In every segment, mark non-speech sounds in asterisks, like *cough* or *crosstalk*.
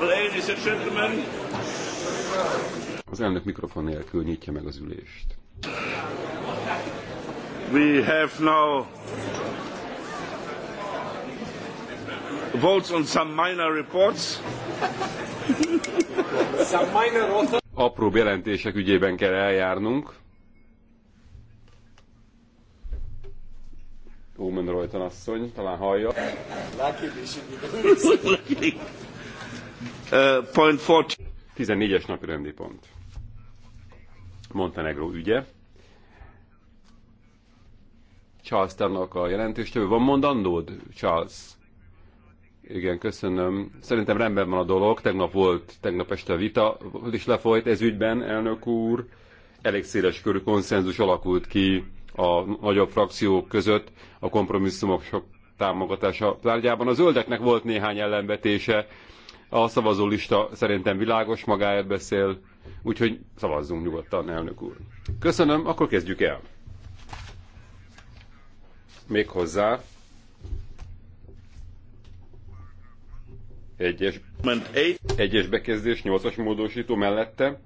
Ladies and gentlemen. Az elnök mikrofon nélkül nyitja meg az ülést. We have now votes on some minor reports. some minor reports. Apró jelentések ügyében kell eljárnunk. Omen rajta asszony, talán hallja. Lucky *laughs* 14-es uh, napi rendi pont. Montenegro ügye. Charles Tannak a jelentős többi. Van mondandód, Charles? Igen, köszönöm. Szerintem rendben van a dolog. Tegnap volt, tegnap este a vita is lefolyt ez ügyben, elnök úr. Elég széles körű konszenzus alakult ki a nagyobb frakciók között a kompromisszumok sok támogatása tárgyában. A zöldeknek volt néhány ellenvetése, a szavazólista szerintem világos, magáért beszél, úgyhogy szavazzunk nyugodtan, elnök úr. Köszönöm, akkor kezdjük el. Még hozzá. Egyes, egyes bekezdés, nyolcas módosító mellette.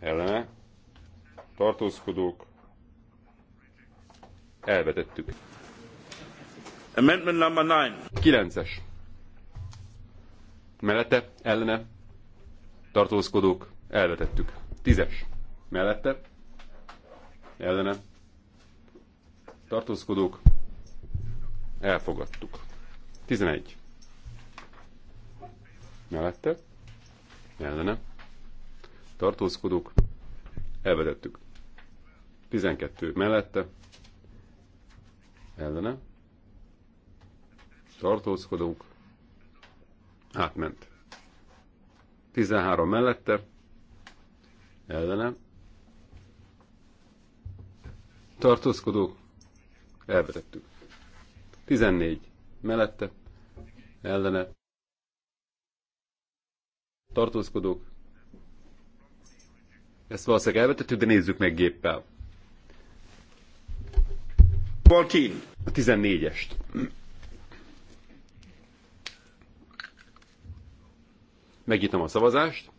Ellene. Tartózkodók. Elvetettük. Amendment number 9. 9-es mellette, ellene, tartózkodók, elvetettük. Tízes, mellette, ellene, tartózkodók, elfogadtuk. Tizenegy, mellette, ellene, tartózkodók, elvetettük. Tizenkettő, mellette, ellene, tartózkodók, Átment. 13 mellette, ellene. Tartózkodók, elvetettük. 14 mellette, ellene. Tartózkodók. Ezt valószínűleg elvetettük, de nézzük meg géppel. 14. A 14-est. Megnyitom a szavazást.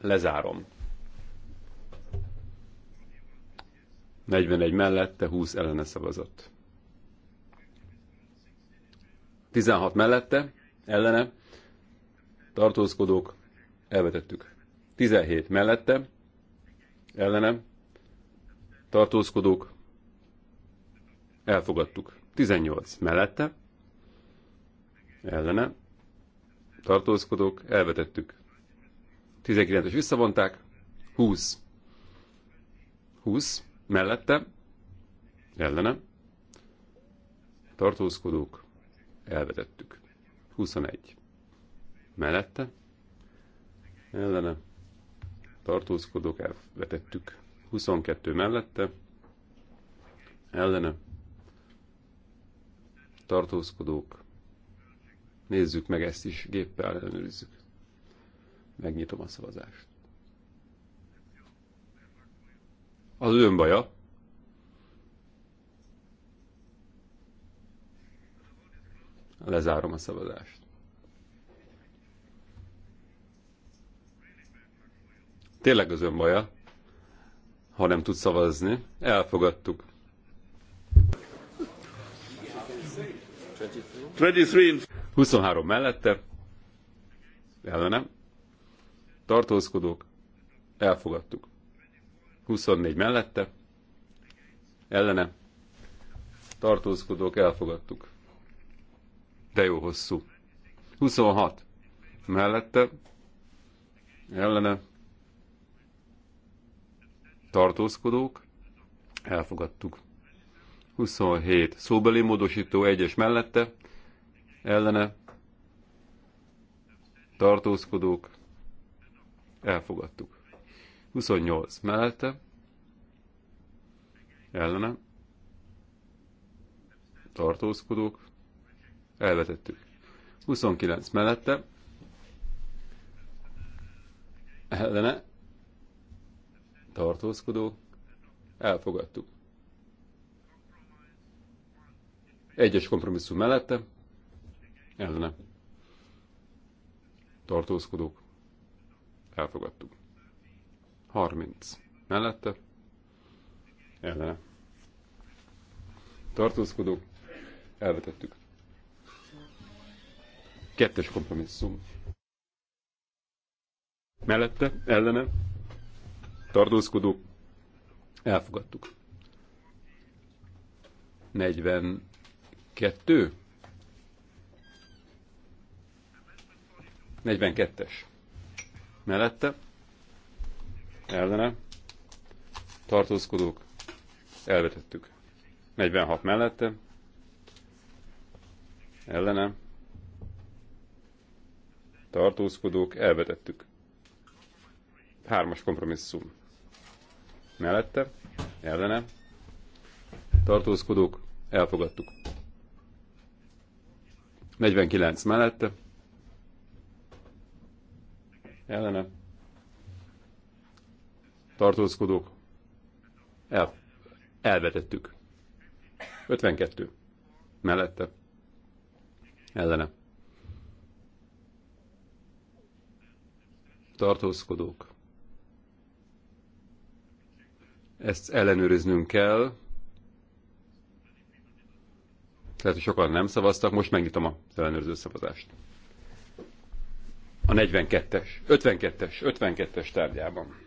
Lezárom. 41 mellette, 20 ellene szavazott. 16 mellette, ellene, tartózkodók, elvetettük. 17 mellette, ellene, tartózkodók, elfogadtuk. 18 mellette, ellene, tartózkodók, elvetettük. 19-es visszavonták, 20. 20 mellette, ellene, tartózkodók, elvetettük. 21. Mellette, ellene, tartózkodók, elvetettük. 22 mellette, ellene, tartózkodók, Nézzük meg ezt is, géppel ellenőrizzük. Megnyitom a szavazást. Az baja. Lezárom a szavazást. Tényleg az baja, ha nem tud szavazni. Elfogadtuk. 23. 23 mellette, ellenem, tartózkodók, elfogadtuk. 24 mellette, ellene, tartózkodók, elfogadtuk. De jó hosszú. 26 mellette, ellene, tartózkodók, elfogadtuk. 27 szóbeli módosító egyes mellette, ellene tartózkodók elfogadtuk. 28 mellette ellene tartózkodók elvetettük. 29 mellette ellene tartózkodók elfogadtuk. Egyes kompromisszum mellette ellene tartózkodók elfogadtuk. 30 mellette ellene tartózkodók elvetettük. Kettes kompromisszum. Mellette, ellene, tartózkodók, elfogadtuk. 42 42-es. Mellette. Ellene. Tartózkodók. Elvetettük. 46 mellette. Ellene. Tartózkodók. Elvetettük. Hármas kompromisszum. Mellette. Ellene. Tartózkodók. Elfogadtuk. 49 mellette ellene tartózkodók el, elvetettük. 52 mellette ellene tartózkodók. Ezt ellenőriznünk kell. Lehet, hogy sokan nem szavaztak, most megnyitom a ellenőrző szavazást a 42-es, 52-es, 52-es tárgyában.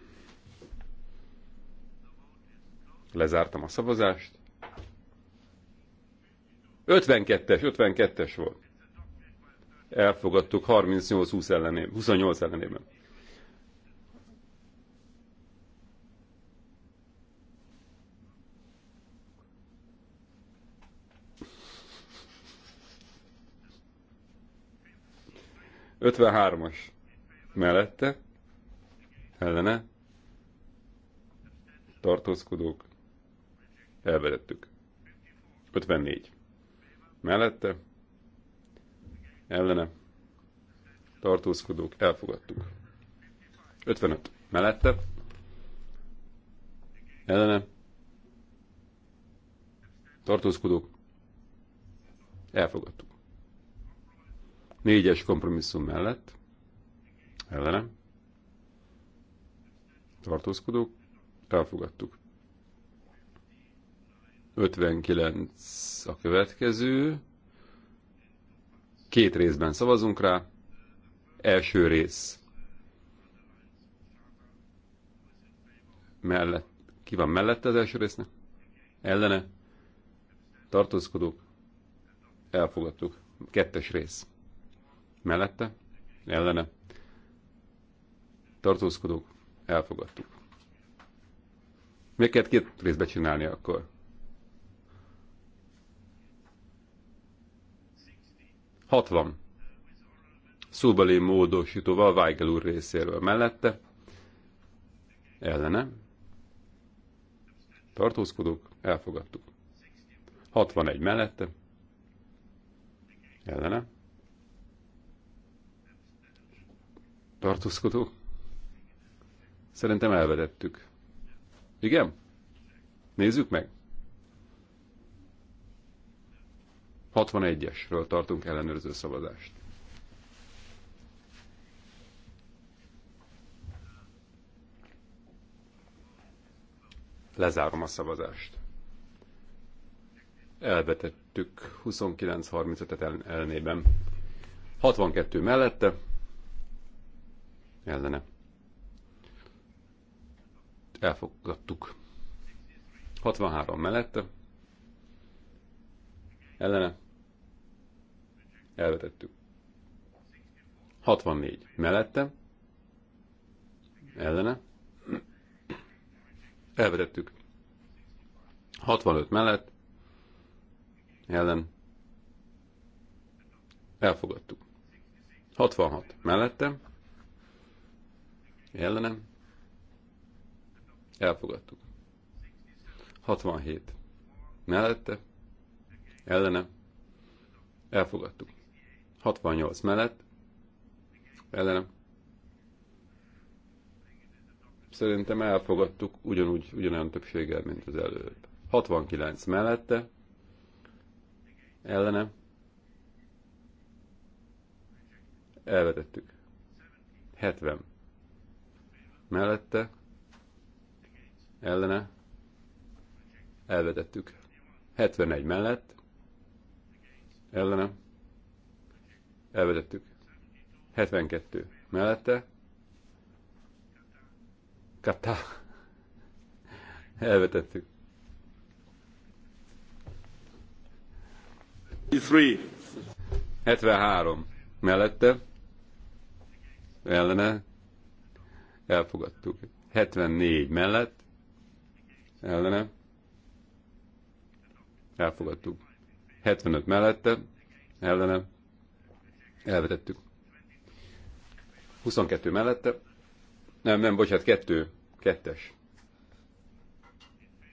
Lezártam a szavazást. 52-es, 52-es volt. Elfogadtuk 38-20 ellenében, 28 ellenében. 53-as mellette, ellene, tartózkodók, elvedettük. 54. Mellette, ellene, tartózkodók, elfogadtuk. 55. Mellette, ellene, tartózkodók, elfogadtuk. Négyes kompromisszum mellett. Ellenem. Tartózkodók. Elfogadtuk. 59 a következő. Két részben szavazunk rá. Első rész. Mellett. Ki van mellette az első résznek? Ellene. Tartózkodók. Elfogadtuk. Kettes rész mellette, ellene, tartózkodók, elfogadtuk. Miért kellett két részbe csinálni akkor? Hatvan. Szóbeli módosítóval Weigel úr részéről mellette, ellene, tartózkodók, elfogadtuk. 61 mellette, ellene, tartózkodó? Szerintem elvedettük. Igen? Nézzük meg. 61-esről tartunk ellenőrző szavazást. Lezárom a szavazást. Elvetettük 29-35-et ellenében. 62 mellette, ellene. Elfogadtuk. 63 mellette, ellene, elvetettük. 64 mellette, ellene, elvetettük. 65 mellett, ellen, elfogadtuk. 66 mellette, Ellenem. Elfogadtuk. 67. Mellette. Ellenem. Elfogadtuk. 68 mellett. Ellenem. Szerintem elfogadtuk ugyanúgy, ugyanolyan többséggel, mint az előbb. 69 mellette. Ellenem. Elvetettük. 70 mellette, ellene, elvetettük. 71 mellett, ellene, elvetettük. 72 mellette, kata, elvetettük. 73 mellette, ellene, elfogadtuk. 74 mellett ellene elfogadtuk. 75 mellette ellene elvetettük. 22 mellette nem, nem, bocsánat, kettő, es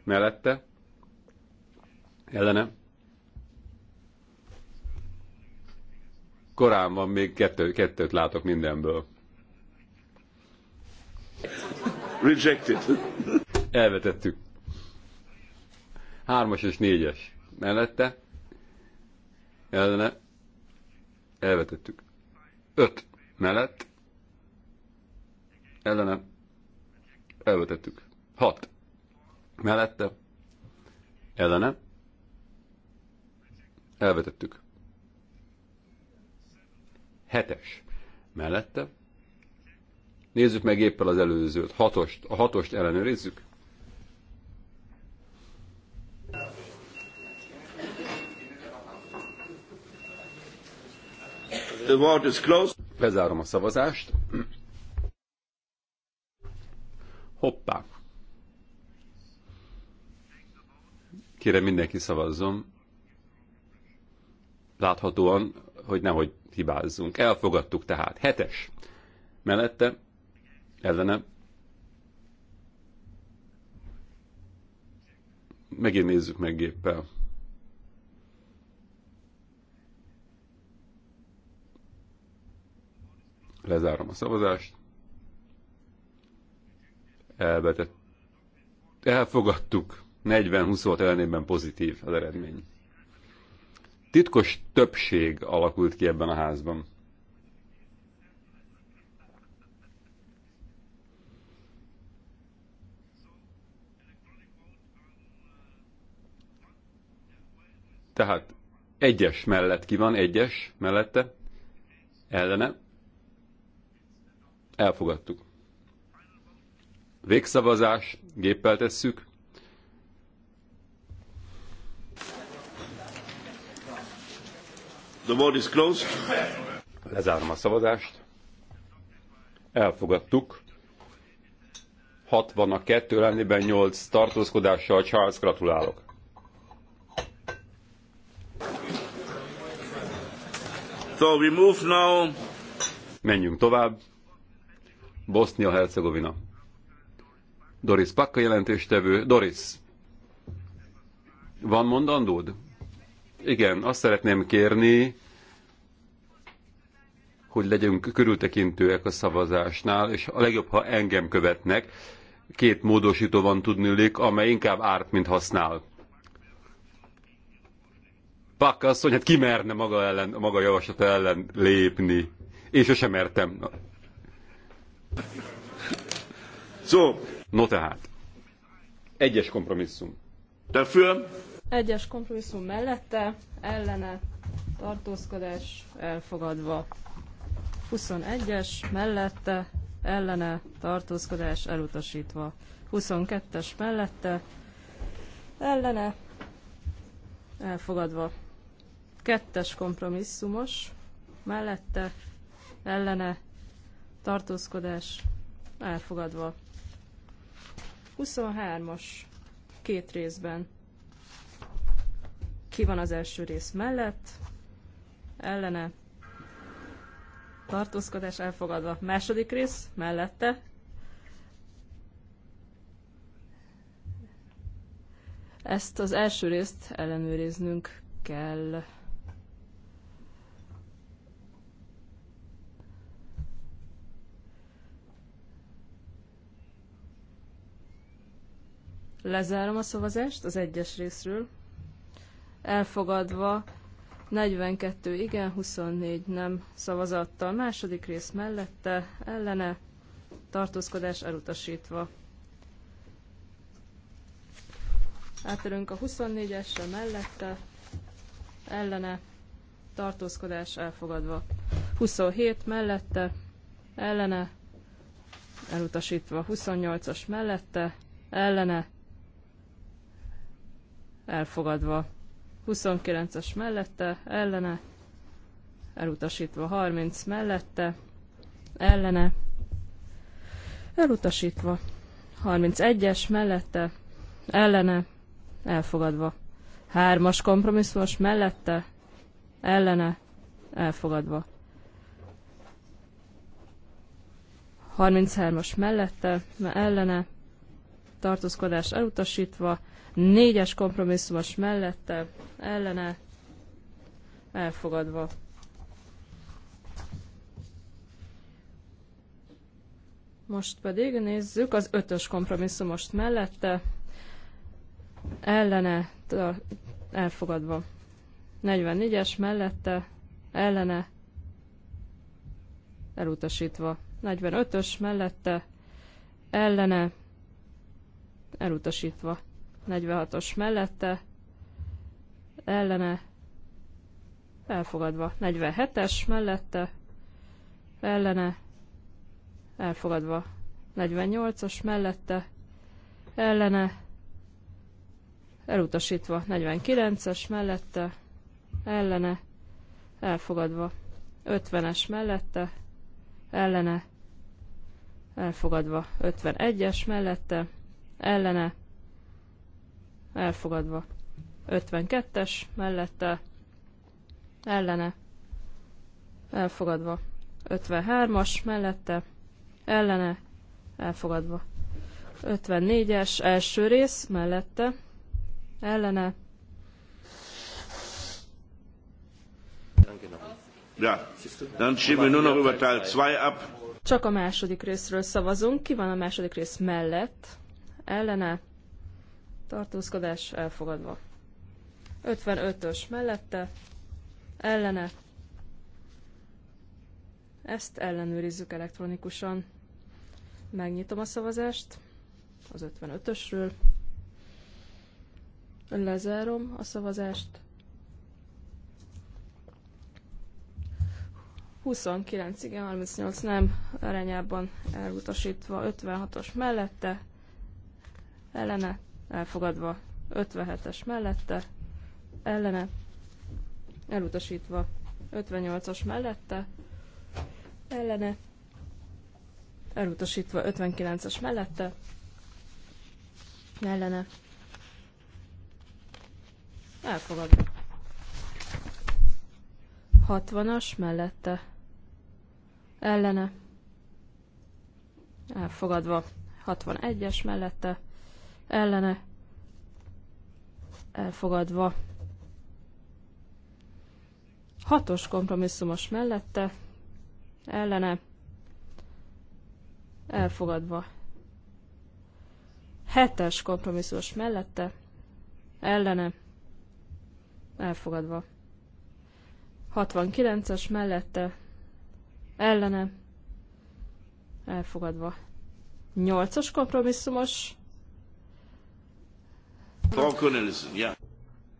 Mellette ellene korán van, még kettő, kettőt látok mindenből. Rejected. Elvetettük. Hármas és négyes. Mellette. Ellene. Elvetettük. Öt. Mellett. Ellene. Elvetettük. Hat. Mellette. Ellene. Elvetettük. Hetes. Mellette. Nézzük meg éppen az előzőt. Hatost, a hatost ellenőrizzük. The vote is closed. Bezárom a szavazást. Hoppá. Kérem mindenki szavazzon. Láthatóan, hogy nehogy hibázzunk. Elfogadtuk tehát. Hetes. Mellette ellene. Megint nézzük meg géppel. Lezárom a szavazást. Elbetett. Elfogadtuk. 40-26 ellenében pozitív az eredmény. Titkos többség alakult ki ebben a házban. Tehát egyes mellett ki van, egyes mellette, ellene. Elfogadtuk. Végszavazás, géppel tesszük. The vote is closed. Lezárom a szavazást. Elfogadtuk. 62 a 8 tartózkodással. Charles, gratulálok. So we move now. Menjünk tovább. bosnia hercegovina Doris Pakka jelentéstevő. Doris, van mondandód? Igen, azt szeretném kérni, hogy legyünk körültekintőek a szavazásnál, és a legjobb, ha engem követnek. Két módosító van tudnilik, amely inkább árt, mint használ. Pak az, hogy hát merne maga ellen, maga javaslata ellen lépni. És sem mertem. So. No tehát. Egyes kompromisszum. fülem. Egyes kompromisszum mellette, ellene, tartózkodás elfogadva. 21-es mellette, ellene, tartózkodás elutasítva. 22-es mellette, ellene, elfogadva. Kettes kompromisszumos, mellette ellene tartózkodás elfogadva. 23-as két részben ki van az első rész mellett, ellene tartózkodás elfogadva. Második rész mellette ezt az első részt ellenőriznünk kell. Lezárom a szavazást az egyes részről. Elfogadva 42 igen, 24 nem szavazattal. Második rész mellette, ellene, tartózkodás elutasítva. Átörünk a 24-esre mellette, ellene, tartózkodás elfogadva. 27 mellette, ellene, elutasítva. 28-as mellette, ellene, elfogadva. 29-es mellette, ellene, elutasítva 30 mellette, ellene, elutasítva 31-es mellette, ellene, elfogadva. 3-as kompromisszumos mellette, ellene, elfogadva. 33-as mellette, ellene, tartózkodás elutasítva, Négyes kompromisszumos mellette, ellene, elfogadva. Most pedig nézzük az ötös kompromisszumost mellette, ellene, elfogadva. 44-es mellette, ellene, elutasítva. 45-ös mellette, ellene, elutasítva. 46-os mellette, ellene, elfogadva. 47-es mellette, ellene, elfogadva. 48-as mellette, ellene, elutasítva. 49-es mellette, ellene, elfogadva. 50-es mellette, ellene, elfogadva. 51-es mellette, ellene, elfogadva. 52-es mellette ellene elfogadva. 53-as mellette ellene elfogadva. 54-es első rész mellette ellene Ja, dann stimmen nur noch über Teil 2 ab. Csak a második részről szavazunk. Ki van a második rész mellett? Ellene? tartózkodás elfogadva. 55-ös mellette, ellene, ezt ellenőrizzük elektronikusan. Megnyitom a szavazást az 55-ösről, lezárom a szavazást, 29, igen, 38 nem, arányában elutasítva, 56-os mellette, ellene, elfogadva 57-es mellette, ellene, elutasítva 58-as mellette, ellene, elutasítva 59-es mellette, ellene, elfogadva. 60-as mellette, ellene, elfogadva. 61-es mellette, ellene elfogadva. Hatos kompromisszumos mellette ellene elfogadva. Hetes kompromisszumos mellette ellene elfogadva. 69-es mellette ellene elfogadva. 8-as kompromisszumos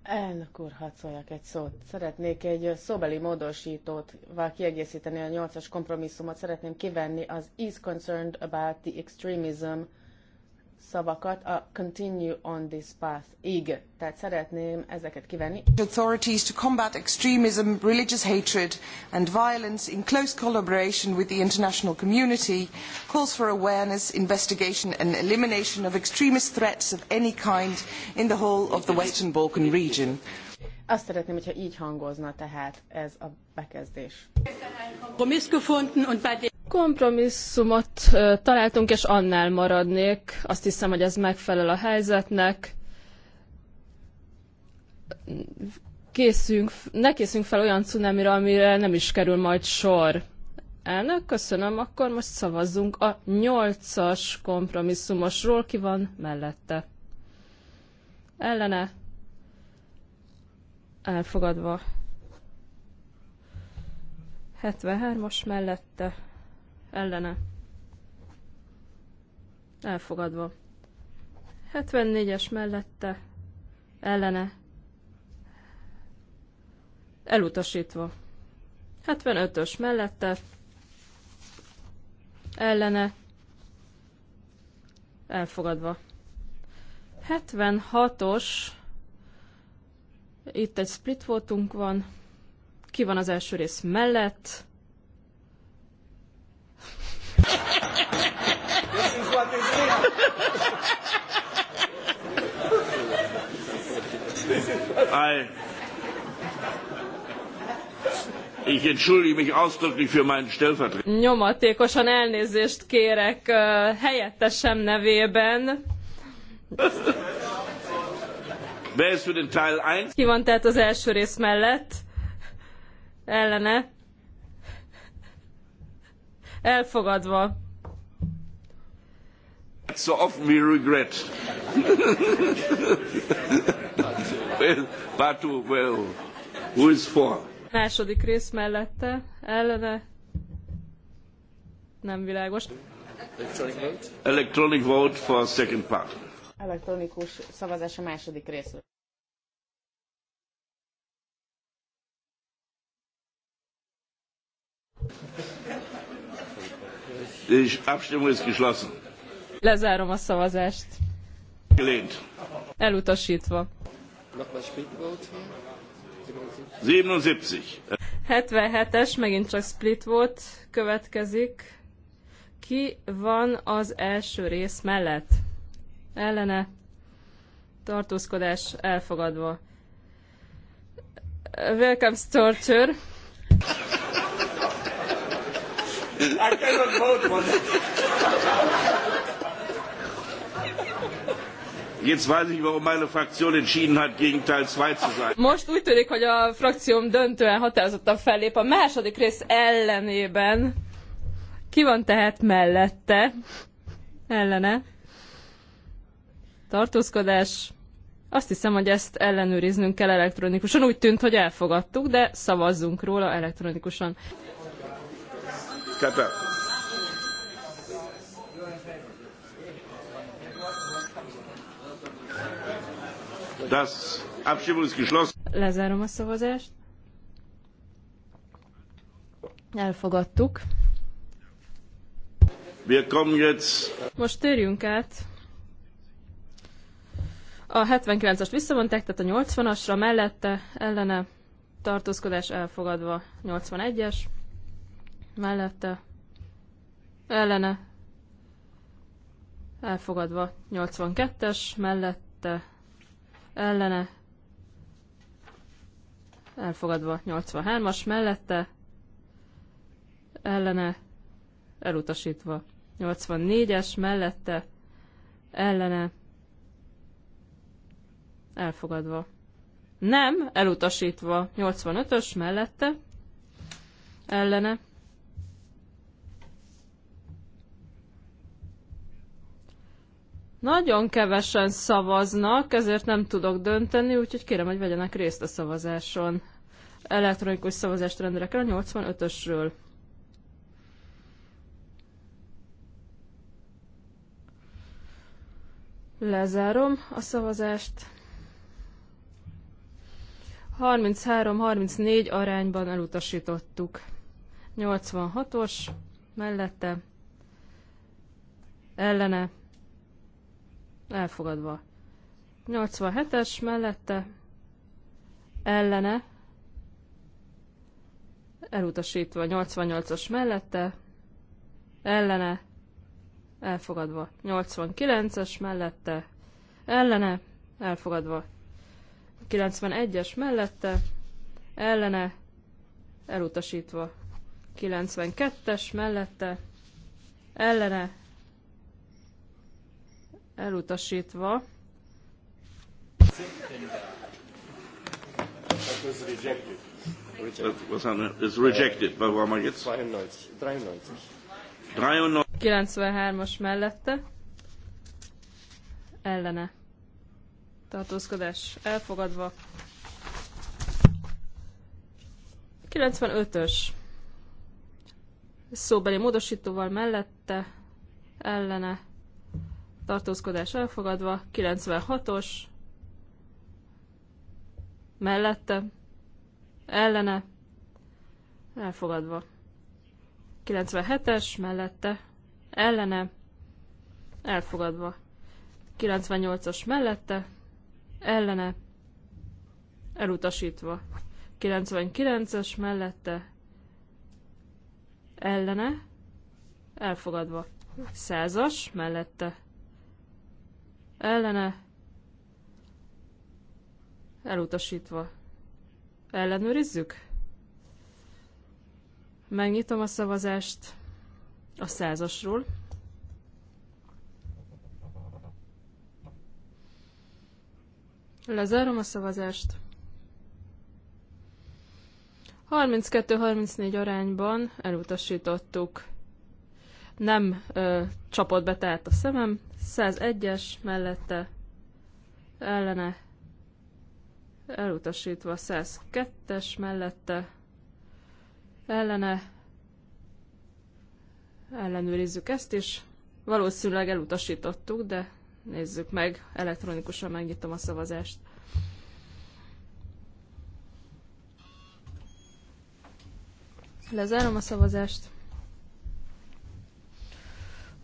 Elnök úr, hadd szóljak egy szót. Szeretnék egy szóbeli módosítót kiegészíteni a nyolcas kompromisszumot. Szeretném kivenni az is concerned about the extremism szavakat a continue on this path ig. Tehát szeretném ezeket kivenni. Authorities to combat extremism, religious hatred and violence in close collaboration with the international community calls for awareness, investigation and elimination of extremist threats of any kind in the whole of the Western Balkan region. Azt szeretném, hogyha így hangozna tehát ez a bekezdés. Kompromiss gefunden und bei Kompromisszumot találtunk, és annál maradnék. Azt hiszem, hogy ez megfelel a helyzetnek. Készünk, ne készünk fel olyan cunamira, amire nem is kerül majd sor. Elnök, köszönöm, akkor most szavazzunk a nyolcas kompromisszumosról, ki van mellette. Ellene. Elfogadva. 73-as mellette ellene elfogadva. 74-es mellette ellene elutasítva. 75-ös mellette ellene elfogadva. 76-os itt egy split voltunk van. Ki van az első rész mellett? This ich entschuldige mich ausdrücklich für meinen Stellvertreter. Nyomatékosan elnézést kérek uh, helyettesem nevében. Wer ist für den Teil 1? Ki van tehát az első rész mellett? Ellene? Elfogadva. So often we regret. well, but well, who is for? Második rész mellette, ellene. Nem világos. Electronic vote. Electronic vote for second part. Elektronikus szavazás a második részről. Die Abstimmung ist geschlossen. Lezárom a szavazást. Gelehnt. Elutasítva. 77. 77-es, megint csak split volt, következik. Ki van az első rész mellett? Ellene. Tartózkodás elfogadva. Welcome, Torture. I cannot vote for that. Most úgy tűnik, hogy a frakcióm döntően határozottan fellép a második rész ellenében. Ki van tehát mellette? Ellene? Tartózkodás? Azt hiszem, hogy ezt ellenőriznünk kell elektronikusan. Úgy tűnt, hogy elfogadtuk, de szavazzunk róla elektronikusan. Κατά. Das Abstimmung ist geschlossen. Lezárom a szavazást. Elfogadtuk. Wir kommen jetzt. Most térjünk át. A 79 ast visszavonták, tehát a 80-asra mellette ellene tartózkodás elfogadva 81-es mellette, ellene, elfogadva 82-es, mellette, ellene, elfogadva 83-as, mellette, ellene, elutasítva 84-es, mellette, ellene, elfogadva. Nem, elutasítva 85-ös, mellette, ellene, Nagyon kevesen szavaznak, ezért nem tudok dönteni, úgyhogy kérem, hogy vegyenek részt a szavazáson. Elektronikus szavazást rendelek el a 85-ösről. Lezárom a szavazást. 33-34 arányban elutasítottuk. 86-os mellette ellene elfogadva. 87-es mellette ellene elutasítva. 88-as mellette ellene elfogadva. 89-es mellette ellene elfogadva. 91-es mellette ellene elutasítva. 92-es mellette ellene elutasítva. Ez rejected, by one 93-as mellette. Ellene. Tartózkodás elfogadva. 95-ös szóbeli módosítóval mellette, ellene tartózkodás elfogadva, 96-os, mellette, ellene, elfogadva. 97-es, mellette, ellene, elfogadva. 98-as mellette, ellene, elutasítva. 99-es mellette, ellene, elfogadva. 100-as mellette, ellene elutasítva. Ellenőrizzük? Megnyitom a szavazást a százasról. Lezárom a szavazást. 32-34 arányban elutasítottuk. Nem ö, csapott be tehát a szemem. 101-es mellette ellene elutasítva 102-es mellette ellene ellenőrizzük ezt is. Valószínűleg elutasítottuk, de nézzük meg, elektronikusan megnyitom a szavazást. Lezárom a szavazást.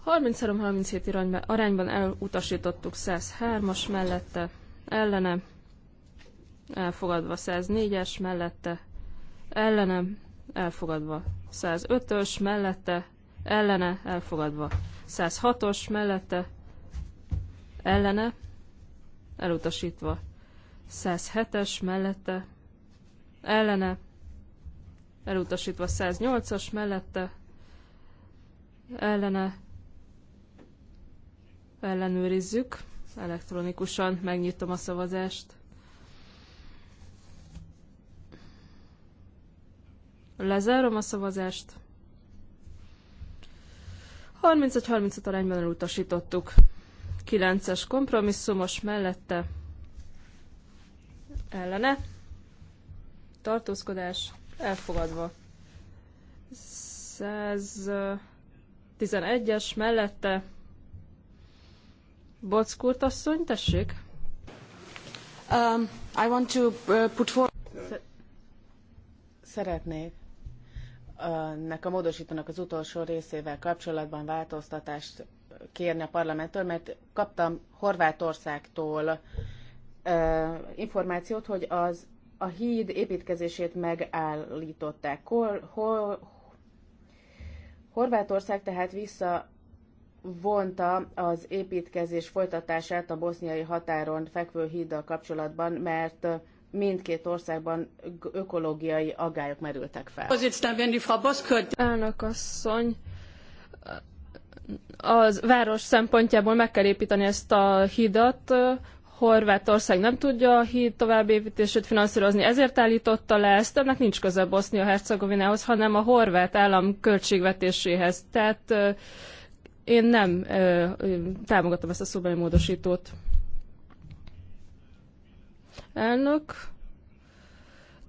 33-37 arányban elutasítottuk 103-as mellette, ellenem, elfogadva 104-es mellette, ellenem, elfogadva 105-ös mellette, ellene, elfogadva 106-os mellette, ellene, elutasítva 107-es mellette, ellene, elutasítva 108-as mellette, ellene, ellenőrizzük. Elektronikusan megnyitom a szavazást. Lezárom a szavazást. 31-35 arányban elutasítottuk. 9-es kompromisszumos mellette ellene tartózkodás elfogadva. 111-es mellette Bockurt asszony, tessék. Um, I want to uh, put for... Szeretnék uh, nek a módosítónak az utolsó részével kapcsolatban változtatást kérni a parlamenttől, mert kaptam Horvátországtól uh, információt, hogy az a híd építkezését megállították. Hol, hol, Horvátország tehát vissza vonta az építkezés folytatását a boszniai határon fekvő híddal kapcsolatban, mert mindkét országban ökológiai aggályok merültek fel. Elnök asszony, az város szempontjából meg kell építeni ezt a hidat, Horvátország nem tudja a híd továbbépítését finanszírozni, ezért állította le ezt, ennek nincs köze Bosznia-Hercegovinához, hanem a horvát állam költségvetéséhez. Tehát én nem ö, ö, támogatom ezt a szóbeli módosítót. Elnök,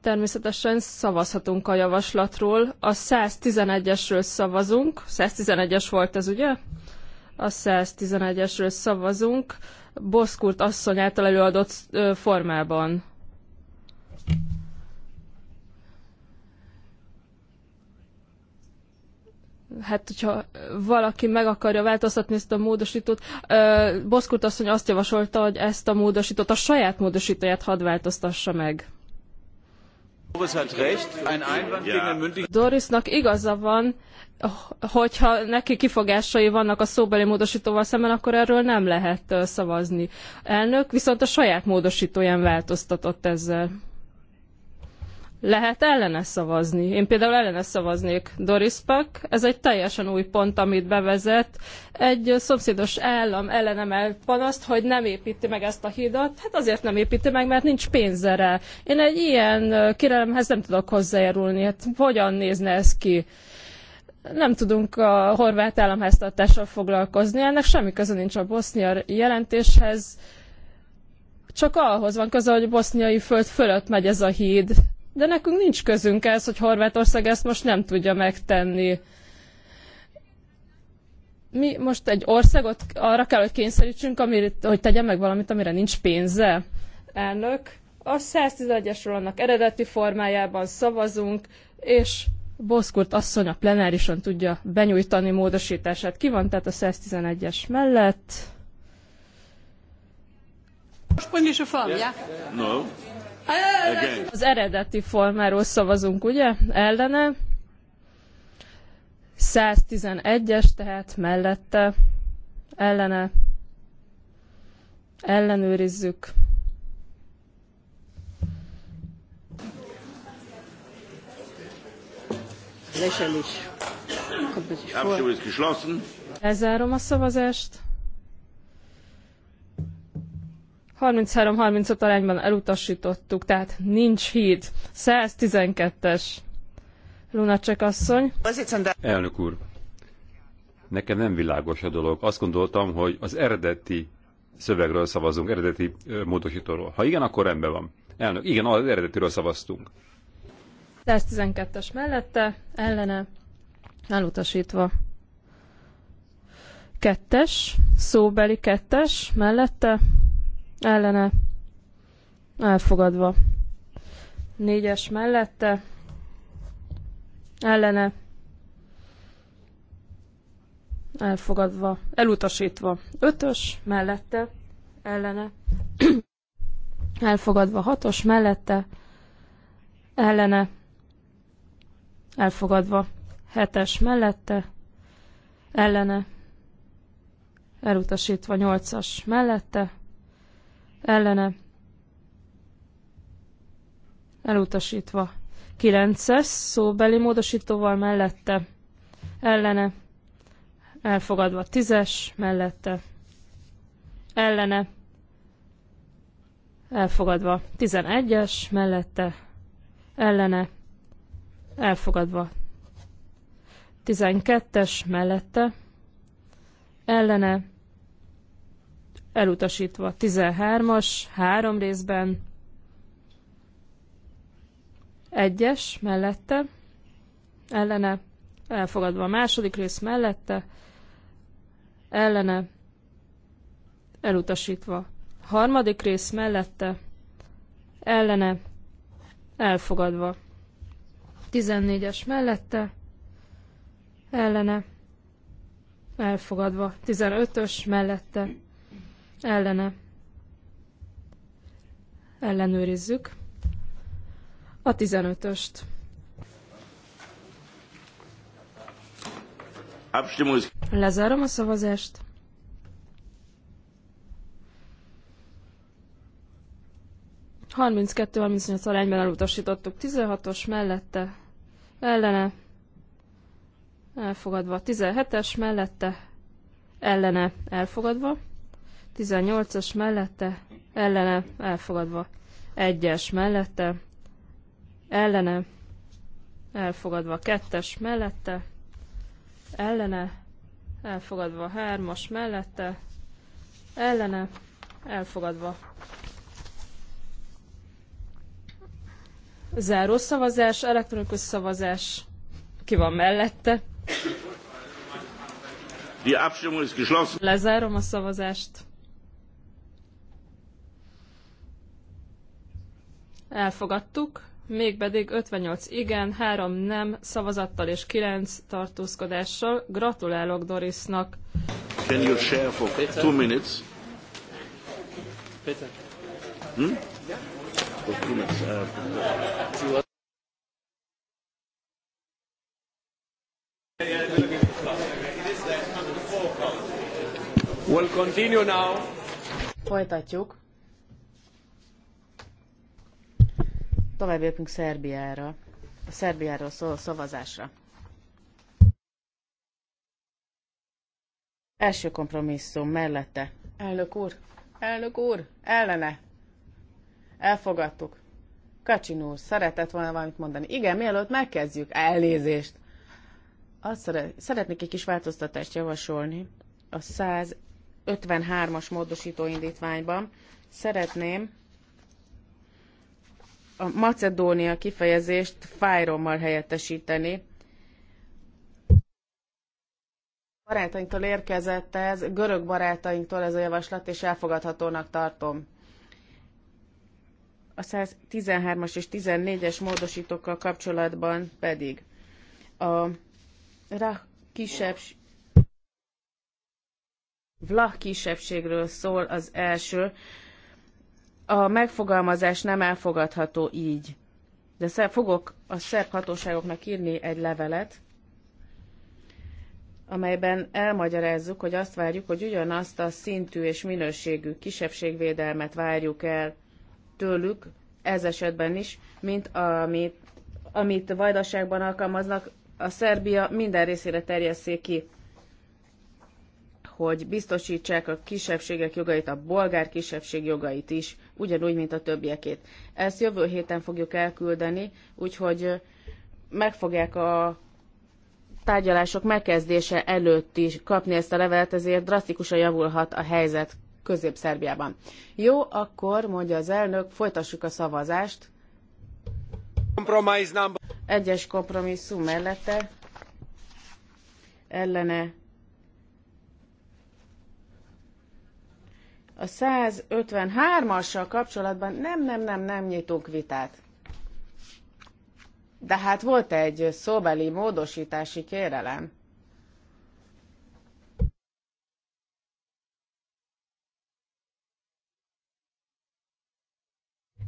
természetesen szavazhatunk a javaslatról. A 111-esről szavazunk. 111-es volt ez, ugye? A 111-esről szavazunk. Boszkurt asszony által előadott formában. hát hogyha valaki meg akarja változtatni ezt a módosítót, Boszkurt asszony azt javasolta, hogy ezt a módosítót, a saját módosítóját hadd változtassa meg. Dorisnak igaza van, hogyha neki kifogásai vannak a szóbeli módosítóval szemben, akkor erről nem lehet szavazni. Elnök viszont a saját módosítóján változtatott ezzel lehet ellene szavazni. Én például ellene szavaznék Doris Pack, ez egy teljesen új pont, amit bevezet. Egy szomszédos állam ellenem elpanaszt, hogy nem építi meg ezt a hidat, hát azért nem építi meg, mert nincs pénze rá. Én egy ilyen kérelemhez nem tudok hozzájárulni, hát hogyan nézne ez ki? nem tudunk a horvát államháztartással foglalkozni, ennek semmi köze nincs a Bosznia jelentéshez, csak ahhoz van köze, hogy a boszniai föld fölött megy ez a híd de nekünk nincs közünk ez, hogy Horvátország ezt most nem tudja megtenni. Mi most egy országot arra kell, hogy kényszerítsünk, amit, hogy tegye meg valamit, amire nincs pénze. Elnök, a 111-esről annak eredeti formájában szavazunk, és Boszkurt asszony a plenárison tudja benyújtani módosítását. Ki van tehát a 111-es mellett? Most mondjuk a No. Az eredeti formáról szavazunk, ugye? Ellene. 111-es, tehát mellette. Ellene. Ellenőrizzük. Lächerlich. Lezárom a szavazást. 33-35 arányban elutasítottuk, tehát nincs híd. 112-es. Lunacek asszony. Elnök úr, nekem nem világos a dolog. Azt gondoltam, hogy az eredeti szövegről szavazunk, eredeti módosítóról. Ha igen, akkor rendben van. Elnök, igen, az eredetiről szavaztunk. 112-es mellette, ellene, elutasítva. Kettes, szóbeli kettes, mellette, ellene elfogadva. Négyes mellette ellene elfogadva, elutasítva. Ötös mellette ellene *clears throat* elfogadva. Hatos mellette ellene elfogadva. Hetes mellette ellene elutasítva. Nyolcas mellette ellene elutasítva. 9-es szóbeli módosítóval mellette ellene elfogadva. 10-es mellette ellene elfogadva. 11-es mellette ellene elfogadva. 12-es mellette ellene elutasítva. 13-as, három részben, egyes mellette, ellene, elfogadva a második rész mellette, ellene, elutasítva. Harmadik rész mellette, ellene, elfogadva. 14-es mellette, ellene, elfogadva. 15-ös mellette, ellene ellenőrizzük a 15-öst. Lezárom a szavazást. Harminckettő, harmincnyolc arányban elutasítottuk. 16-os mellette, ellene, elfogadva. 17-es mellette, ellene, elfogadva. 18-as mellette, ellene, elfogadva. 1-es mellette, ellene, elfogadva. 2-es mellette, ellene, elfogadva. 3-as mellette, ellene, elfogadva. Záró szavazás, elektronikus szavazás. Ki van mellette? Die Abstimmung ist geschlossen. Lezárom a szavazást. Elfogadtuk, mégpedig 58 igen, 3 nem szavazattal és 9 tartózkodással. Gratulálok Dorisnak! Can you share for Peter? two minutes? Peter. Hmm? For two minutes. Uh, we'll continue now. Folytatjuk. tovább lépünk Szerbiára, a Szerbiáról szóló szavazásra. Első kompromisszum mellette. Elnök úr, elnök úr, ellene. Elfogadtuk. Kacsin úr, szeretett volna valamit mondani. Igen, mielőtt megkezdjük, elnézést. Azt szeret, szeretnék egy kis változtatást javasolni a 153-as módosító indítványban. Szeretném a Macedónia kifejezést fájrommal helyettesíteni. Barátainktól érkezett ez, görög barátainktól ez a javaslat, és elfogadhatónak tartom. A 113-as és 14-es módosítókkal kapcsolatban pedig a rá kisebb vlah kisebbségről szól az első, a megfogalmazás nem elfogadható így. De fogok a szerb hatóságoknak írni egy levelet, amelyben elmagyarázzuk, hogy azt várjuk, hogy ugyanazt a szintű és minőségű kisebbségvédelmet várjuk el tőlük, ez esetben is, mint amit, amit vajdaságban alkalmaznak, a Szerbia minden részére terjesszék ki hogy biztosítsák a kisebbségek jogait, a bolgár kisebbség jogait is, ugyanúgy, mint a többiekét. Ezt jövő héten fogjuk elküldeni, úgyhogy meg fogják a tárgyalások megkezdése előtt is kapni ezt a levelet, ezért drasztikusan javulhat a helyzet Közép-Szerbiában. Jó, akkor, mondja az elnök, folytassuk a szavazást. Egyes kompromisszum mellette ellene A 153-assal kapcsolatban nem, nem, nem, nem nyitunk vitát. De hát volt egy szóbeli módosítási kérelem.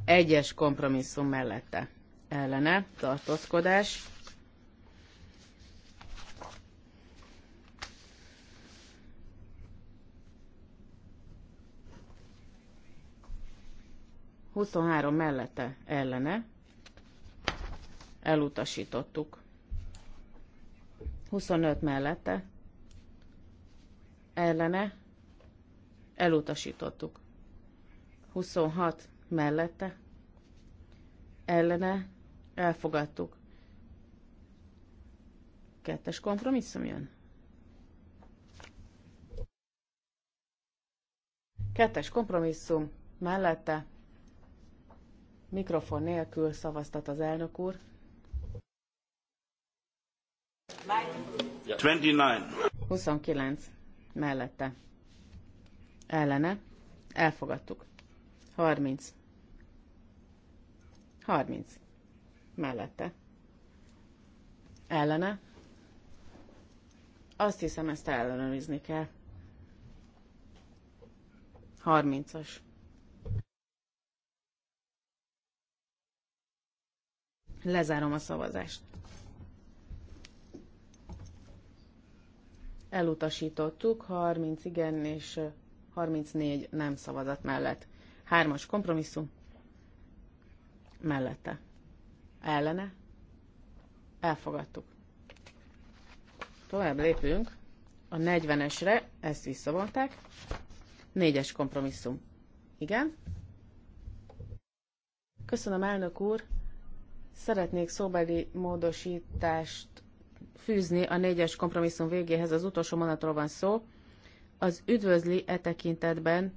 Egyes kompromisszum mellette. Ellene tartózkodás 23 mellette ellene elutasítottuk. 25 mellette ellene elutasítottuk. 26 mellette ellene elfogadtuk. Kettes kompromisszum jön. Kettes kompromisszum mellette Mikrofon nélkül szavaztat az elnök úr. 29. 29. Mellette. Ellene. Elfogadtuk. 30. 30. Mellette. Ellene. Azt hiszem, ezt ellenőrizni kell. 30-as. Lezárom a szavazást. Elutasítottuk 30 igen és 34 nem szavazat mellett. Hármas kompromisszum mellette. Ellene elfogadtuk. Tovább lépünk a 40-esre, ezt visszavonták. Négyes kompromisszum. Igen. Köszönöm, elnök úr. Szeretnék szóbeli módosítást fűzni a négyes kompromisszum végéhez, az utolsó mondatról van szó. Az üdvözli e tekintetben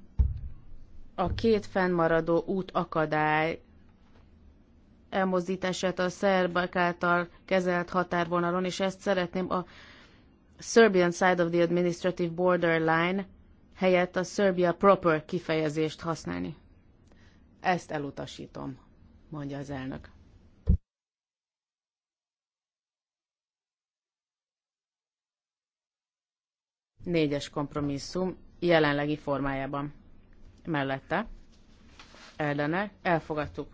a két fennmaradó út akadály elmozdítását a szerbek által kezelt határvonalon, és ezt szeretném a Serbian Side of the Administrative Border Line helyett a Serbia Proper kifejezést használni. Ezt elutasítom, mondja az elnök. Négyes kompromisszum jelenlegi formájában. Mellette. Ellene. Elfogadtuk.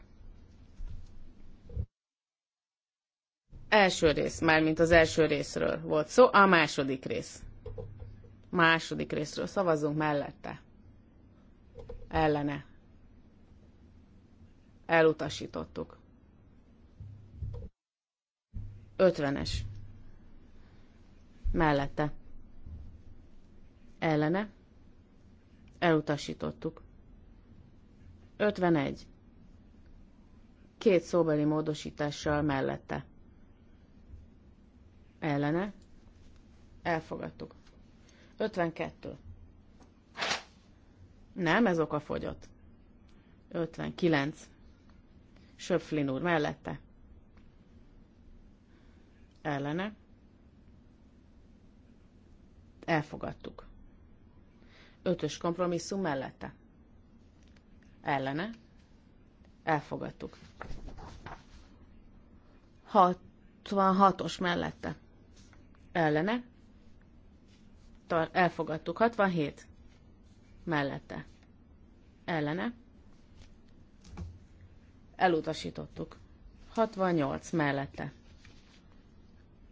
Első rész, mármint az első részről volt szó, a második rész. Második részről szavazunk mellette. Ellene. Elutasítottuk. 50-es. Mellette ellene, elutasítottuk. 51. Két szóbeli módosítással mellette. Ellene, elfogadtuk. 52. Nem, ez oka fogyott. 59. Söpflin úr mellette. Ellene. Elfogadtuk. Ötös kompromisszum mellette. Ellene. Elfogadtuk. 66-os mellette. Ellene. Tar- Elfogadtuk. 67 mellette. Ellene. Elutasítottuk. 68 mellette.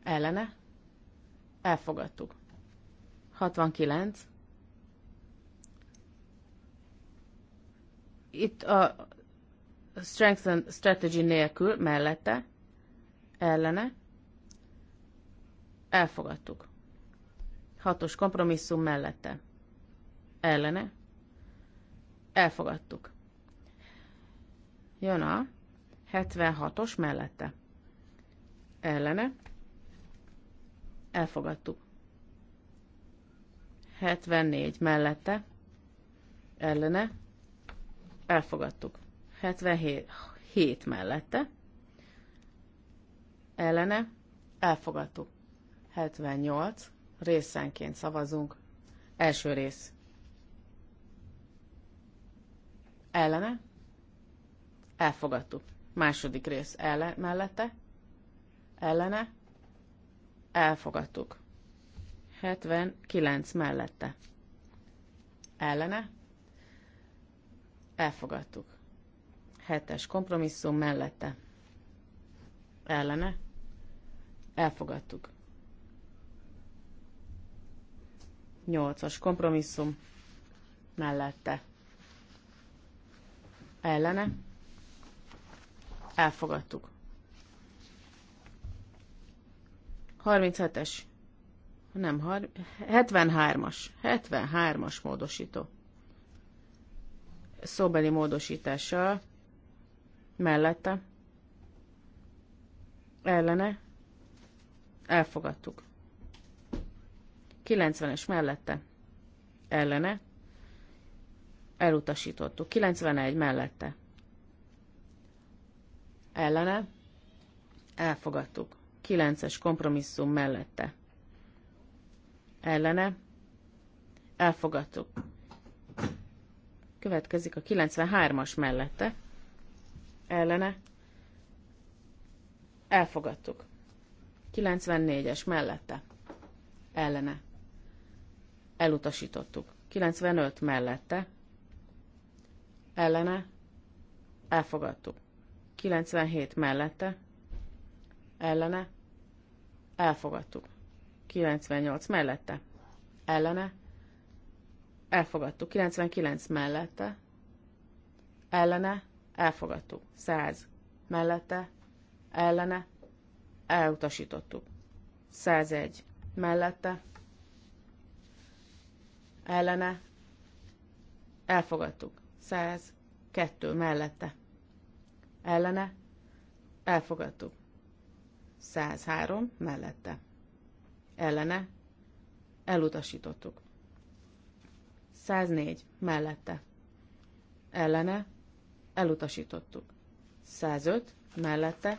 Ellene. Elfogadtuk. 69 Itt a Strengthen Strategy nélkül, mellette, ellene, elfogadtuk. Hatos kompromisszum mellette, ellene, elfogadtuk. Jön a 76-os mellette, ellene, elfogadtuk. 74 mellette, ellene, elfogadtuk. 77 mellette, ellene, elfogadtuk. 78 részenként szavazunk. Első rész. Ellene, elfogadtuk. Második rész ellen, mellette, ellene, elfogadtuk. 79 mellette. Ellene, Elfogadtuk. Hetes kompromisszum mellette. Ellene. Elfogadtuk. Nyolcas kompromisszum mellette. Ellene. Elfogadtuk. 37-es. Nem, 73-as. 73-as módosító szóbeli módosítással mellette ellene elfogadtuk. 90-es mellette ellene elutasítottuk. 91 mellette ellene elfogadtuk. 9-es kompromisszum mellette ellene elfogadtuk. Következik a 93-as mellette. Ellene. Elfogadtuk. 94-es mellette. Ellene. Elutasítottuk. 95 mellette. Ellene. Elfogadtuk. 97 mellette. Ellene. Elfogadtuk. 98 mellette. Ellene. Elfogadtuk. 99 mellette. Ellene. Elfogadtuk. 100 mellette. Ellene. Elutasítottuk. 101 mellette. Ellene. Elfogadtuk. 102 mellette. Ellene. Elfogadtuk. 103 mellette. Ellene. Elutasítottuk. 104 mellette. Ellene elutasítottuk. 105 mellette.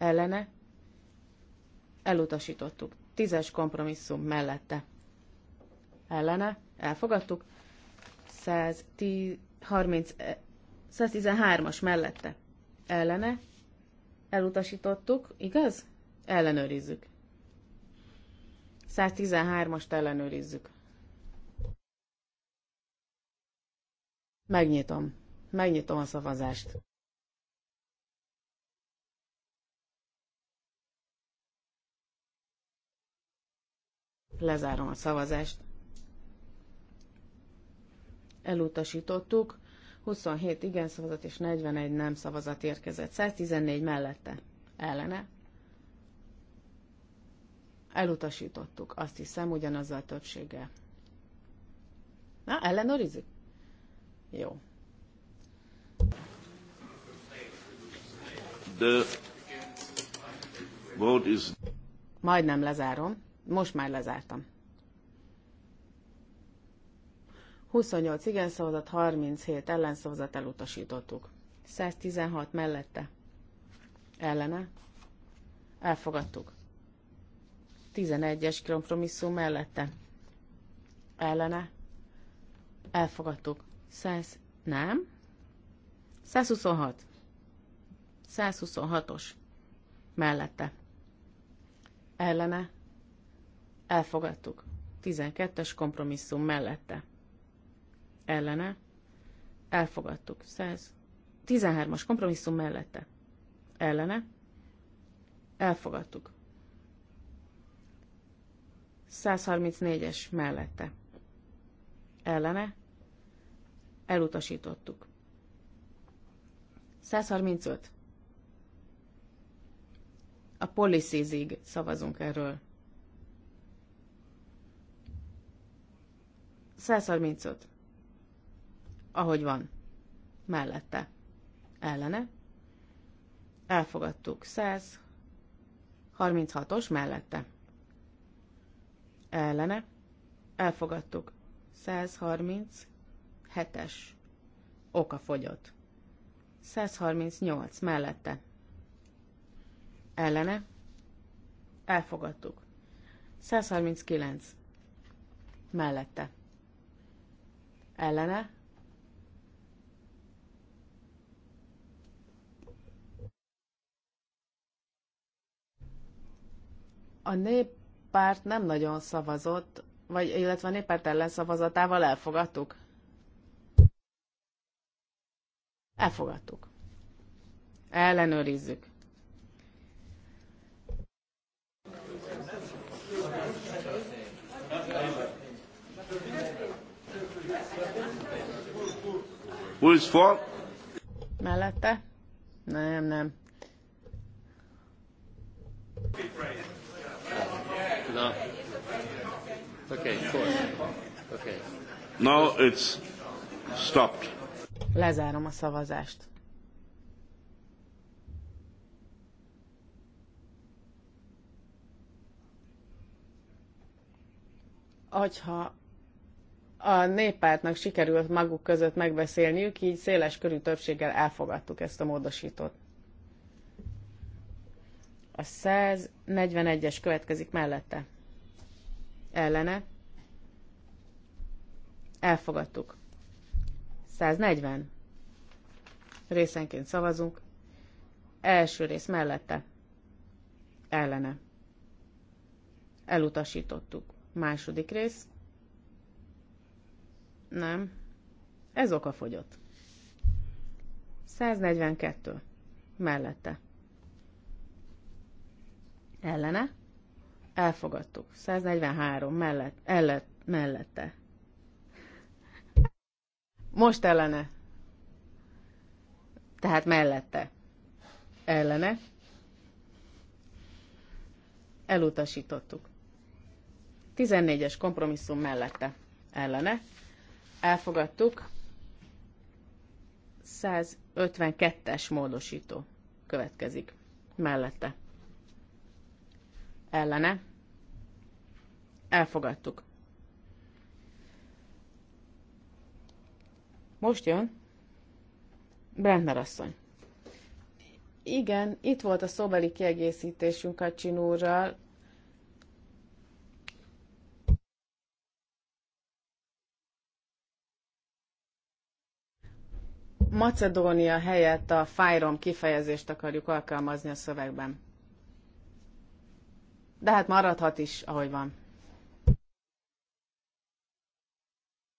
Ellene elutasítottuk. Tízes kompromisszum mellette. Ellene elfogadtuk. 113-as eh, mellette. Ellene elutasítottuk, igaz? Ellenőrizzük. 113-ast ellenőrizzük. Megnyitom. Megnyitom a szavazást. Lezárom a szavazást. Elutasítottuk. 27 igen szavazat és 41 nem szavazat érkezett. 114 mellette. Ellene. Elutasítottuk. Azt hiszem, ugyanazzal többséggel. Na, ellenőrizzük. Jó. The vote is... Majdnem lezárom. Most már lezártam. 28 igen szavazat, 37 ellenszavazat elutasítottuk. 116 mellette. Ellene. Elfogadtuk. 11-es kompromisszum mellette. Ellene. Elfogadtuk. 100, nem. 126. 126-os. Mellette. Ellene. Elfogadtuk. 12-es kompromisszum mellette. Ellene. Elfogadtuk. 113 as kompromisszum mellette. Ellene. Elfogadtuk. 134-es mellette. Ellene. Elutasítottuk. 135. A policy-zig szavazunk erről. 135. Ahogy van. Mellette. Ellene. Elfogadtuk. 36 os mellette. Ellene. Elfogadtuk. 130 hetes oka fogyott. 138 mellette. Ellene. Elfogadtuk. 139 mellette. Ellene. A néppárt nem nagyon szavazott, vagy illetve a néppárt ellen szavazatával elfogadtuk. Elfogadtuk. Ellenőrizzük. Who's for? Mellette? Nem, nem. No. Okay, course. Okay. Now it's stopped. Lezárom a szavazást. Hogyha a néppártnak sikerült maguk között megbeszélniük, így széles körű többséggel elfogadtuk ezt a módosítót. A 141-es következik mellette. Ellene. Elfogadtuk. 140. Részenként szavazunk. Első rész mellette. Ellene. Elutasítottuk. Második rész. Nem. Ez oka fogyott. 142. Mellette. Ellene. Elfogadtuk. 143. Mellett, ellet, mellette. Most ellene. Tehát mellette. Ellene. Elutasítottuk. 14-es kompromisszum mellette. Ellene. Elfogadtuk. 152-es módosító következik. Mellette. Ellene. Elfogadtuk. Most jön Brenner asszony. Igen, itt volt a szobeli kiegészítésünk a csinúrral. Macedónia helyett a fájrom kifejezést akarjuk alkalmazni a szövegben. De hát maradhat is, ahogy van.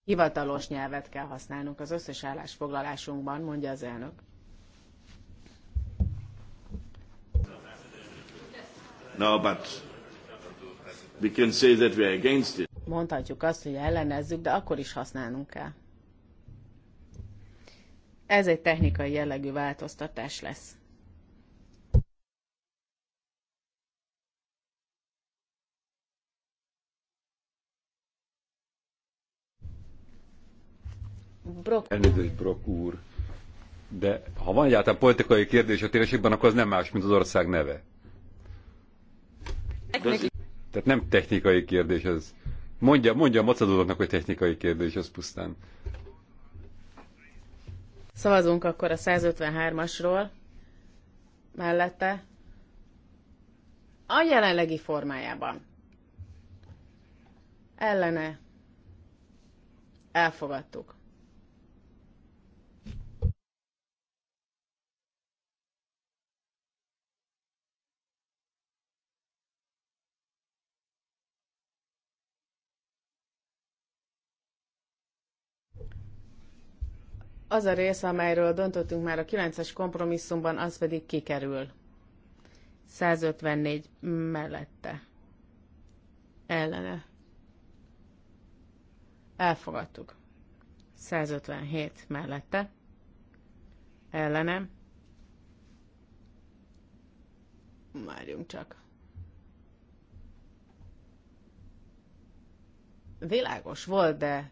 Hivatalos nyelvet kell használnunk az összes állásfoglalásunkban, mondja az elnök. No, but we can say that we are against it. Mondhatjuk azt, hogy ellenezzük, de akkor is használnunk kell. Ez egy technikai jellegű változtatás lesz. Brok. Elnézést, Brok úr. De ha van egyáltalán politikai kérdés a térségben, akkor az nem más, mint az ország neve. Tehát nem technikai kérdés ez. Mondja, mondja a macadózóknak, hogy technikai kérdés, az pusztán. Szavazunk akkor a 153-asról. Mellette. A jelenlegi formájában. Ellene. Elfogadtuk. Az a rész, amelyről döntöttünk már a 9-es kompromisszumban, az pedig kikerül. 154 mellette. Ellene. Elfogadtuk. 157 mellette. Ellenem. Várjunk csak. Világos volt, de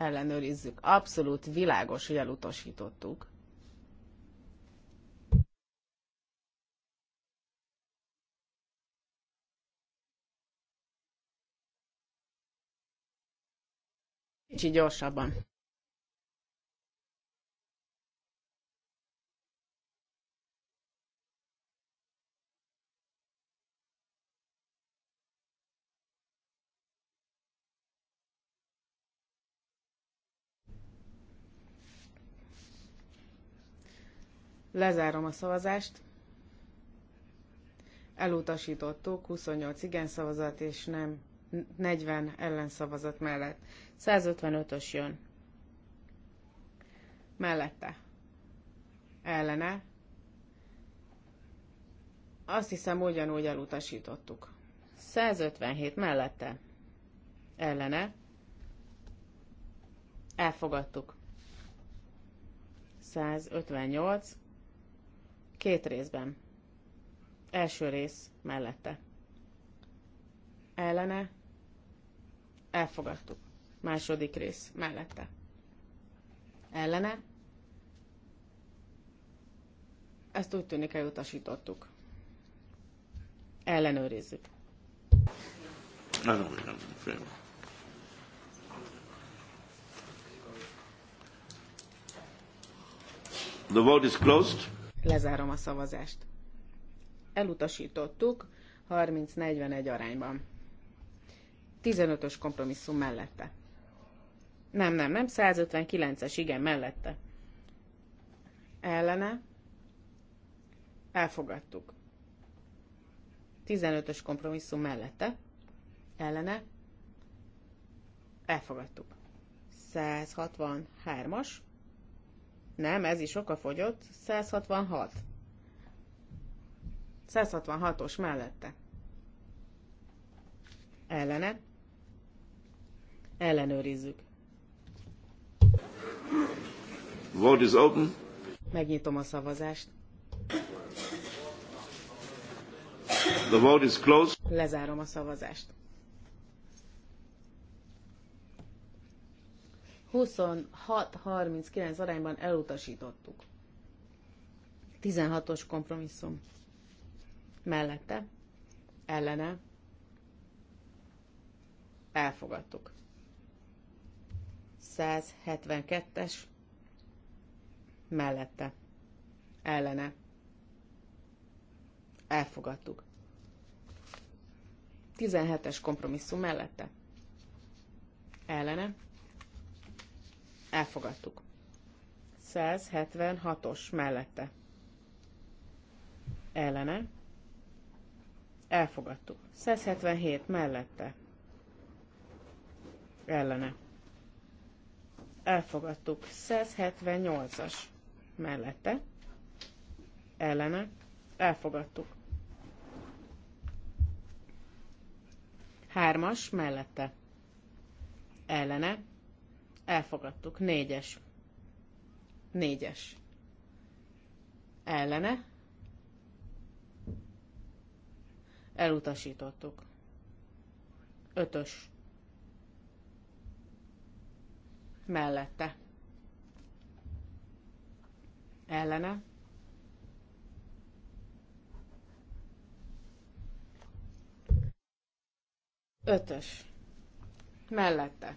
ellenőrizzük. Abszolút világos, hogy elutasítottuk. Kicsi gyorsabban. Lezárom a szavazást. Elutasítottuk 28 igen szavazat és nem 40 ellenszavazat mellett. 155-ös jön. Mellette. Ellene. Azt hiszem, ugyanúgy elutasítottuk. 157 mellette. Ellene. Elfogadtuk. 158 Két részben. Első rész mellette. Ellene. Elfogadtuk. Második rész mellette. Ellene. Ezt úgy tűnik elutasítottuk. Ellenőrizzük. Ah, The vote is closed. Lezárom a szavazást. Elutasítottuk 30-41 arányban. 15-ös kompromisszum mellette. Nem, nem, nem, 159-es, igen, mellette. Ellene. Elfogadtuk. 15-ös kompromisszum mellette. Ellene. Elfogadtuk. 163-as nem, ez is fogyott. 166. 166-os mellette. Ellene. Ellenőrizzük. Vote is open. Megnyitom a szavazást. The vote is closed. Lezárom a szavazást. 26-39 arányban elutasítottuk. 16-os kompromisszum. Mellette, ellene, elfogadtuk. 172-es, mellette, ellene, elfogadtuk. 17-es kompromisszum mellette, ellene, Elfogadtuk. 176-os mellette. Ellene. Elfogadtuk. 177 mellette. Ellene. Elfogadtuk. 178-as mellette. Ellene. Elfogadtuk. 3-as mellette. Ellene Elfogadtuk. Négyes. Négyes. Ellene. Elutasítottuk. Ötös. Mellette. Ellene. Ötös. Mellette.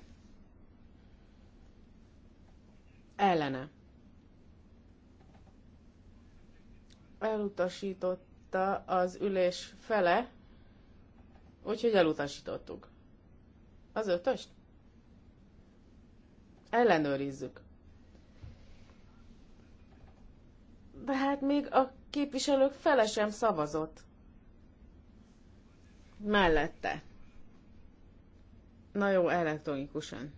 ellene. Elutasította az ülés fele, úgyhogy elutasítottuk. Az ötöst? Ellenőrizzük. De hát még a képviselők fele sem szavazott. Mellette. Na jó, elektronikusan.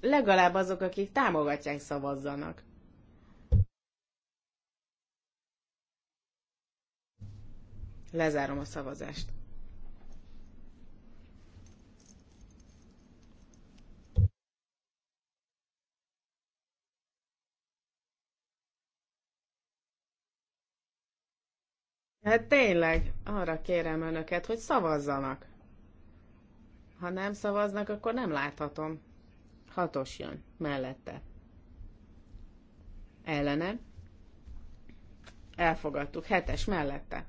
legalább azok, akik támogatják, szavazzanak. Lezárom a szavazást. Hát tényleg, arra kérem önöket, hogy szavazzanak. Ha nem szavaznak, akkor nem láthatom. Hatos jön mellette. Ellene. Elfogadtuk. Hetes mellette.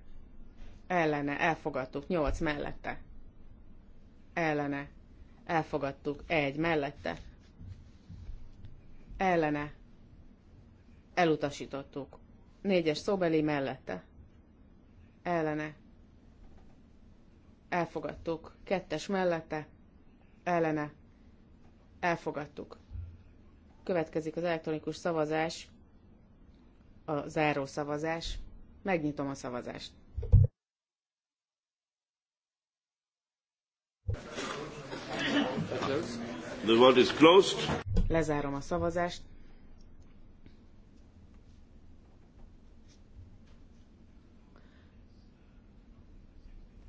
Ellene. Elfogadtuk. Nyolc mellette. Ellene. Elfogadtuk. Egy mellette. Ellene. Elutasítottuk. Négyes szóbeli mellette. Ellene. Elfogadtuk. Kettes mellette. Ellene Elfogadtuk. Következik az elektronikus szavazás, a záró szavazás. Megnyitom a szavazást. The vote is closed. Lezárom a szavazást.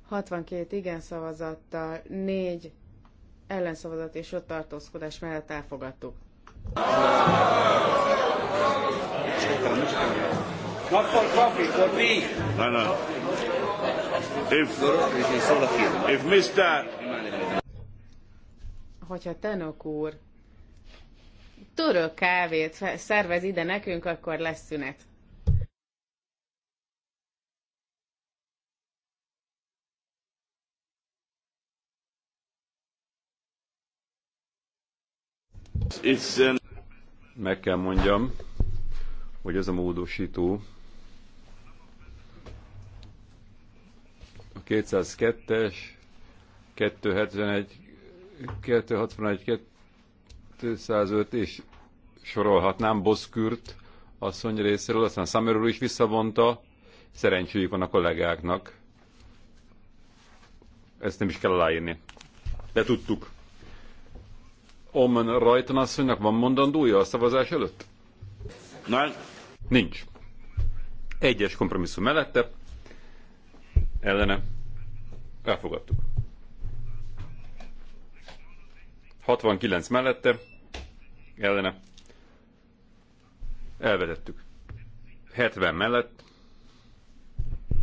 Hatvankét igen szavazattal, négy ellenszavazat és ott tartózkodás mellett elfogadtuk. Not for coffee, for tea. No, no. If, if Mr. Hogyha Tenok úr török kávét szervez ide nekünk, akkor lesz szünet. Meg kell mondjam, hogy ez a módosító a 202-es, 271, 261, 205 és sorolhatnám Boszkürt asszony részéről, aztán Summer is visszavonta, szerencséjük van a kollégáknak. Ezt nem is kell aláírni. De tudtuk. Omen Rajtan asszonynak van mondandója a szavazás előtt? Nem. Nincs. Egyes kompromisszum mellette, ellene elfogadtuk. 69 mellette, ellene elvetettük. 70 mellett,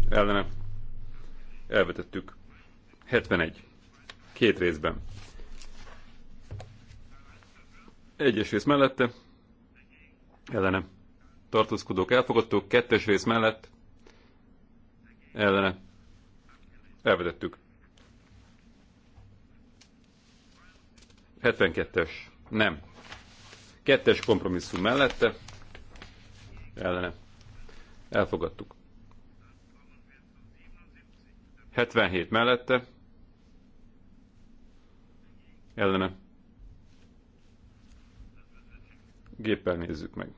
ellene elvetettük. 71. Két részben egyes rész mellette, ellene. Tartózkodók elfogadtuk, kettes rész mellett, ellene. Elvetettük. 72-es. Nem. Kettes kompromisszum mellette, ellene. Elfogadtuk. 77 mellette, ellene Géppel nézzük meg.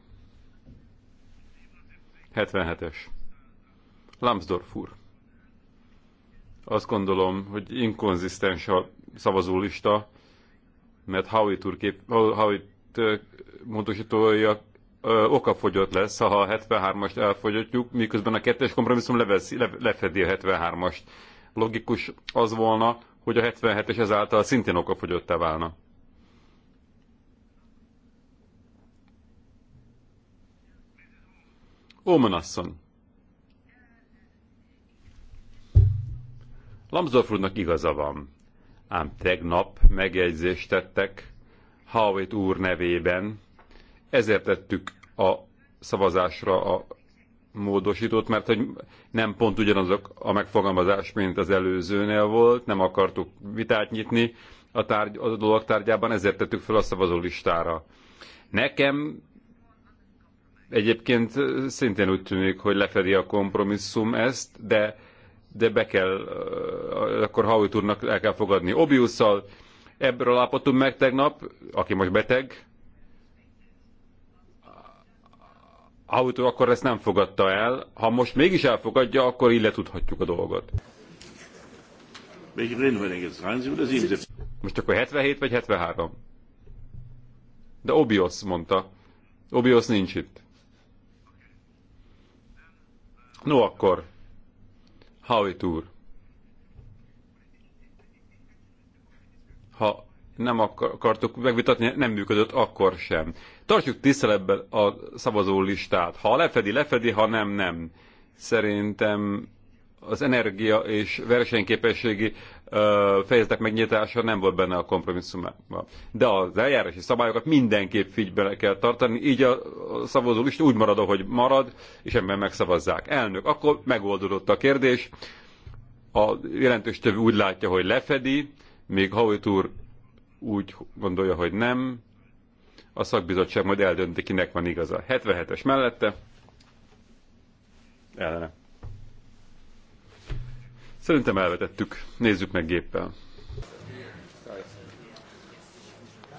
77-es. Lambsdorff úr. Azt gondolom, hogy inkonzisztens a szavazólista, mert Howitt úr kép, Howitt módosítója okafogyott lesz, ha a 73-ast elfogyatjuk, miközben a kettes kompromisszum leveszi, le, lefedi a 73-ast. Logikus az volna, hogy a 77-es ezáltal szintén okafogyottá válna. Ómanasszony. Lambsdorff úrnak igaza van, ám tegnap megjegyzést tettek Howitt úr nevében, ezért tettük a szavazásra a módosítót, mert hogy nem pont ugyanazok a megfogalmazás, mint az előzőnél volt, nem akartuk vitát nyitni a, tárgy, a dolog tárgyában, ezért tettük fel a szavazólistára. Nekem Egyébként szintén úgy tűnik, hogy lefedi a kompromisszum ezt, de, de be kell, akkor úgy tudnak, el kell fogadni. Obiusszal ebből állapodtunk meg tegnap, aki most beteg, autó akkor ezt nem fogadta el. Ha most mégis elfogadja, akkor így letudhatjuk a dolgot. Most akkor 77 vagy 73? De Obios mondta. Obios nincs itt. No akkor, Howitt úr, ha nem akartuk megvitatni, nem működött akkor sem. Tartsuk tiszteletben a szavazó listát. Ha lefedi, lefedi, ha nem, nem. Szerintem az energia és versenyképességi fejezetek megnyitása nem volt benne a kompromisszumában. De az eljárási szabályokat mindenképp figybe kell tartani, így a szavazó is úgy marad, ahogy marad, és ebben megszavazzák. Elnök, akkor megoldódott a kérdés. A jelentős több úgy látja, hogy lefedi, még Howitt úr úgy gondolja, hogy nem. A szakbizottság majd eldönti, kinek van igaza. 77-es mellette. Ellene Szerintem elvetettük. Nézzük meg géppel.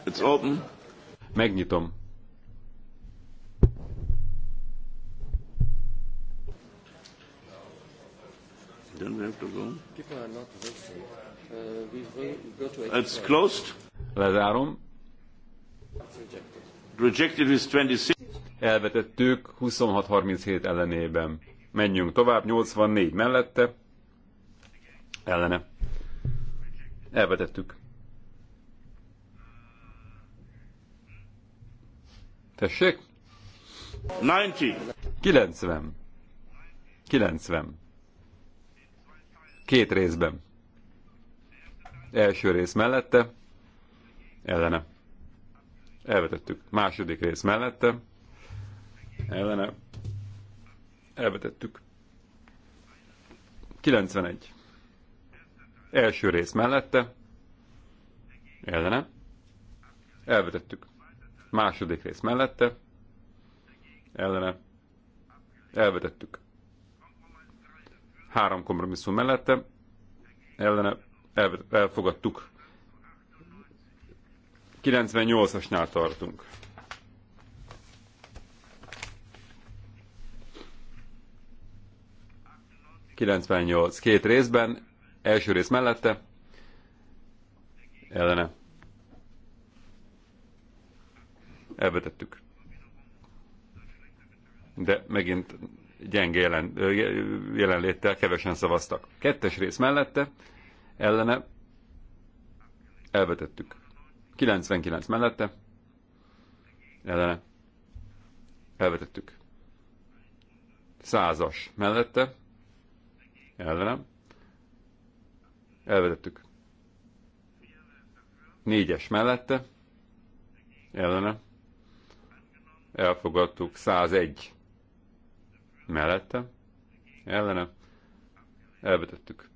It's open. Megnyitom. Then we have to go. People are not listening. Uh, we go to It's closed. Lezárom. Rejected. Rejected is 26. Elvetettük 26-37 ellenében. Menjünk tovább, 84 mellette ellene. Elvetettük. Tessék? 90. 90. 90. Két részben. Első rész mellette, ellene. Elvetettük. Második rész mellette, ellene. Elvetettük. 91. Első rész mellette, ellene, elvetettük. Második rész mellette, ellene, elvetettük. Három kompromisszum mellette, ellene, elfogadtuk. 98-asnál tartunk. Kilencvennyolc. Két részben, Első rész mellette, ellene. Elvetettük. De megint gyenge jelen, jelenléttel kevesen szavaztak. Kettes rész mellette, ellene elvetettük. 99 mellette, ellene elvetettük. Százas mellette, ellenem, Elvetettük. Négyes mellette. Ellene. Elfogadtuk. 101 mellette. Ellene. Elvetettük.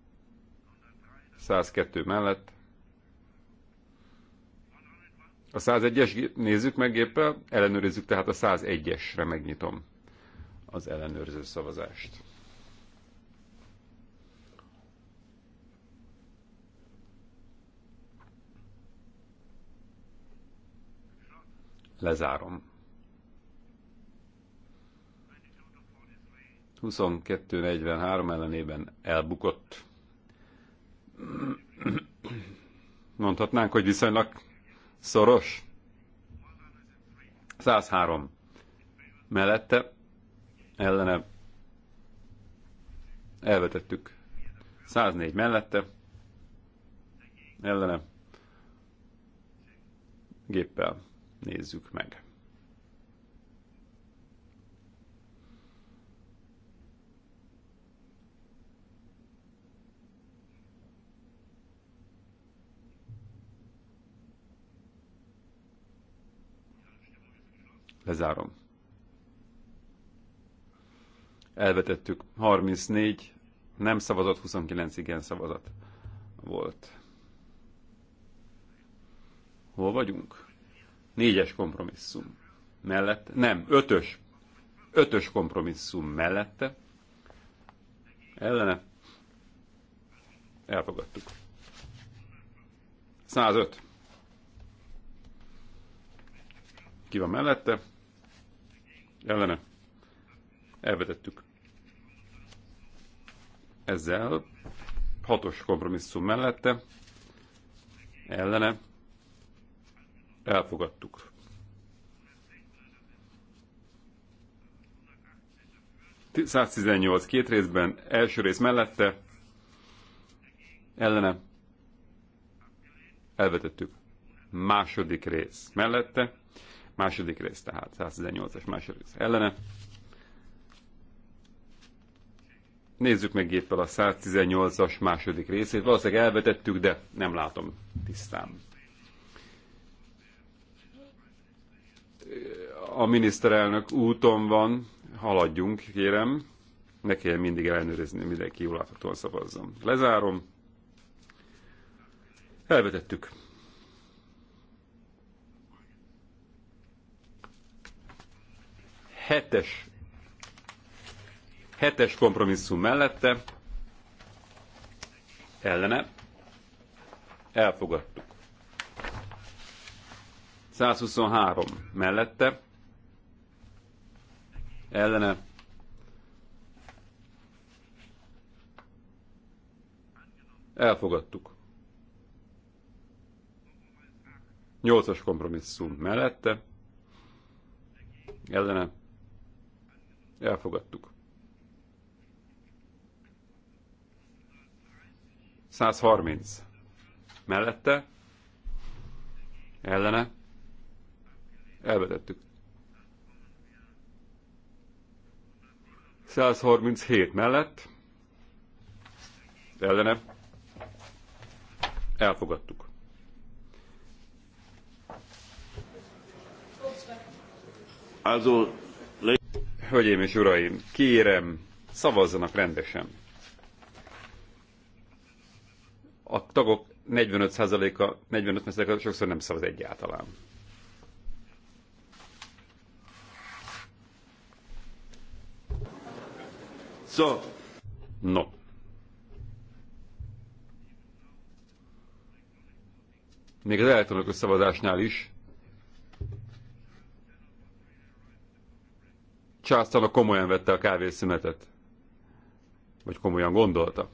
102 mellett. A 101-es nézzük meg éppen, ellenőrizzük tehát a 101-esre megnyitom az ellenőrző szavazást. Lezárom. 22-43 ellenében elbukott. Mondhatnánk, hogy viszonylag szoros. 103 mellette ellene elvetettük. 104 mellette ellene géppel nézzük meg. Lezárom. Elvetettük 34, nem szavazott 29 igen szavazat volt. Hol vagyunk? Négyes kompromisszum mellette, nem, ötös, ötös kompromisszum mellette, ellene, elfogadtuk. 105. Ki van mellette? Ellene. Elvetettük. Ezzel hatos kompromisszum mellette, ellene, Elfogadtuk. 118 két részben, első rész mellette, ellene, elvetettük. Második rész mellette, második rész tehát, 118-as második rész ellene. Nézzük meg géppel a 118-as második részét, valószínűleg elvetettük, de nem látom tisztán. a miniszterelnök úton van, haladjunk, kérem. Ne kell mindig ellenőrizni, mindenki jól láthatóan szavazzon. Lezárom. Elvetettük. Hetes. Hetes kompromisszum mellette. Ellene. Elfogadtuk. 123 mellette ellene elfogadtuk. Nyolcas kompromisszum mellette ellene elfogadtuk. 130 mellette ellene elvetettük. 137 mellett ellene elfogadtuk. Also, Hölgyeim és uraim, kérem, szavazzanak rendesen. A tagok 45%-a, 45%-a sokszor nem szavaz egyáltalán. So. No. Még az elektronikus szavazásnál is Charleston a komolyan vette a kávészünetet. Vagy komolyan gondolta.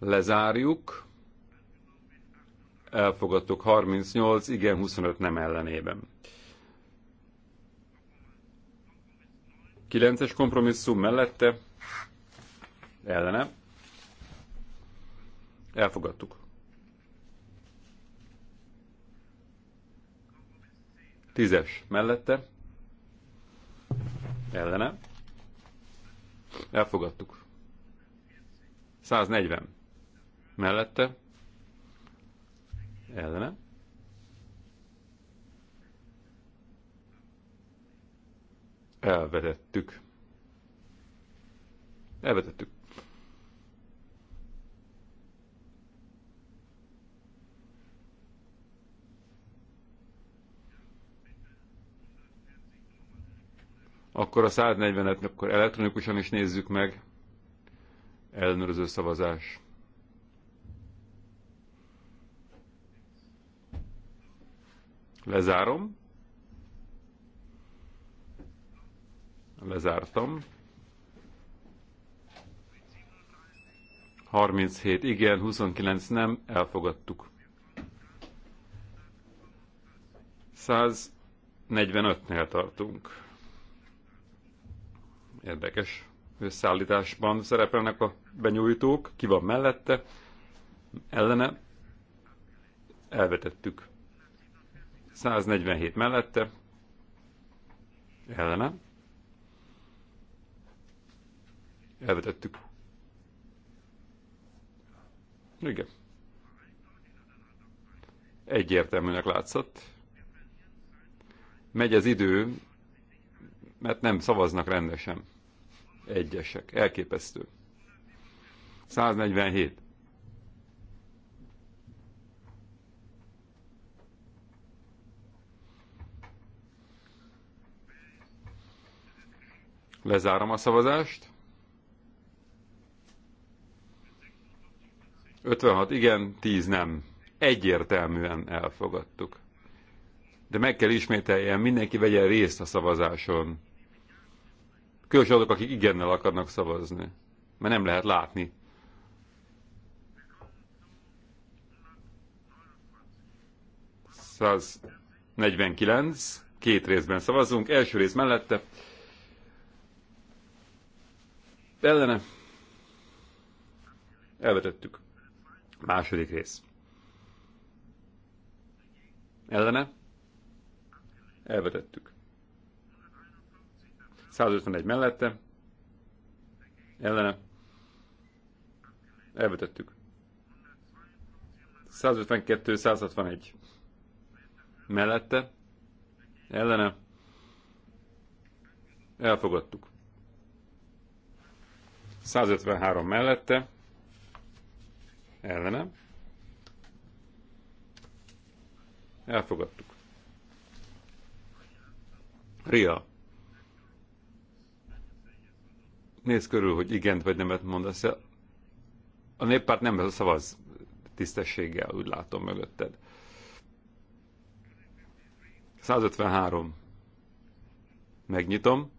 Lezárjuk. Elfogadtuk 38, igen, 25 nem ellenében. 9-es kompromisszum mellette ellene elfogadtuk. 10-es mellette ellene elfogadtuk. 140 mellette ellene Elvetettük. Elvetettük. Akkor a 140-et akkor elektronikusan is nézzük meg. Ellenőrző szavazás. Lezárom. Lezártam. 37 igen, 29 nem, elfogadtuk. 145-nél tartunk. Érdekes összeállításban szerepelnek a benyújtók, ki van mellette, ellene, elvetettük. 147 mellette, ellene, elvetettük. Igen. Egyértelműnek látszott. Megy az idő, mert nem szavaznak rendesen. Egyesek. Elképesztő. 147. Lezárom a szavazást. 56 igen, 10 nem. Egyértelműen elfogadtuk. De meg kell ismételjen, mindenki vegyen részt a szavazáson. Különösen azok, akik igennel akarnak szavazni. Mert nem lehet látni. Száz 49, két részben szavazunk, első rész mellette. Ellene. Elvetettük. Második rész. Ellene? Elvetettük. 151 mellette. Ellene? Elvetettük. 152, 161. Mellette? Ellene? Elfogadtuk. 153 mellette ellenem. Elfogadtuk. Ria. Nézd körül, hogy igent vagy nemet mondasz. A néppárt nem szavaz tisztességgel, úgy látom mögötted. 153. Megnyitom.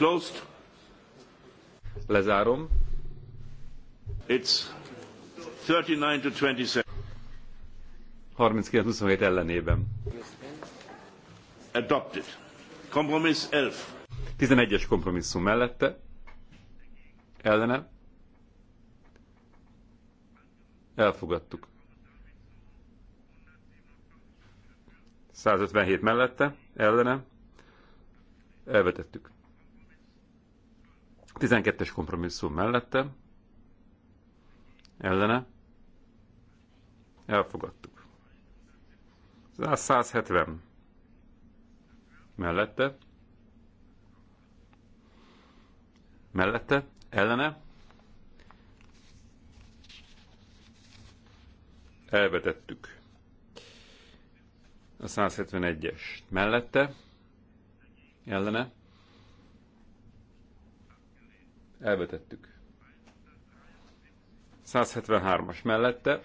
closed. Lezárom. It's 39 to 27. 39-27 ellenében. Adopted. Kompromiss 11. 11-es kompromisszum mellette. Ellene. Elfogadtuk. 157 mellette, ellene, elvetettük. 12-es kompromisszum mellette, ellene, elfogadtuk. 170 mellette, mellette, ellene, elvetettük a 171-es mellette, ellene, Elvetettük. 173-as mellette,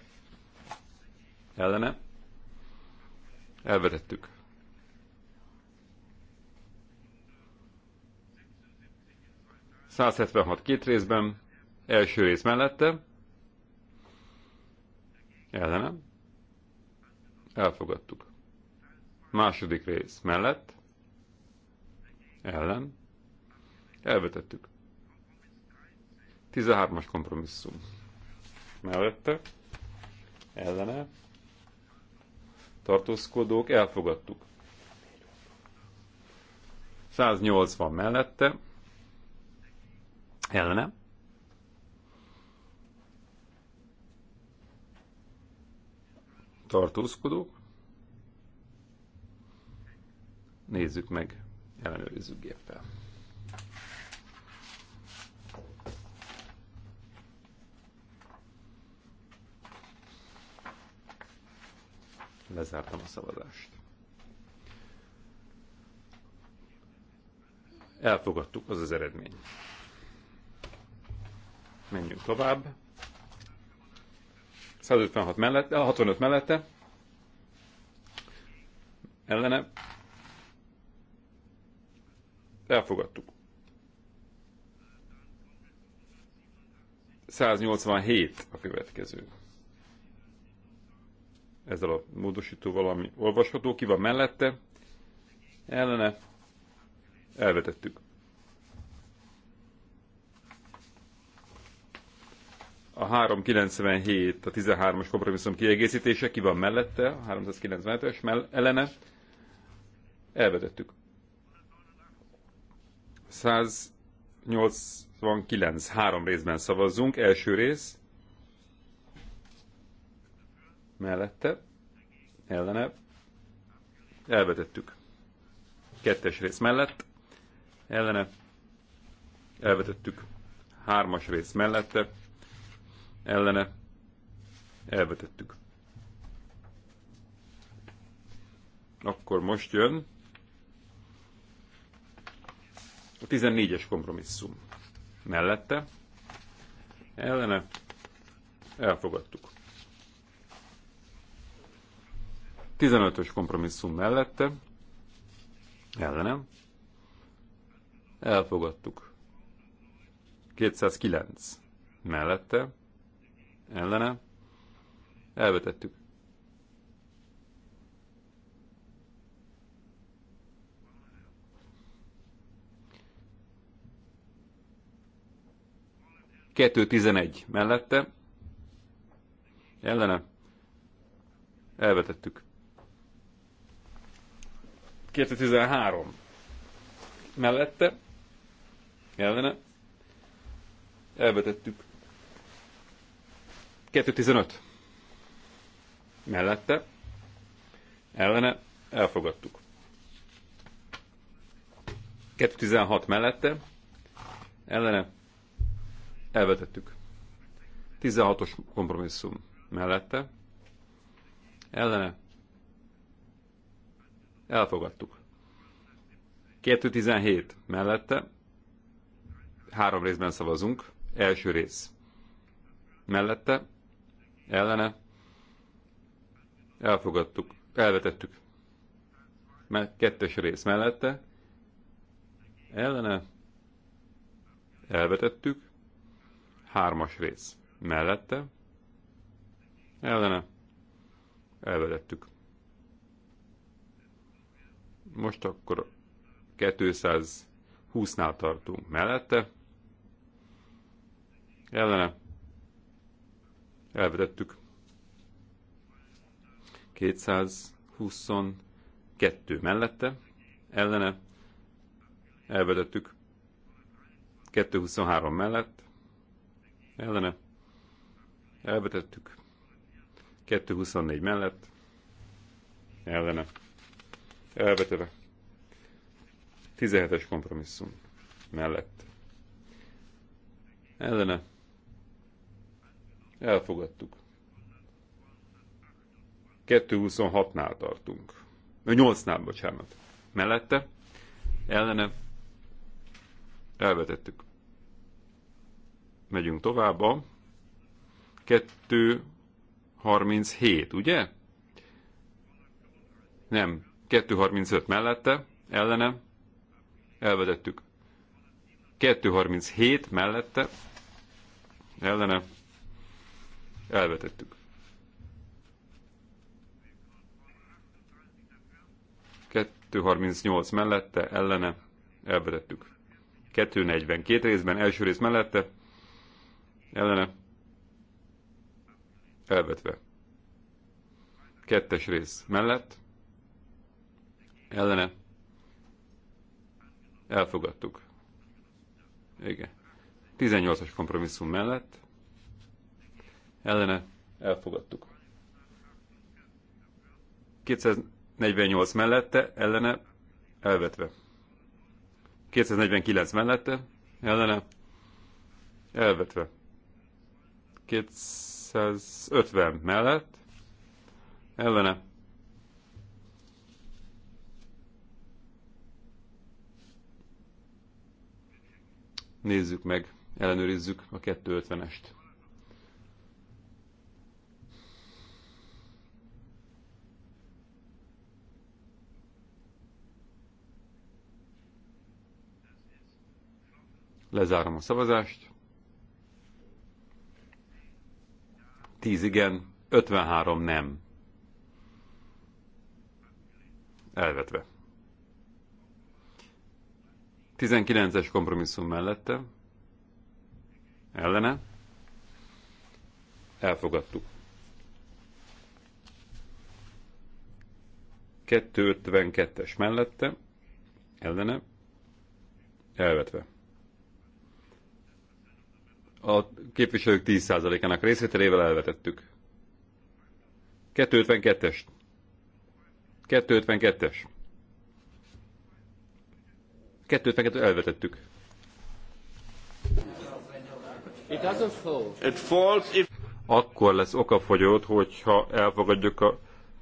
ellene, elvetettük. 176 két részben, első rész mellette, ellenem, elfogadtuk. Második rész mellett, ellen, elvetettük. 13-as kompromisszum. Mellette, ellene, tartózkodók, elfogadtuk. 180 mellette, ellene, tartózkodók, nézzük meg, ellenőrizzük géppel. Lezártam a szavazást. Elfogadtuk, az az eredmény. Menjünk tovább. 156 mellette, 65 mellette. Ellene. Elfogadtuk. 187 a következő ezzel a módosítóval, ami olvasható, ki van mellette, ellene, elvetettük. A 397, a 13-as kompromisszum kiegészítése, ki van mellette, a 397-es mell ellene, elvetettük. 189, három részben szavazzunk, első rész, mellette, ellene, elvetettük. Kettes rész mellett, ellene, elvetettük. Hármas rész mellette, ellene, elvetettük. Akkor most jön a 14-es kompromisszum. Mellette, ellene, elfogadtuk. 15-ös kompromisszum mellette, ellenem, elfogadtuk. 209 mellette, ellene, elvetettük. Kettő tizenegy mellette, ellene, elvetettük. 2013. mellette ellene elvetettük. 2015. mellette ellene elfogadtuk. 2016. mellette ellene elvetettük. 16-os kompromisszum mellette ellene Elfogadtuk. 217 mellette. Három részben szavazunk. Első rész. Mellette. Ellene. Elfogadtuk. Elvetettük. Kettes rész mellette. Ellene. Elvetettük. Hármas rész. Mellette. Ellene. Elvetettük. Most akkor 220-nál tartunk mellette. Ellene. Elvetettük. 222 mellette. Ellene. Elvetettük. 223 mellett. Ellene. Elvetettük. 224 mellett. Ellene elvetve. 17-es kompromisszum mellett. Ellene. Elfogadtuk. 2.26-nál tartunk. 8-nál, bocsánat. Mellette. Ellene. Elvetettük. Megyünk tovább 2.37, ugye? Nem. 235 mellette, ellene, elvedettük. 237 mellette, ellene, elvetettük. 238 mellette, ellene, elvetettük. 242 részben, első rész mellette, ellene, elvetve. Kettes rész mellett, ellene elfogadtuk. Igen. 18-as kompromisszum mellett ellene elfogadtuk. 248 mellette ellene elvetve. 249 mellette ellene elvetve. 250 mellett ellene Nézzük meg, ellenőrizzük a 250-est. Lezárom a szavazást. 10 igen, 53 nem. Elvetve. 19-es kompromisszum mellette, ellene, elfogadtuk. 252-es mellette, ellene, elvetve. A képviselők 10%-ának részvételével elvetettük. 252-es. 252-es. Kettőt meg elvetettük. It fall. It falls if... Akkor lesz okafogyott, hogyha elfogadjuk a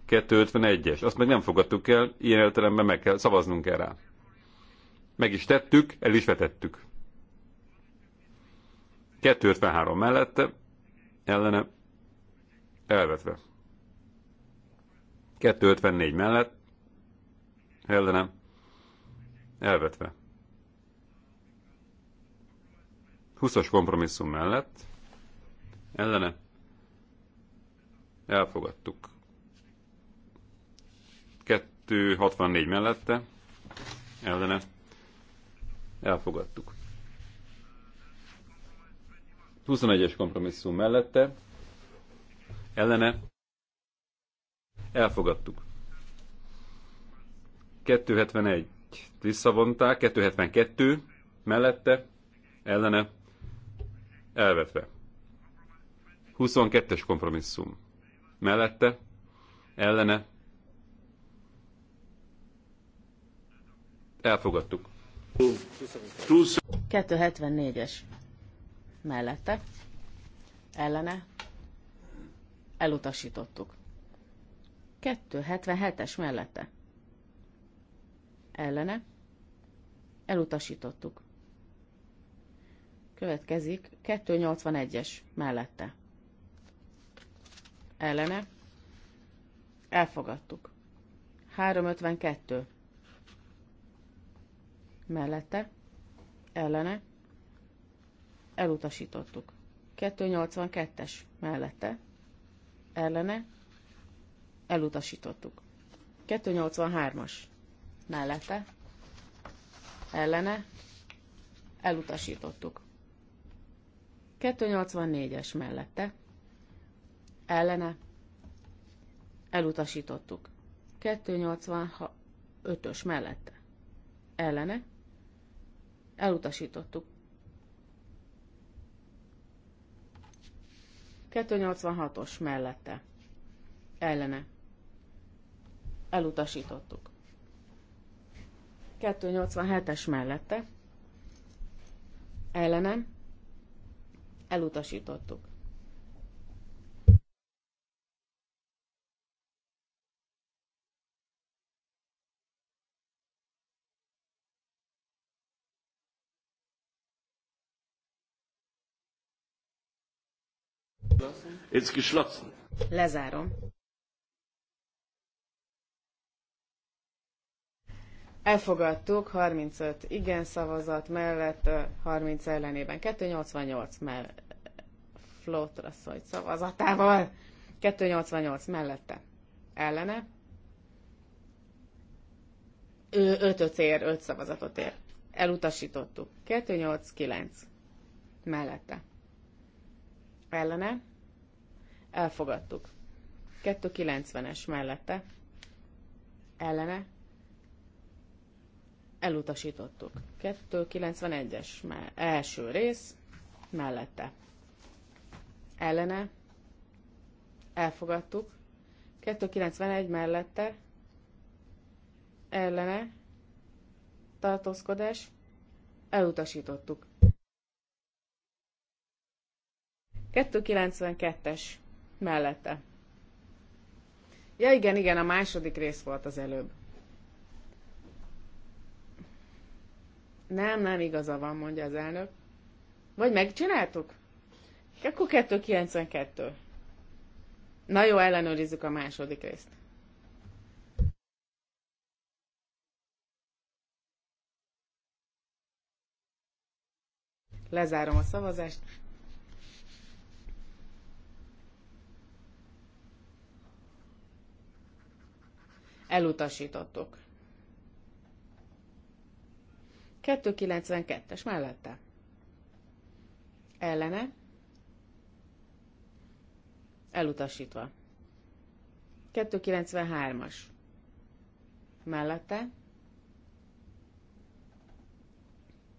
251-es. Azt meg nem fogadtuk el, ilyen értelemben meg kell, szavaznunk erre. Meg is tettük, el is vetettük. 253 mellette, ellene, elvetve. 254 mellett, ellene, Elvetve. 20-as kompromisszum mellett. Ellene. Elfogadtuk. 264 mellette. Ellene. Elfogadtuk. 21-es kompromisszum mellette. Ellene. Elfogadtuk. 271 visszavonták, 272 mellette, ellene, elvetve. 22-es kompromisszum mellette, ellene, elfogadtuk. 274-es mellette, ellene, elutasítottuk. 277-es mellette, ellene, elutasítottuk. Következik 281-es mellette. Ellene, elfogadtuk. 352 mellette, ellene, elutasítottuk. 282-es mellette, ellene, elutasítottuk. 283-as mellette, ellene, elutasítottuk. 284-es mellette, ellene, elutasítottuk. 285-ös mellette, ellene, elutasítottuk. 286-os mellette, ellene, elutasítottuk. 287-es mellette ellenem elutasítottuk. It's geschlossen. Lezárom. Elfogadtuk 35 igen szavazat mellett, 30 ellenében. 288 mellett Flótra szólt szavazatával. 288 mellette. Ellene. Ő 5 ér, 5 szavazatot ér. Elutasítottuk. 289 mellette. Ellene. Elfogadtuk. 290-es mellette. Ellene elutasítottuk. 291-es első rész mellette. Ellene elfogadtuk. 291 mellette ellene tartózkodás elutasítottuk. 292-es mellette. Ja igen, igen, a második rész volt az előbb. Nem, nem igaza van, mondja az elnök. Vagy megcsináltuk? Akkor 292. Na jó, ellenőrizzük a második részt. Lezárom a szavazást. Elutasítottuk. 292-es mellette. Ellene. Elutasítva. 293-as. Mellette.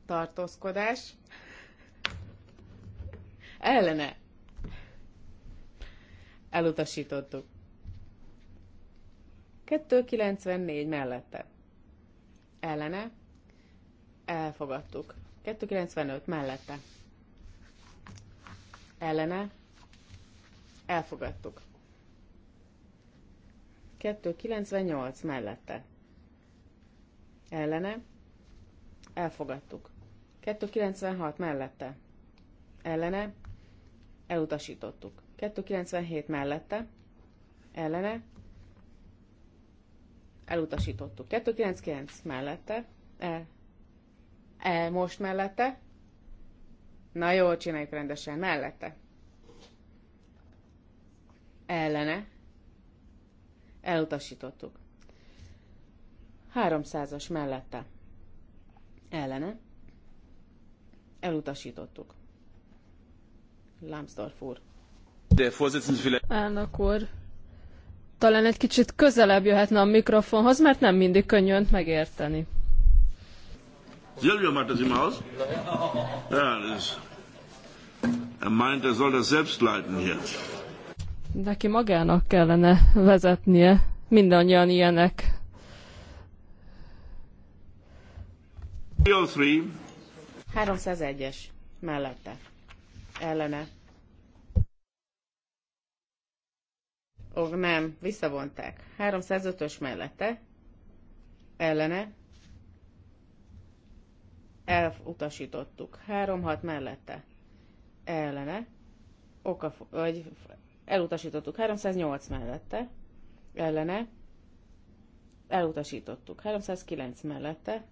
Tartózkodás. Ellene. Elutasítottuk. 294 mellette. Ellene Elfogadtuk. 295 mellette. Ellene. Elfogadtuk. 298 mellette. Ellene. Elfogadtuk. 296 mellette. Ellene. Elutasítottuk. 297 mellette. Ellene. Elutasítottuk. 299 mellette. El, E most mellette. Na jó, csináljuk rendesen. Mellette. Ellene. Elutasítottuk. Háromszázas mellette. Ellene. Elutasítottuk. Lambsdorff úr. Elnök úr, talán egy kicsit közelebb jöhetne a mikrofonhoz, mert nem mindig könnyű önt megérteni. Silvio macht das immer aus? Ja, das ist, er meint, er soll das selbst leiten hier. Neki magának kellene vezetnie. Mindannyian ilyenek. es mellette. Ellene. Ó, oh, nem, visszavonták. 305-ös mellette. Ellene elutasítottuk. Három-hat mellette ellene, oka, vagy elutasítottuk. 308 mellette ellene, elutasítottuk. 309 mellette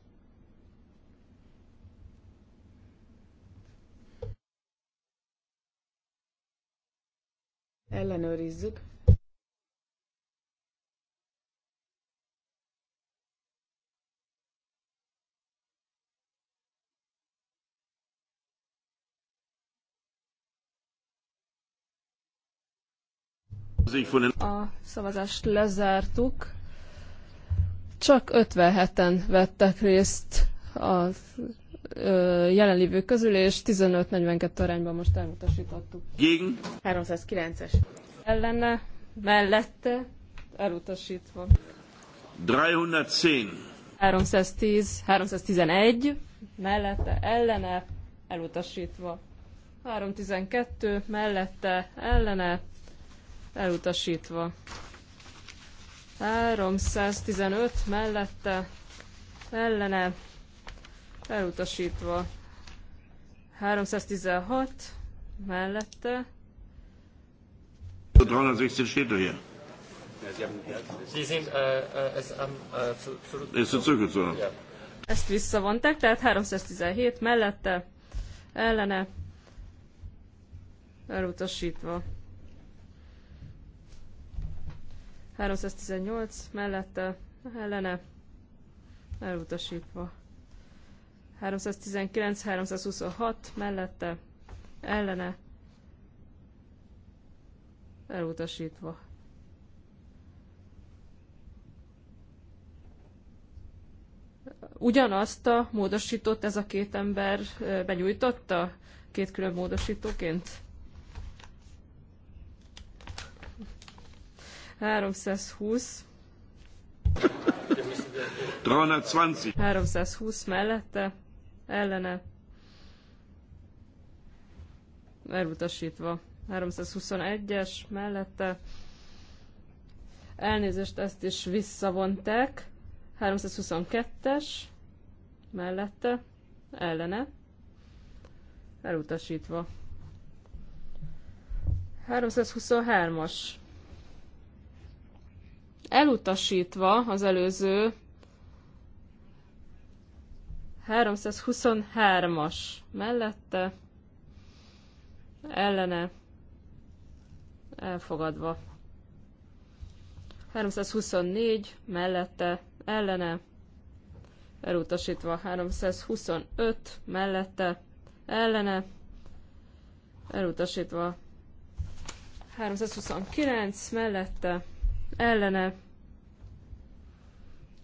ellenőrizzük. A szavazást lezártuk. Csak 57-en vettek részt a jelenlévők közül, és 15-42 arányban most elutasítottuk. Gegen? 309-es. Ellene, mellette, elutasítva. 310. 310, 311, mellette, ellene, elutasítva. 312, mellette, ellene, elutasítva. 315 mellette ellene elutasítva. 316 mellette. 316 steht hier. Sie sind, äh, äh, äh, Ezt visszavonták, tehát 317 mellette, ellene, elutasítva. 318 mellette ellene elutasítva. 319, 326 mellette ellene elutasítva. Ugyanazt a módosított ez a két ember benyújtotta két külön módosítóként? 320. 320. 320 mellette, ellene, elutasítva. 321-es mellette, elnézést, ezt is visszavonták. 322-es mellette, ellene, elutasítva. 323-as elutasítva az előző 323-as mellette ellene elfogadva. 324 mellette ellene elutasítva. 325 mellette ellene elutasítva. 329 mellette ellene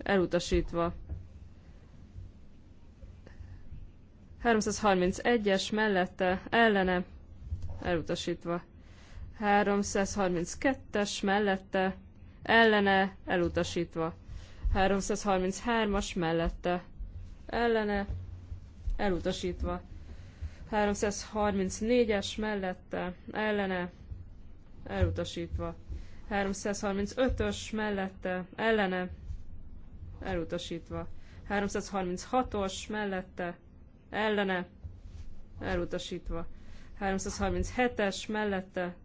elutasítva. 331-es mellette ellene elutasítva. 332-es mellette ellene elutasítva. 333-as mellette ellene elutasítva. 334-es mellette ellene elutasítva. 335-ös mellette ellene elutasítva. 336-os mellette, ellene, elutasítva. 337-es mellette,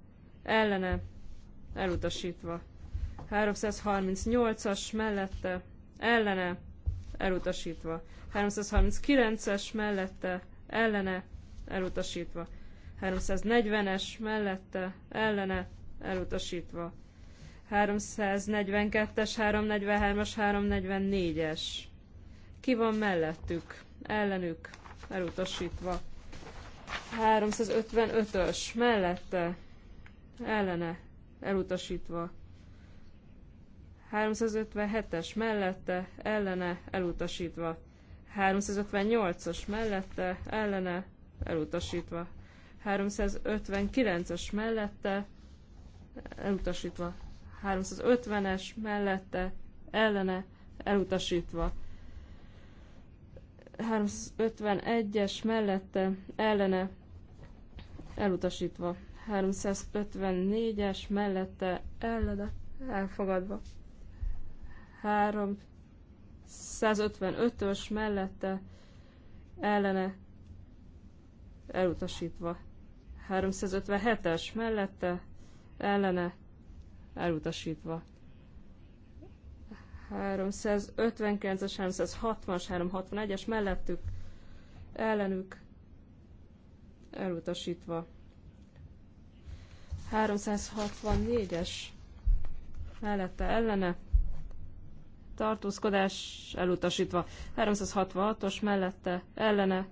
ellene, elutasítva. 338-as mellette, ellene, elutasítva. 339-es mellette, ellene, elutasítva. 340-es mellette, ellene, elutasítva. 342-es, 343-as, 344-es. Ki van mellettük? Ellenük? Elutasítva. 355-ös. Mellette? Ellene? Elutasítva. 357-es. Mellette? Ellene? Elutasítva. 358-as. Mellette? Ellene? Elutasítva. 359-as mellette elutasítva. 350-es mellette ellene elutasítva. 351-es mellette ellene elutasítva. 354-es mellette ellene elfogadva. 355-ös mellette ellene elutasítva. 357-es mellette ellene elutasítva elutasítva. 359-es, 360-as, 361-es mellettük, ellenük, elutasítva. 364-es mellette ellene, tartózkodás elutasítva. 366-os mellette ellene,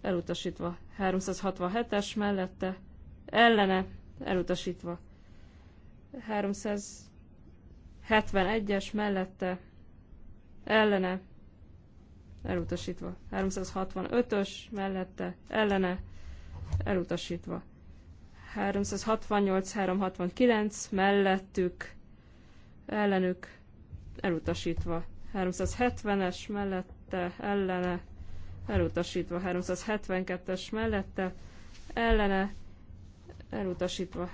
elutasítva. 367-es mellette ellene, elutasítva. 371-es mellette ellene elutasítva. 365-ös mellette ellene elutasítva. 368-369 mellettük ellenük elutasítva. 370-es mellette ellene elutasítva. 372-es mellette ellene elutasítva.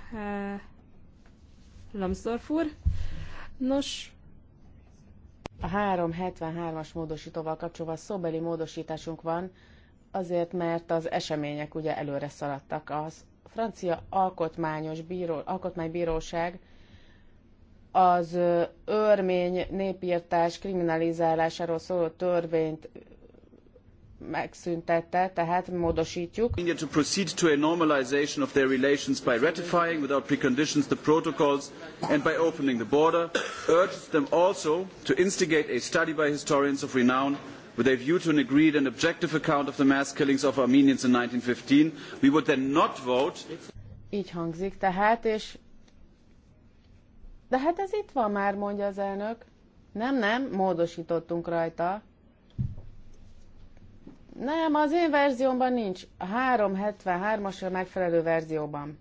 Lamsdorf úr. Nos, a 373-as módosítóval kapcsolatban szóbeli módosításunk van, azért mert az események ugye előre szaladtak. Az francia alkotmányos bíró, alkotmánybíróság az örmény népírtás kriminalizálásáról szóló törvényt megszüntette, tehát módosítjuk. to proceed to a normalization of their relations by ratifying without preconditions the protocols and by opening the border, urges them also to instigate a study by historians of renown with a view to an agreed and objective account of the mass killings of Armenians in 1915. We would then not vote. Így hangzik tehát, és... De hát ez itt van már, mondja az elnök. Nem, nem, módosítottunk rajta. Nem, az én verziómban nincs. A 373-as a megfelelő verzióban.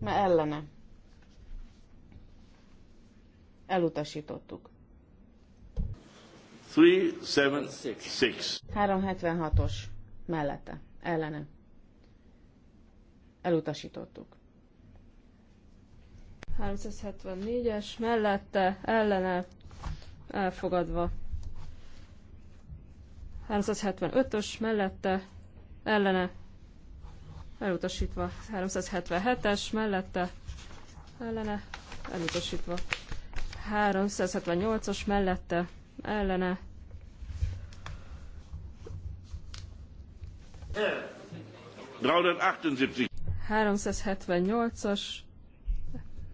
Mert ellene. Elutasítottuk. 376 376-os. Mellette. Ellene. Elutasítottuk. 374-es. Mellette. Ellene. Elfogadva. 375-ös mellette ellene elutasítva. 377-es mellette ellene elutasítva. 378-as mellette ellene Yeah. 378. 378-as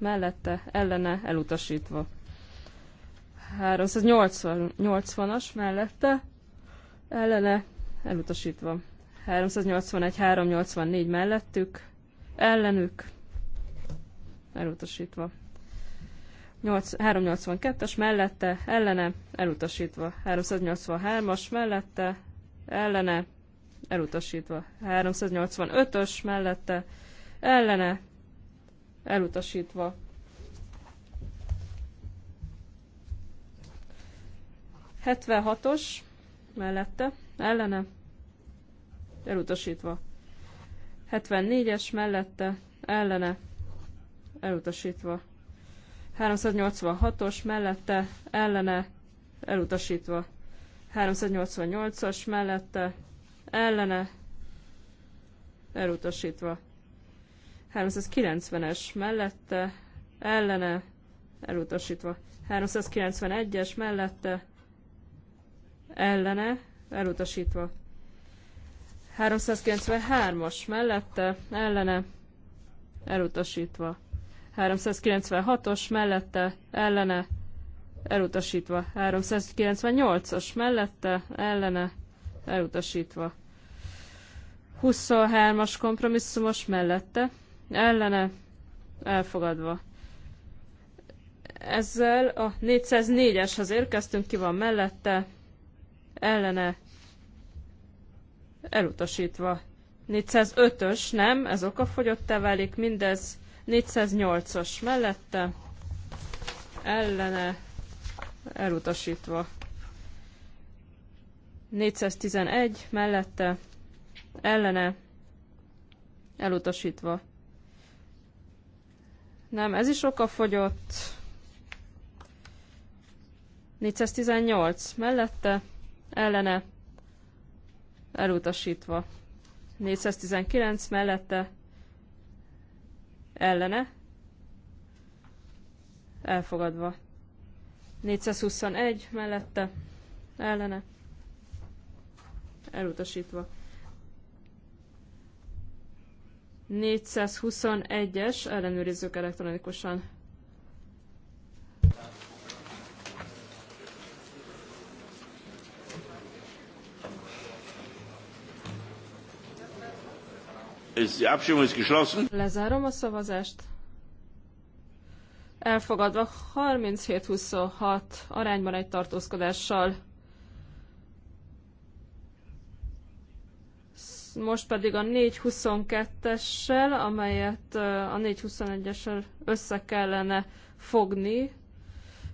mellette ellene elutasítva. 380-as mellette ellene elutasítva. 381-384 mellettük, ellenük elutasítva. 382-es mellette, ellene, elutasítva. 383-as mellette, ellene, elutasítva. 385-ös mellette, ellene, elutasítva. Hetvenhatos mellette, ellene, elutasítva. 74-es mellette, ellene, elutasítva. 386-os mellette, ellene, elutasítva. 388-as mellette, ellene, elutasítva. 390-es mellette, ellene, elutasítva. 391-es mellette, ellene, elutasítva. 393-as mellette, ellene, elutasítva. 396-os mellette, ellene, elutasítva. 398-as mellette, ellene, elutasítva. 23-as kompromisszumos mellette, ellene, elfogadva. Ezzel a 404-eshez érkeztünk, ki van mellette, ellene elutasítva. 405-ös nem, ez okafogyottá válik, mindez 408-as mellette ellene elutasítva. 411 mellette ellene elutasítva. Nem, ez is okafogyott. 418 mellette ellene elutasítva. 419 mellette ellene elfogadva. 421 mellette ellene elutasítva. 421-es ellenőrizzük elektronikusan. Lezárom a szavazást. Elfogadva 37-26 arányban egy tartózkodással. Most pedig a 422-essel, amelyet a 421-essel össze kellene fogni.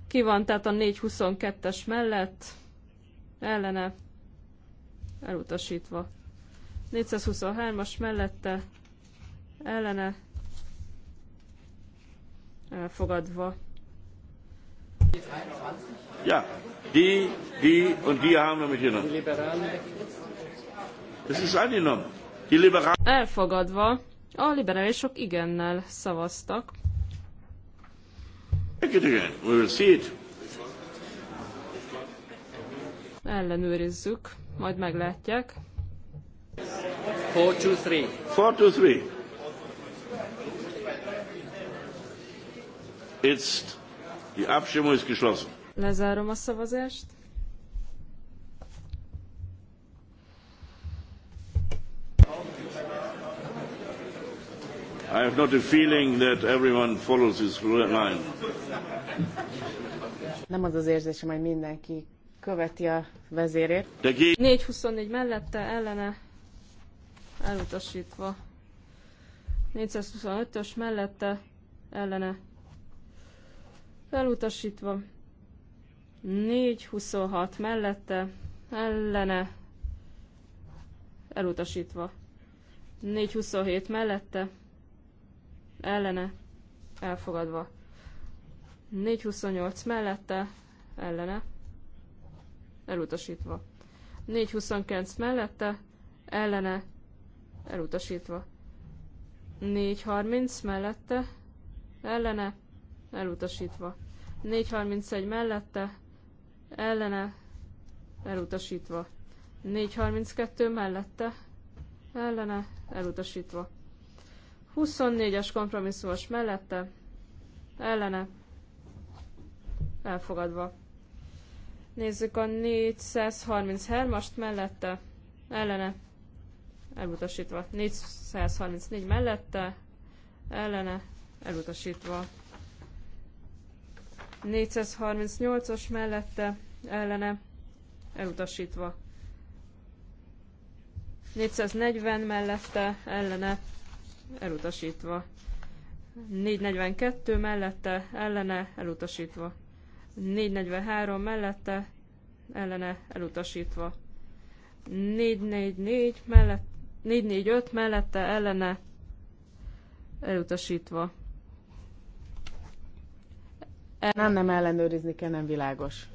Ki van tehát a 422-es mellett? Ellene elutasítva. 423-as mellette ellene elfogadva. Ja, die, die und die haben wir mit mitgenommen. Das ist angenommen. Die Liberalen. Elfogadva. A liberálisok igennel szavaztak. Ellenőrizzük, majd meglátják. 423. 423. Jetzt die Abstimmung ist geschlossen. Lezárom a szavazást. I have not a feeling that everyone follows this line. Nem az az érzésem, hogy mindenki követi a vezérét. 4-24 mellette, ellene elutasítva. 425-ös mellette ellene elutasítva. 426 mellette ellene elutasítva. 427 mellette ellene elfogadva. 428 mellette ellene elutasítva. 429 mellette ellene elutasítva. 4.30 mellette, ellene, elutasítva. 4.31 mellette, ellene, elutasítva. 4.32 mellette, ellene, elutasítva. 24-es kompromisszumos mellette, ellene, elfogadva. Nézzük a 433-ast mellette, ellene, elutasítva. 434 mellette, ellene, elutasítva. 438-os mellette, ellene, elutasítva. 440 mellette, ellene, elutasítva. 442 mellette, ellene, elutasítva. 443 mellette, ellene, elutasítva. 444 mellett 4-4-5 mellette ellene elutasítva. El... Nem, nem ellenőrizni kell, nem világos.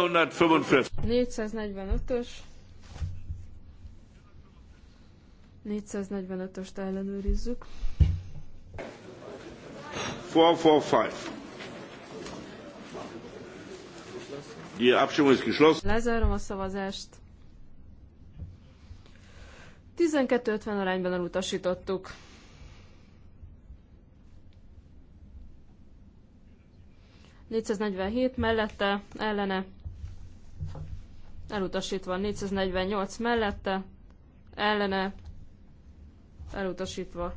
445-ös. 445-öst ellenőrizzük. 445. Die Abstimmung ist geschlossen. Lezárom a szavazást. 12-50 arányban elutasítottuk. ...447 mellette, ellene, elutasítva 448 mellette, ellene, elutasítva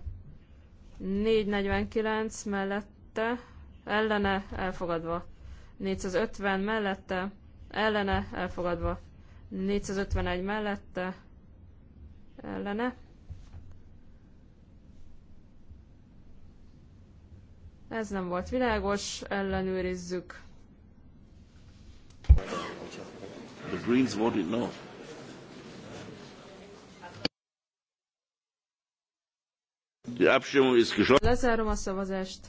449 mellette, ellene, elfogadva 450 mellette, ellene, elfogadva 451 mellette, ellene. Ez nem volt világos, ellenőrizzük. The Greens voted no. Lezárom a szavazást.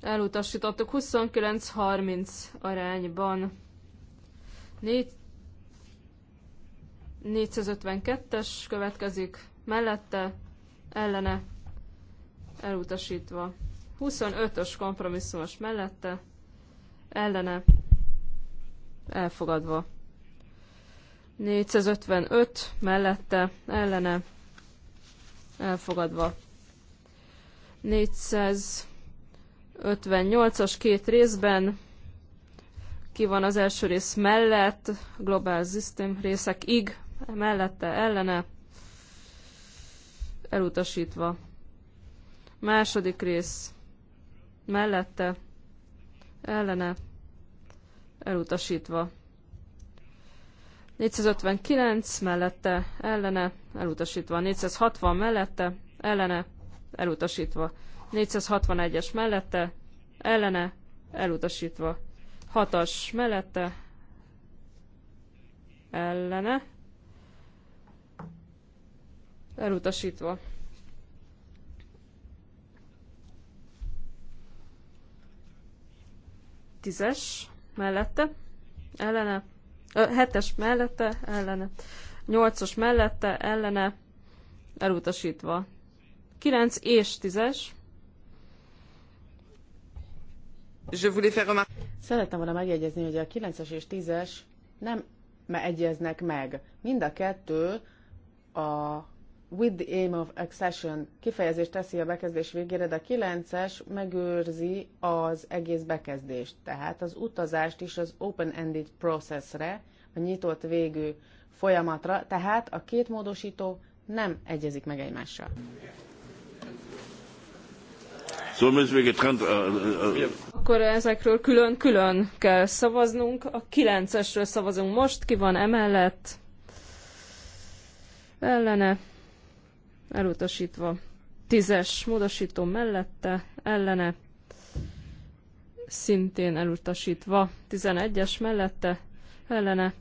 Elutasítottuk 29-30 arányban. 4 452-es következik, mellette, ellene, elutasítva. 25-ös kompromisszumos mellette, ellene, elfogadva. 455 mellette, ellene, elfogadva. 458-as két részben, ki van az első rész mellett, Global System ig mellette ellene elutasítva. Második rész mellette ellene elutasítva. 459 mellette ellene elutasítva. 460 mellette ellene elutasítva. 461-es mellette ellene elutasítva. 6-as mellette ellene elutasítva. Tízes mellette, ellene, ö, hetes mellette, ellene, nyolcas mellette, ellene, elutasítva. Kilenc és tízes. Je voulais faire remarquer. Szerettem volna megjegyezni, hogy a 9-es és 10-es nem egyeznek meg. Mind a kettő a with the aim of accession kifejezést teszi a bekezdés végére, de a 9-es megőrzi az egész bekezdést, tehát az utazást is az open-ended processre, a nyitott végű folyamatra, tehát a két módosító nem egyezik meg egymással. Uh, uh, uh, Akkor ezekről külön-külön kell szavaznunk. A 9-esről szavazunk most, ki van emellett? Ellene elutasítva. Tízes módosító mellette, ellene, szintén elutasítva. Tizenegyes mellette, ellene,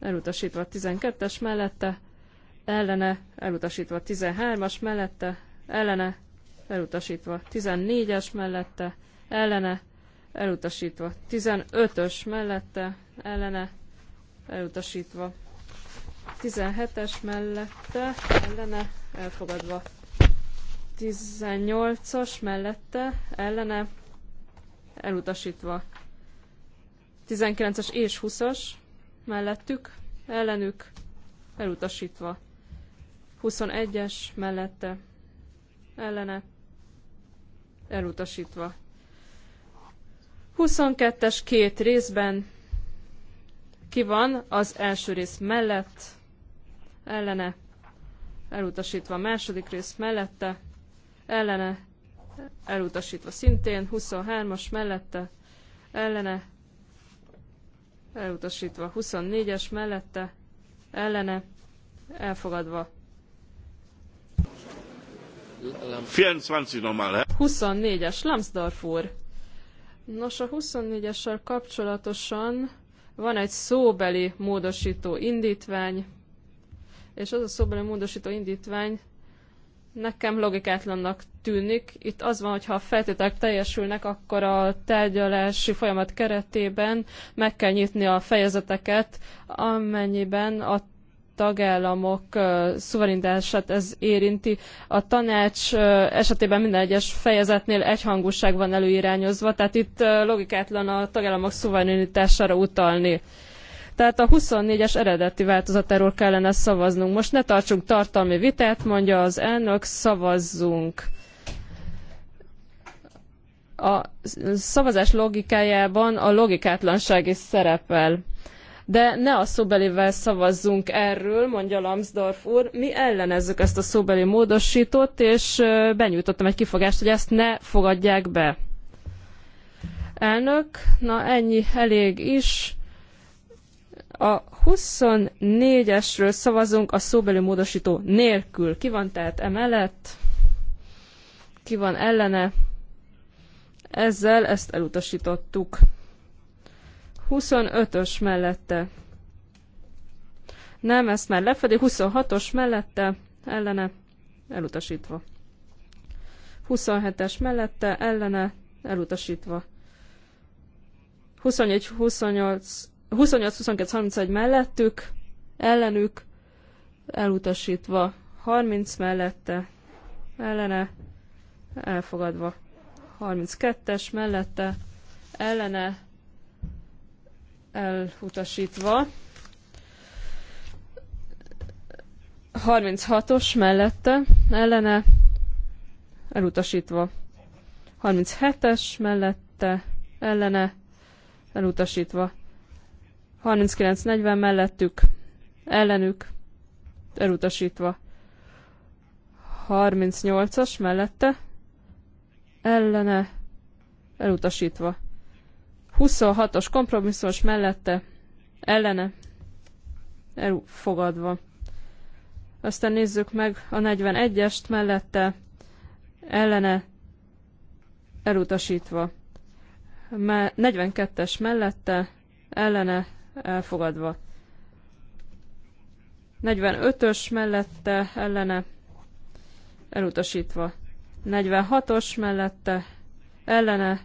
elutasítva. 12-es mellette, ellene, elutasítva. Tizenhármas mellette, ellene, elutasítva. Tizennégyes mellette, ellene, elutasítva. Tizenötös mellette, ellene, elutasítva. 17-es mellette ellene elfogadva. 18-as mellette ellene elutasítva. 19-es és 20-as mellettük, ellenük elutasítva. 21-es mellette ellene elutasítva. 22-es két részben ki van az első rész mellett, ellene, elutasítva a második rész mellette, ellene, elutasítva szintén, 23-as mellette, ellene, elutasítva 24-es mellette, ellene, elfogadva. 24-es, Lambsdorff úr. Nos, a 24-essel kapcsolatosan van egy szóbeli módosító indítvány, és az a szóbeli módosító indítvány nekem logikátlannak tűnik. Itt az van, hogy ha a feltételek teljesülnek, akkor a tárgyalási folyamat keretében meg kell nyitni a fejezeteket, amennyiben a tagállamok uh, szuverindását ez érinti. A tanács uh, esetében minden egyes fejezetnél egyhangúság van előirányozva, tehát itt uh, logikátlan a tagállamok szuverenitására utalni. Uh, tehát a 24-es eredeti változatáról kellene szavaznunk. Most ne tartsunk tartalmi vitát, mondja az elnök, szavazzunk. A szavazás logikájában a logikátlanság is szerepel. De ne a szóbelivel szavazzunk erről, mondja Lambsdorff úr. Mi ellenezzük ezt a szóbeli módosítót, és benyújtottam egy kifogást, hogy ezt ne fogadják be. Elnök, na ennyi elég is a 24-esről szavazunk a szóbeli módosító nélkül. Ki van tehát emellett? Ki van ellene? Ezzel ezt elutasítottuk. 25-ös mellette. Nem, ezt már lefedi. 26-os mellette, ellene, elutasítva. 27-es mellette, ellene, elutasítva. 21, 28, 28-22-31 mellettük, ellenük, elutasítva. 30 mellette, ellene, elfogadva. 32-es mellette, ellene, elutasítva. 36-os mellette, ellene, elutasítva. 37-es mellette, ellene, elutasítva. 39-40 mellettük, ellenük, elutasítva. 38-as mellette, ellene, elutasítva. 26-os kompromisszumos mellette, ellene, elfogadva. Aztán nézzük meg a 41-est mellette, ellene, elutasítva. 42-es mellette, ellene elfogadva. 45-ös mellette ellene elutasítva. 46-os mellette ellene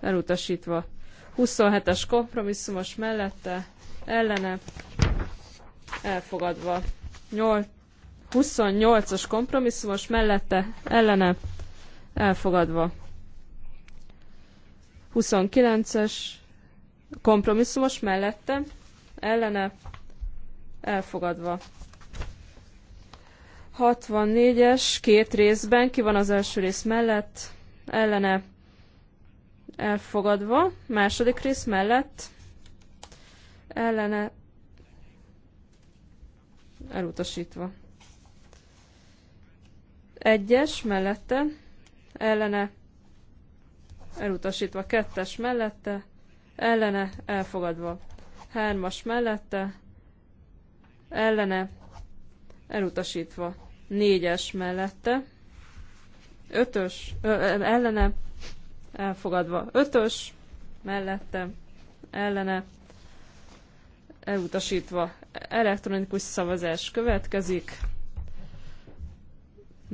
elutasítva. 27-es kompromisszumos mellette ellene elfogadva. 28-as kompromisszumos mellette ellene elfogadva. 29-es Kompromisszumos mellette, ellene, elfogadva. 64-es, két részben, ki van az első rész mellett, ellene, elfogadva, második rész mellett, ellene, elutasítva. Egyes mellette, ellene, elutasítva kettes mellette, ellene elfogadva. Hármas mellette, ellene elutasítva. Négyes mellette, ötös, ö, ellene elfogadva. Ötös mellette, ellene elutasítva. Elektronikus szavazás következik.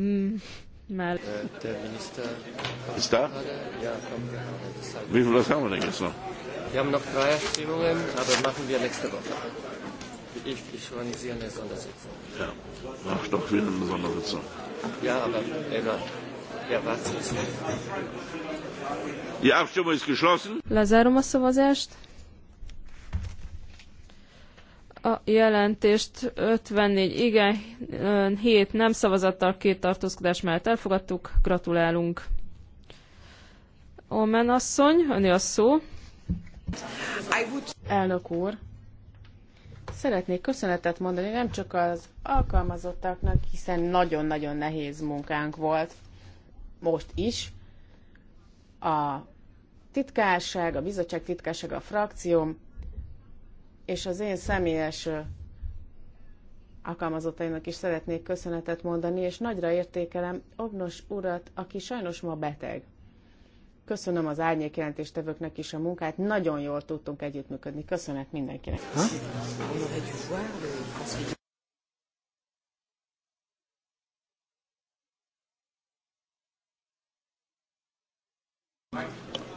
Mm. Mell. Ist da? Wie viel haben wir denn jetzt noch? Wir haben noch drei Abstimmungen, aber machen wir nächste Woche. Ich, ich organisiere eine Sondersitzung. Ja, mach doch wieder eine Sondersitzung. Ja, aber egal. Ja, was ist? Die Abstimmung ist geschlossen. Lezárom a szavazást a jelentést 54 igen, 7 nem szavazattal, két tartózkodás mellett elfogadtuk. Gratulálunk. Omen asszony, öné a szó. Elnök úr, szeretnék köszönetet mondani nem csak az alkalmazottaknak, hiszen nagyon-nagyon nehéz munkánk volt most is. A titkárság, a bizottság titkársága, a frakcióm és az én személyes alkalmazottaimnak is szeretnék köszönetet mondani, és nagyra értékelem Ognos urat, aki sajnos ma beteg. Köszönöm az árnyékjelentéstevőknek is a munkát, nagyon jól tudtunk együttműködni. Köszönet mindenkinek. Ha?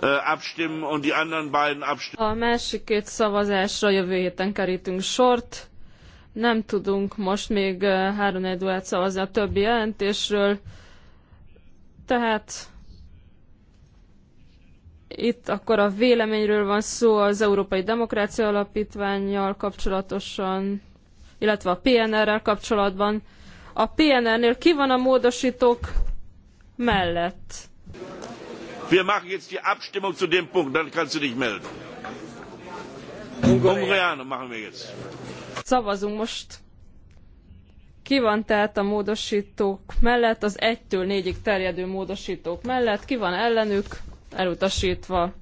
Äh, abstimmen und die anderen beiden abstimmen. A másik két szavazásra jövő héten kerítünk sort. Nem tudunk most még äh, három Eduard szavazni a többi jelentésről. Tehát itt akkor a véleményről van szó az Európai Demokrácia Alapítványjal kapcsolatosan, illetve a PNR-rel kapcsolatban. A PNR-nél ki van a módosítók mellett? Wir machen jetzt die Abstimmung zu dem Punkt, dann kannst du dich melden. Ungarn machen wir jetzt. Szavazunk most. Ki van tehát a módosítók mellett, az 1-től 4-ig terjedő módosítók mellett, ki van ellenük, elutasítva.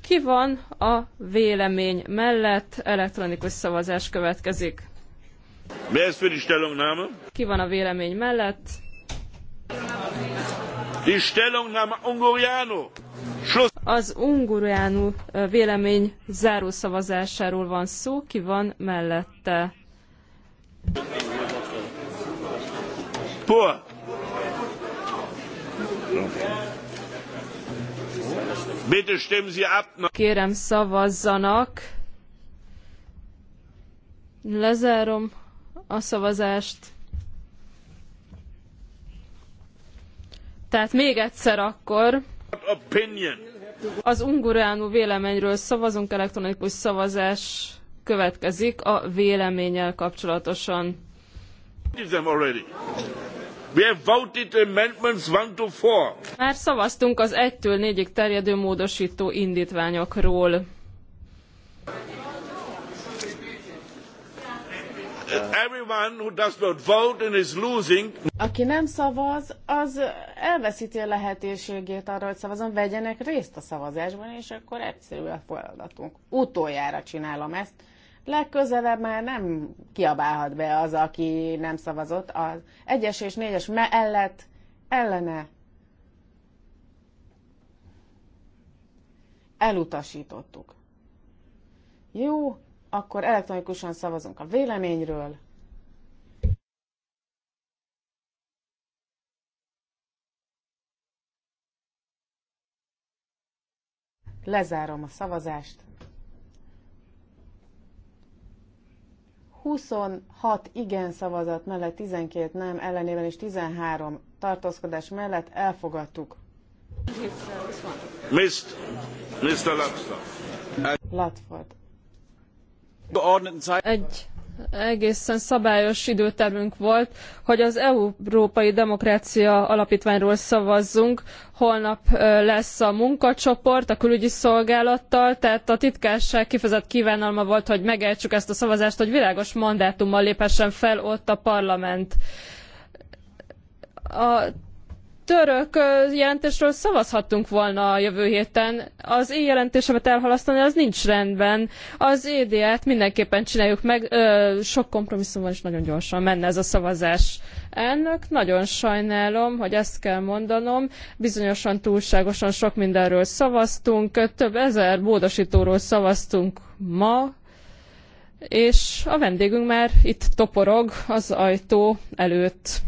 Ki van a vélemény mellett, elektronikus szavazás következik. Ki van a vélemény mellett? Az Ungurjánu vélemény zárószavazásáról van szó, ki van mellette. Pour. Bitte stimmen Sie ab. Kérem szavazzanak. Lezárom a szavazást. Tehát még egyszer akkor az unguránú véleményről szavazunk, elektronikus szavazás következik a véleménnyel kapcsolatosan. Már szavaztunk az 1-től 4-ig terjedő módosító indítványokról. Everyone who does not vote and is losing. Aki nem szavaz, az elveszíti a lehetőségét arra, hogy szavazon, vegyenek részt a szavazásban, és akkor egyszerű a feladatunk. Utoljára csinálom ezt. Legközelebb már nem kiabálhat be az, aki nem szavazott. Az egyes és négyes mellett ellene elutasítottuk. Jó, akkor elektronikusan szavazunk a véleményről. Lezárom a szavazást. 26 igen szavazat mellett, 12 nem ellenében és 13 tartózkodás mellett elfogadtuk. Mr. Mr. Latford. Latford egy egészen szabályos időtervünk volt, hogy az Európai Demokrácia Alapítványról szavazzunk. Holnap lesz a munkacsoport a külügyi szolgálattal, tehát a titkárság kifejezett kívánalma volt, hogy megejtsük ezt a szavazást, hogy világos mandátummal léphessen fel ott a parlament. A török jelentésről szavazhattunk volna a jövő héten. Az én jelentésemet elhalasztani az nincs rendben. Az EDA-t mindenképpen csináljuk meg. Ö, sok kompromisszum van, és nagyon gyorsan menne ez a szavazás. Elnök, nagyon sajnálom, hogy ezt kell mondanom. Bizonyosan túlságosan sok mindenről szavaztunk. Több ezer módosítóról szavaztunk ma, és a vendégünk már itt toporog az ajtó előtt.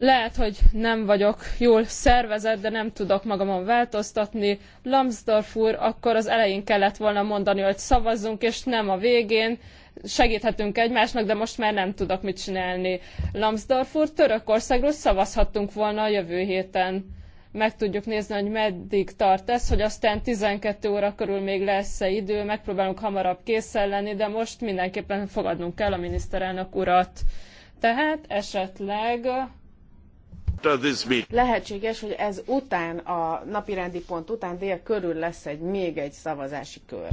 Lehet, hogy nem vagyok jól szervezett, de nem tudok magamon változtatni. Lambsdorff úr, akkor az elején kellett volna mondani, hogy szavazzunk, és nem a végén. Segíthetünk egymásnak, de most már nem tudok mit csinálni. Lambsdorff úr, Törökországról szavazhattunk volna a jövő héten meg tudjuk nézni, hogy meddig tart ez, hogy aztán 12 óra körül még lesz-e idő, megpróbálunk hamarabb készen lenni, de most mindenképpen fogadnunk kell a miniszterelnök urat. Tehát esetleg lehetséges, hogy ez után, a napirendi pont után dél körül lesz egy még egy szavazási kör.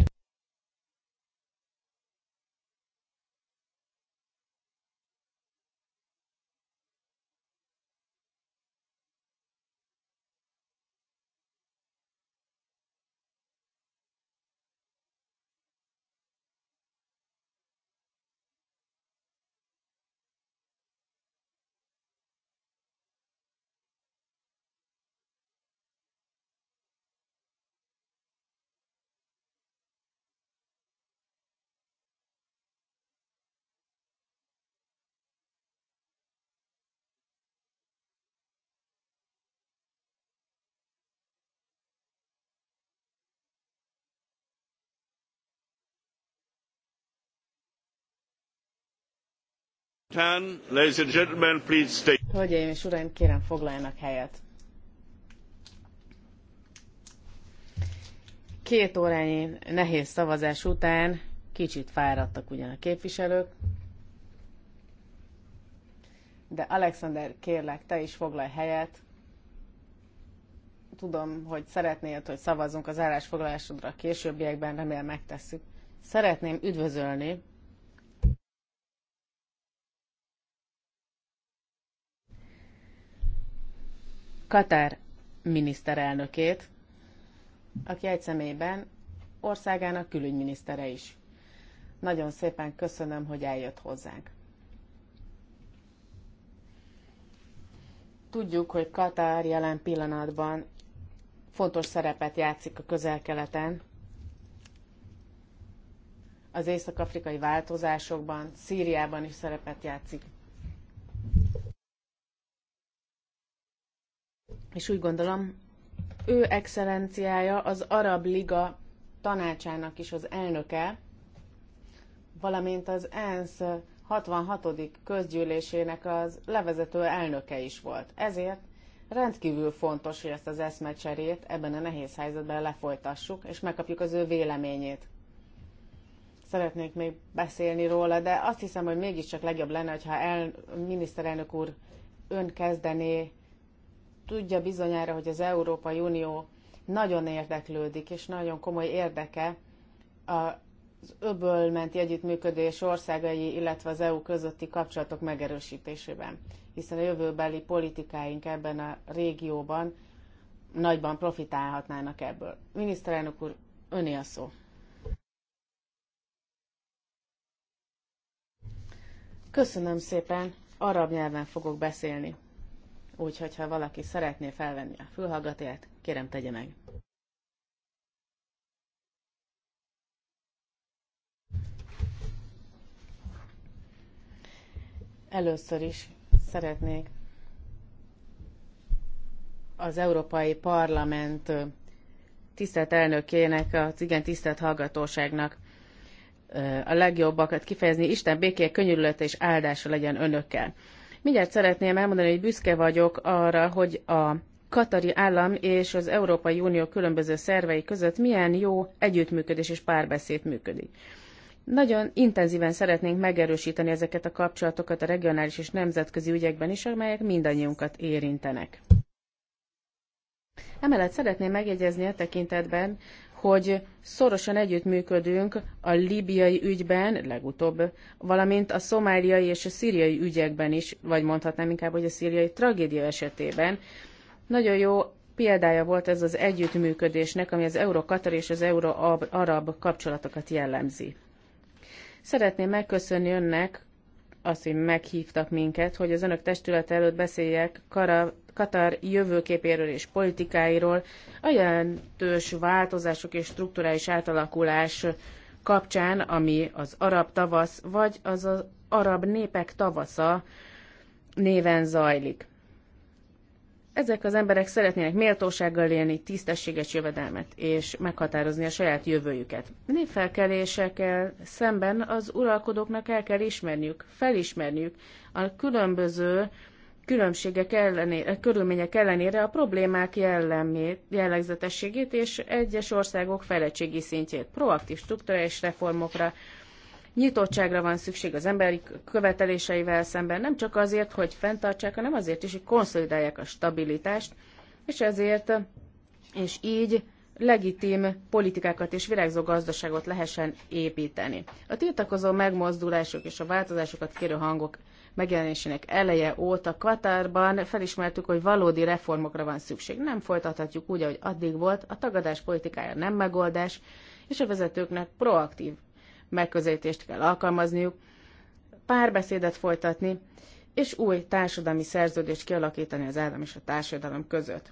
Hölgyeim és uraim, kérem foglaljanak helyet. Két órányi nehéz szavazás után kicsit fáradtak ugyan a képviselők, de Alexander, kérlek, te is foglalj helyet. Tudom, hogy szeretnéd, hogy szavazunk az állásfoglalásodra a későbbiekben, remélem megtesszük. Szeretném üdvözölni Katár miniszterelnökét, aki egy személyben országának külügyminisztere is. Nagyon szépen köszönöm, hogy eljött hozzánk. Tudjuk, hogy Katár jelen pillanatban fontos szerepet játszik a közel-keleten, az észak-afrikai változásokban, Szíriában is szerepet játszik. és úgy gondolom, ő excellenciája az Arab Liga tanácsának is az elnöke, valamint az ENSZ 66. közgyűlésének az levezető elnöke is volt. Ezért rendkívül fontos, hogy ezt az eszmecserét ebben a nehéz helyzetben lefolytassuk, és megkapjuk az ő véleményét. Szeretnék még beszélni róla, de azt hiszem, hogy mégiscsak legjobb lenne, ha el, miniszterelnök úr ön kezdené tudja bizonyára, hogy az Európai Unió nagyon érdeklődik, és nagyon komoly érdeke az öbölmenti együttműködés országai, illetve az EU közötti kapcsolatok megerősítésében, hiszen a jövőbeli politikáink ebben a régióban nagyban profitálhatnának ebből. Miniszterelnök úr, öné a szó. Köszönöm szépen, arab nyelven fogok beszélni. Úgyhogy, ha valaki szeretné felvenni a fülhallgatóját, kérem tegye meg. Először is szeretnék az Európai Parlament tisztelt elnökének, a igen tisztelt hallgatóságnak a legjobbakat kifejezni. Isten békéje, könyörülete és áldása legyen önökkel. Mindjárt szeretném elmondani, hogy büszke vagyok arra, hogy a Katari állam és az Európai Unió különböző szervei között milyen jó együttműködés és párbeszéd működik. Nagyon intenzíven szeretnénk megerősíteni ezeket a kapcsolatokat a regionális és nemzetközi ügyekben is, amelyek mindannyiunkat érintenek. Emellett szeretném megjegyezni a tekintetben, hogy szorosan együttműködünk a libiai ügyben, legutóbb, valamint a szomáliai és a szíriai ügyekben is, vagy mondhatnám inkább, hogy a szíriai tragédia esetében. Nagyon jó példája volt ez az együttműködésnek, ami az euró-katar és az euró-arab kapcsolatokat jellemzi. Szeretném megköszönni önnek azt, hogy meghívtak minket, hogy az önök testület előtt beszéljek Kara Katar jövőképéről és politikáiról, a jelentős változások és strukturális átalakulás kapcsán, ami az arab tavasz, vagy az az arab népek tavasza néven zajlik. Ezek az emberek szeretnének méltósággal élni, tisztességes jövedelmet, és meghatározni a saját jövőjüket. Népfelkelésekkel szemben az uralkodóknak el kell ismerniük, felismerniük a különböző különbségek ellenére, eh, körülmények ellenére a problémák jellemét, jellegzetességét és egyes országok fejlettségi szintjét. Proaktív struktúrális reformokra, nyitottságra van szükség az emberi követeléseivel szemben, nem csak azért, hogy fenntartsák, hanem azért is, hogy konszolidálják a stabilitást, és ezért, és így legitim politikákat és virágzó gazdaságot lehessen építeni. A tiltakozó megmozdulások és a változásokat kérő hangok megjelenésének eleje óta Katárban felismertük, hogy valódi reformokra van szükség. Nem folytathatjuk úgy, ahogy addig volt, a tagadás politikája nem megoldás, és a vezetőknek proaktív megközelítést kell alkalmazniuk, párbeszédet folytatni, és új társadalmi szerződést kialakítani az állam és a társadalom között.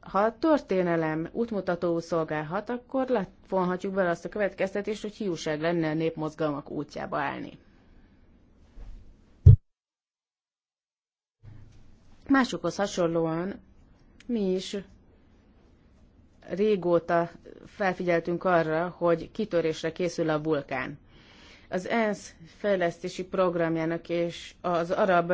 Ha a történelem útmutató szolgálhat, akkor vonhatjuk bele azt a következtetést, hogy hiúság lenne a népmozgalmak útjába állni. Másokhoz hasonlóan mi is régóta felfigyeltünk arra, hogy kitörésre készül a vulkán. Az ENSZ fejlesztési programjának és az arab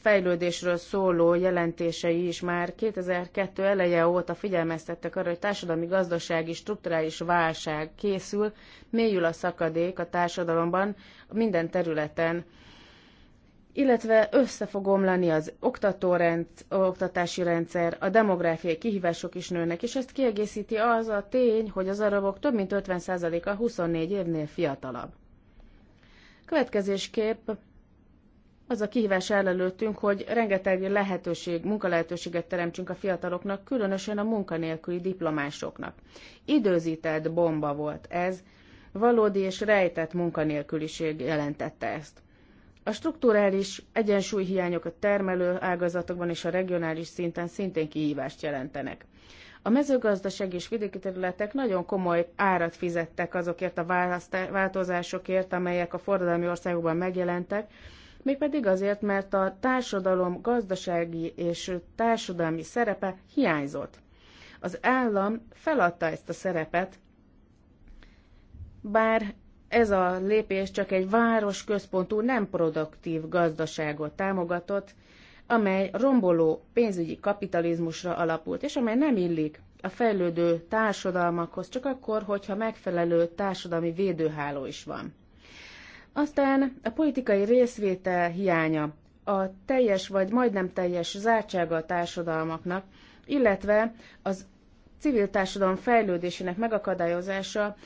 fejlődésről szóló jelentései is már 2002 eleje óta figyelmeztettek arra, hogy társadalmi gazdasági strukturális válság készül, mélyül a szakadék a társadalomban minden területen, illetve össze fog omlani az oktatórend, oktatási rendszer, a demográfiai kihívások is nőnek, és ezt kiegészíti az a tény, hogy az arabok több mint 50%-a 24 évnél fiatalabb. Következésképp az a kihívás áll előttünk, hogy rengeteg lehetőség, munkalehetőséget teremtsünk a fiataloknak, különösen a munkanélküli diplomásoknak. Időzített bomba volt ez, valódi és rejtett munkanélküliség jelentette ezt. A strukturális egyensúlyhiányok a termelő ágazatokban és a regionális szinten szintén kihívást jelentenek. A mezőgazdaság és vidéki területek nagyon komoly árat fizettek azokért a változásokért, amelyek a forradalmi országokban megjelentek, mégpedig azért, mert a társadalom gazdasági és társadalmi szerepe hiányzott. Az állam feladta ezt a szerepet, bár ez a lépés csak egy városközpontú nem produktív gazdaságot támogatott, amely romboló pénzügyi kapitalizmusra alapult, és amely nem illik a fejlődő társadalmakhoz csak akkor, hogyha megfelelő társadalmi védőháló is van. Aztán a politikai részvétel hiánya, a teljes vagy majdnem teljes zártsága a társadalmaknak, illetve az civil társadalom fejlődésének megakadályozása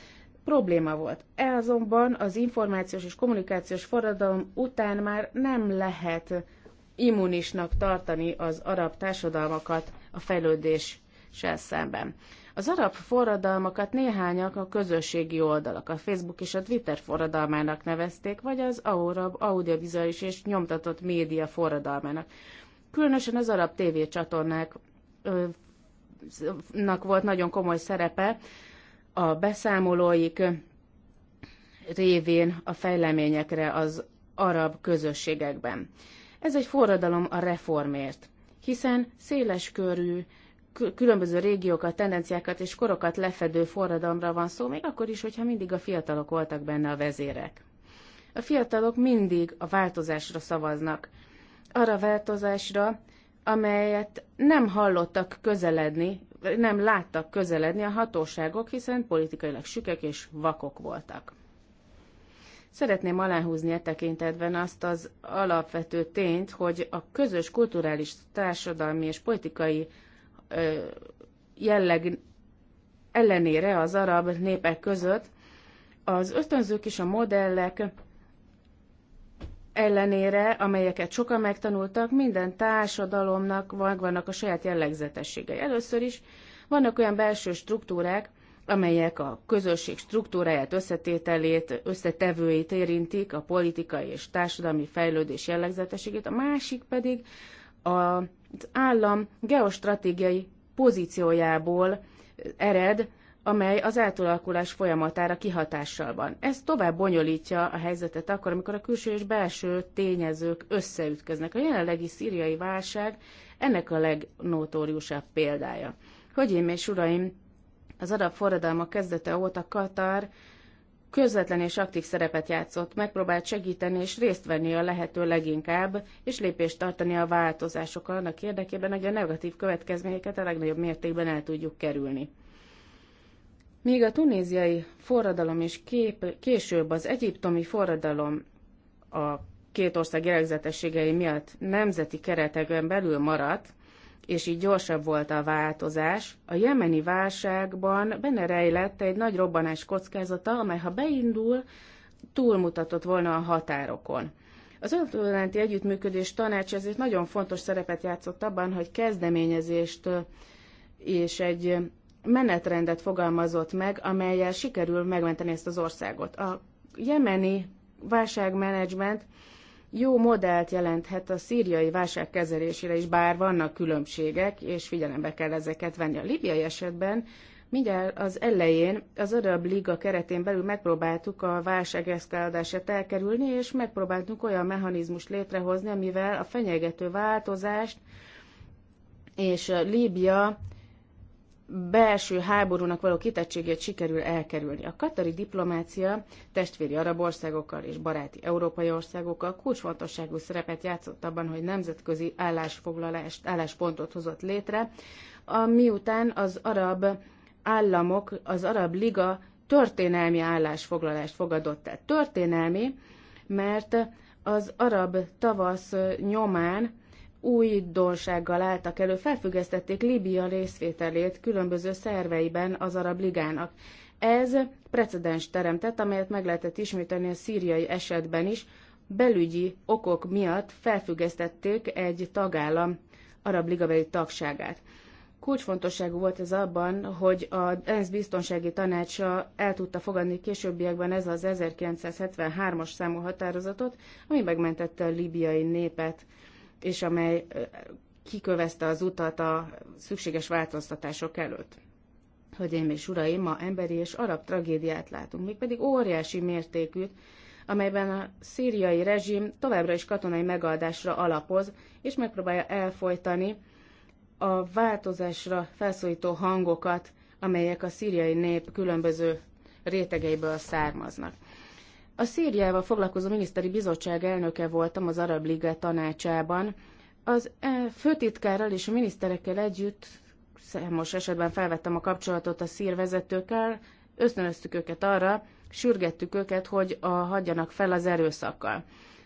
probléma volt. E azonban az információs és kommunikációs forradalom után már nem lehet immunisnak tartani az arab társadalmakat a fejlődéssel szemben. Az arab forradalmakat néhányak a közösségi oldalak, a Facebook és a Twitter forradalmának nevezték, vagy az arab audiovizuális és nyomtatott média forradalmának. Különösen az arab tévécsatornáknak volt nagyon komoly szerepe, a beszámolóik révén a fejleményekre az arab közösségekben. Ez egy forradalom a reformért, hiszen széles körű, különböző régiókat, tendenciákat és korokat lefedő forradalomra van szó, még akkor is, hogyha mindig a fiatalok voltak benne a vezérek. A fiatalok mindig a változásra szavaznak. Arra változásra, amelyet nem hallottak közeledni nem láttak közeledni a hatóságok, hiszen politikailag sükek és vakok voltak. Szeretném aláhúzni e tekintetben azt az alapvető tényt, hogy a közös kulturális, társadalmi és politikai ö, jelleg ellenére az arab népek között az ösztönzők és a modellek ellenére, amelyeket sokan megtanultak, minden társadalomnak vannak a saját jellegzetességei. Először is vannak olyan belső struktúrák, amelyek a közösség struktúráját, összetételét, összetevőit érintik, a politikai és társadalmi fejlődés jellegzetességét, a másik pedig az állam geostratégiai pozíciójából ered, amely az átalakulás folyamatára kihatással van. Ez tovább bonyolítja a helyzetet akkor, amikor a külső és belső tényezők összeütköznek. A jelenlegi szíriai válság ennek a legnotóriusabb példája. Hölgyeim és uraim, az arab forradalma kezdete óta Katar közvetlen és aktív szerepet játszott, megpróbált segíteni és részt venni a lehető leginkább, és lépést tartani a változásokkal annak érdekében, hogy a negatív következményeket a legnagyobb mértékben el tudjuk kerülni. Míg a tunéziai forradalom és kép, később az egyiptomi forradalom a két ország jellegzetességei miatt nemzeti kereteken belül maradt, és így gyorsabb volt a változás, a jemeni válságban benne rejlett egy nagy robbanás kockázata, amely ha beindul, túlmutatott volna a határokon. Az öntudománti együttműködés tanács ezért nagyon fontos szerepet játszott abban, hogy kezdeményezést és egy menetrendet fogalmazott meg, amelyel sikerül megmenteni ezt az országot. A jemeni válságmenedzsment jó modellt jelenthet a szíriai válság kezelésére is, bár vannak különbségek, és figyelembe kell ezeket venni. A libiai esetben mindjárt az elején az Arab Liga keretén belül megpróbáltuk a válság eszkalálását elkerülni, és megpróbáltunk olyan mechanizmust létrehozni, amivel a fenyegető változást és Líbia belső háborúnak való kitettségét sikerül elkerülni. A katari diplomácia testvéri arab országokkal és baráti európai országokkal kulcsfontosságú szerepet játszott abban, hogy nemzetközi állásfoglalást, álláspontot hozott létre, miután az arab államok, az arab liga történelmi állásfoglalást fogadott el. Történelmi, mert az arab tavasz nyomán újdonsággal álltak elő, felfüggesztették Líbia részvételét különböző szerveiben az Arab Ligának. Ez precedens teremtett, amelyet meg lehetett ismételni a szíriai esetben is. Belügyi okok miatt felfüggesztették egy tagállam Arab Ligabeli tagságát. Kulcsfontosságú volt ez abban, hogy a ENSZ biztonsági tanácsa el tudta fogadni későbbiekben ez az 1973-as számú határozatot, ami megmentette a libiai népet és amely kikövezte az utat a szükséges változtatások előtt. Hölgyeim és uraim, ma emberi és arab tragédiát látunk, mégpedig óriási mértékűt, amelyben a szíriai rezsim továbbra is katonai megoldásra alapoz, és megpróbálja elfolytani a változásra felszólító hangokat, amelyek a szíriai nép különböző rétegeiből származnak. A Szíriával foglalkozó miniszteri bizottság elnöke voltam az Arab Liga tanácsában. Az e főtitkárral és a miniszterekkel együtt számos esetben felvettem a kapcsolatot a szír vezetőkkel, ösztönöztük őket arra, sürgettük őket, hogy a hagyjanak fel az erőszakkal.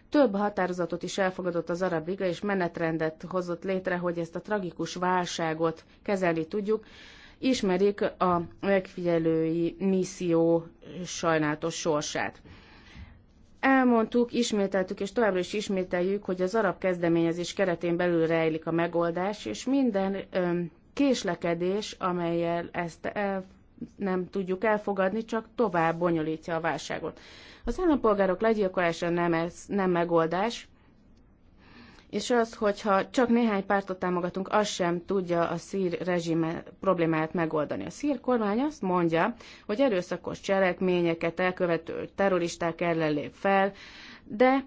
Több határozatot is elfogadott az Arab Liga, és menetrendet hozott létre, hogy ezt a tragikus válságot kezelni tudjuk. Ismerik a megfigyelői misszió sajnálatos sorsát. Elmondtuk, ismételtük és továbbra is ismételjük, hogy az arab kezdeményezés keretén belül rejlik a megoldás, és minden öm, késlekedés, amelyel ezt el, nem tudjuk elfogadni, csak tovább bonyolítja a válságot. Az állampolgárok legyilkolása nem, ez, nem megoldás, és az, hogyha csak néhány pártot támogatunk, az sem tudja a szír rezsime problémáját megoldani. A szír kormány azt mondja, hogy erőszakos cselekményeket elkövető terroristák ellen lép fel, de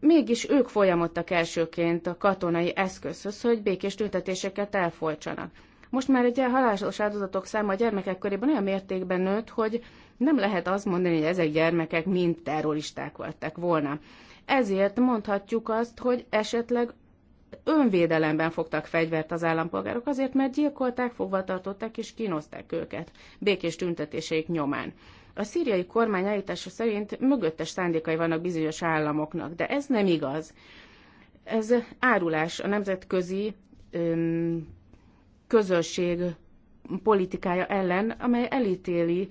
mégis ők folyamodtak elsőként a katonai eszközhöz, hogy békés tüntetéseket elfolytsanak. Most már egy halálos áldozatok száma a gyermekek körében olyan mértékben nőtt, hogy nem lehet azt mondani, hogy ezek gyermekek mind terroristák voltak volna. Ezért mondhatjuk azt, hogy esetleg önvédelemben fogtak fegyvert az állampolgárok azért, mert gyilkolták, fogvatartották és kínozták őket békés tüntetéseik nyomán. A szíriai kormány állítása szerint mögöttes szándékai vannak bizonyos államoknak, de ez nem igaz. Ez árulás a nemzetközi öm, közösség politikája ellen, amely elítéli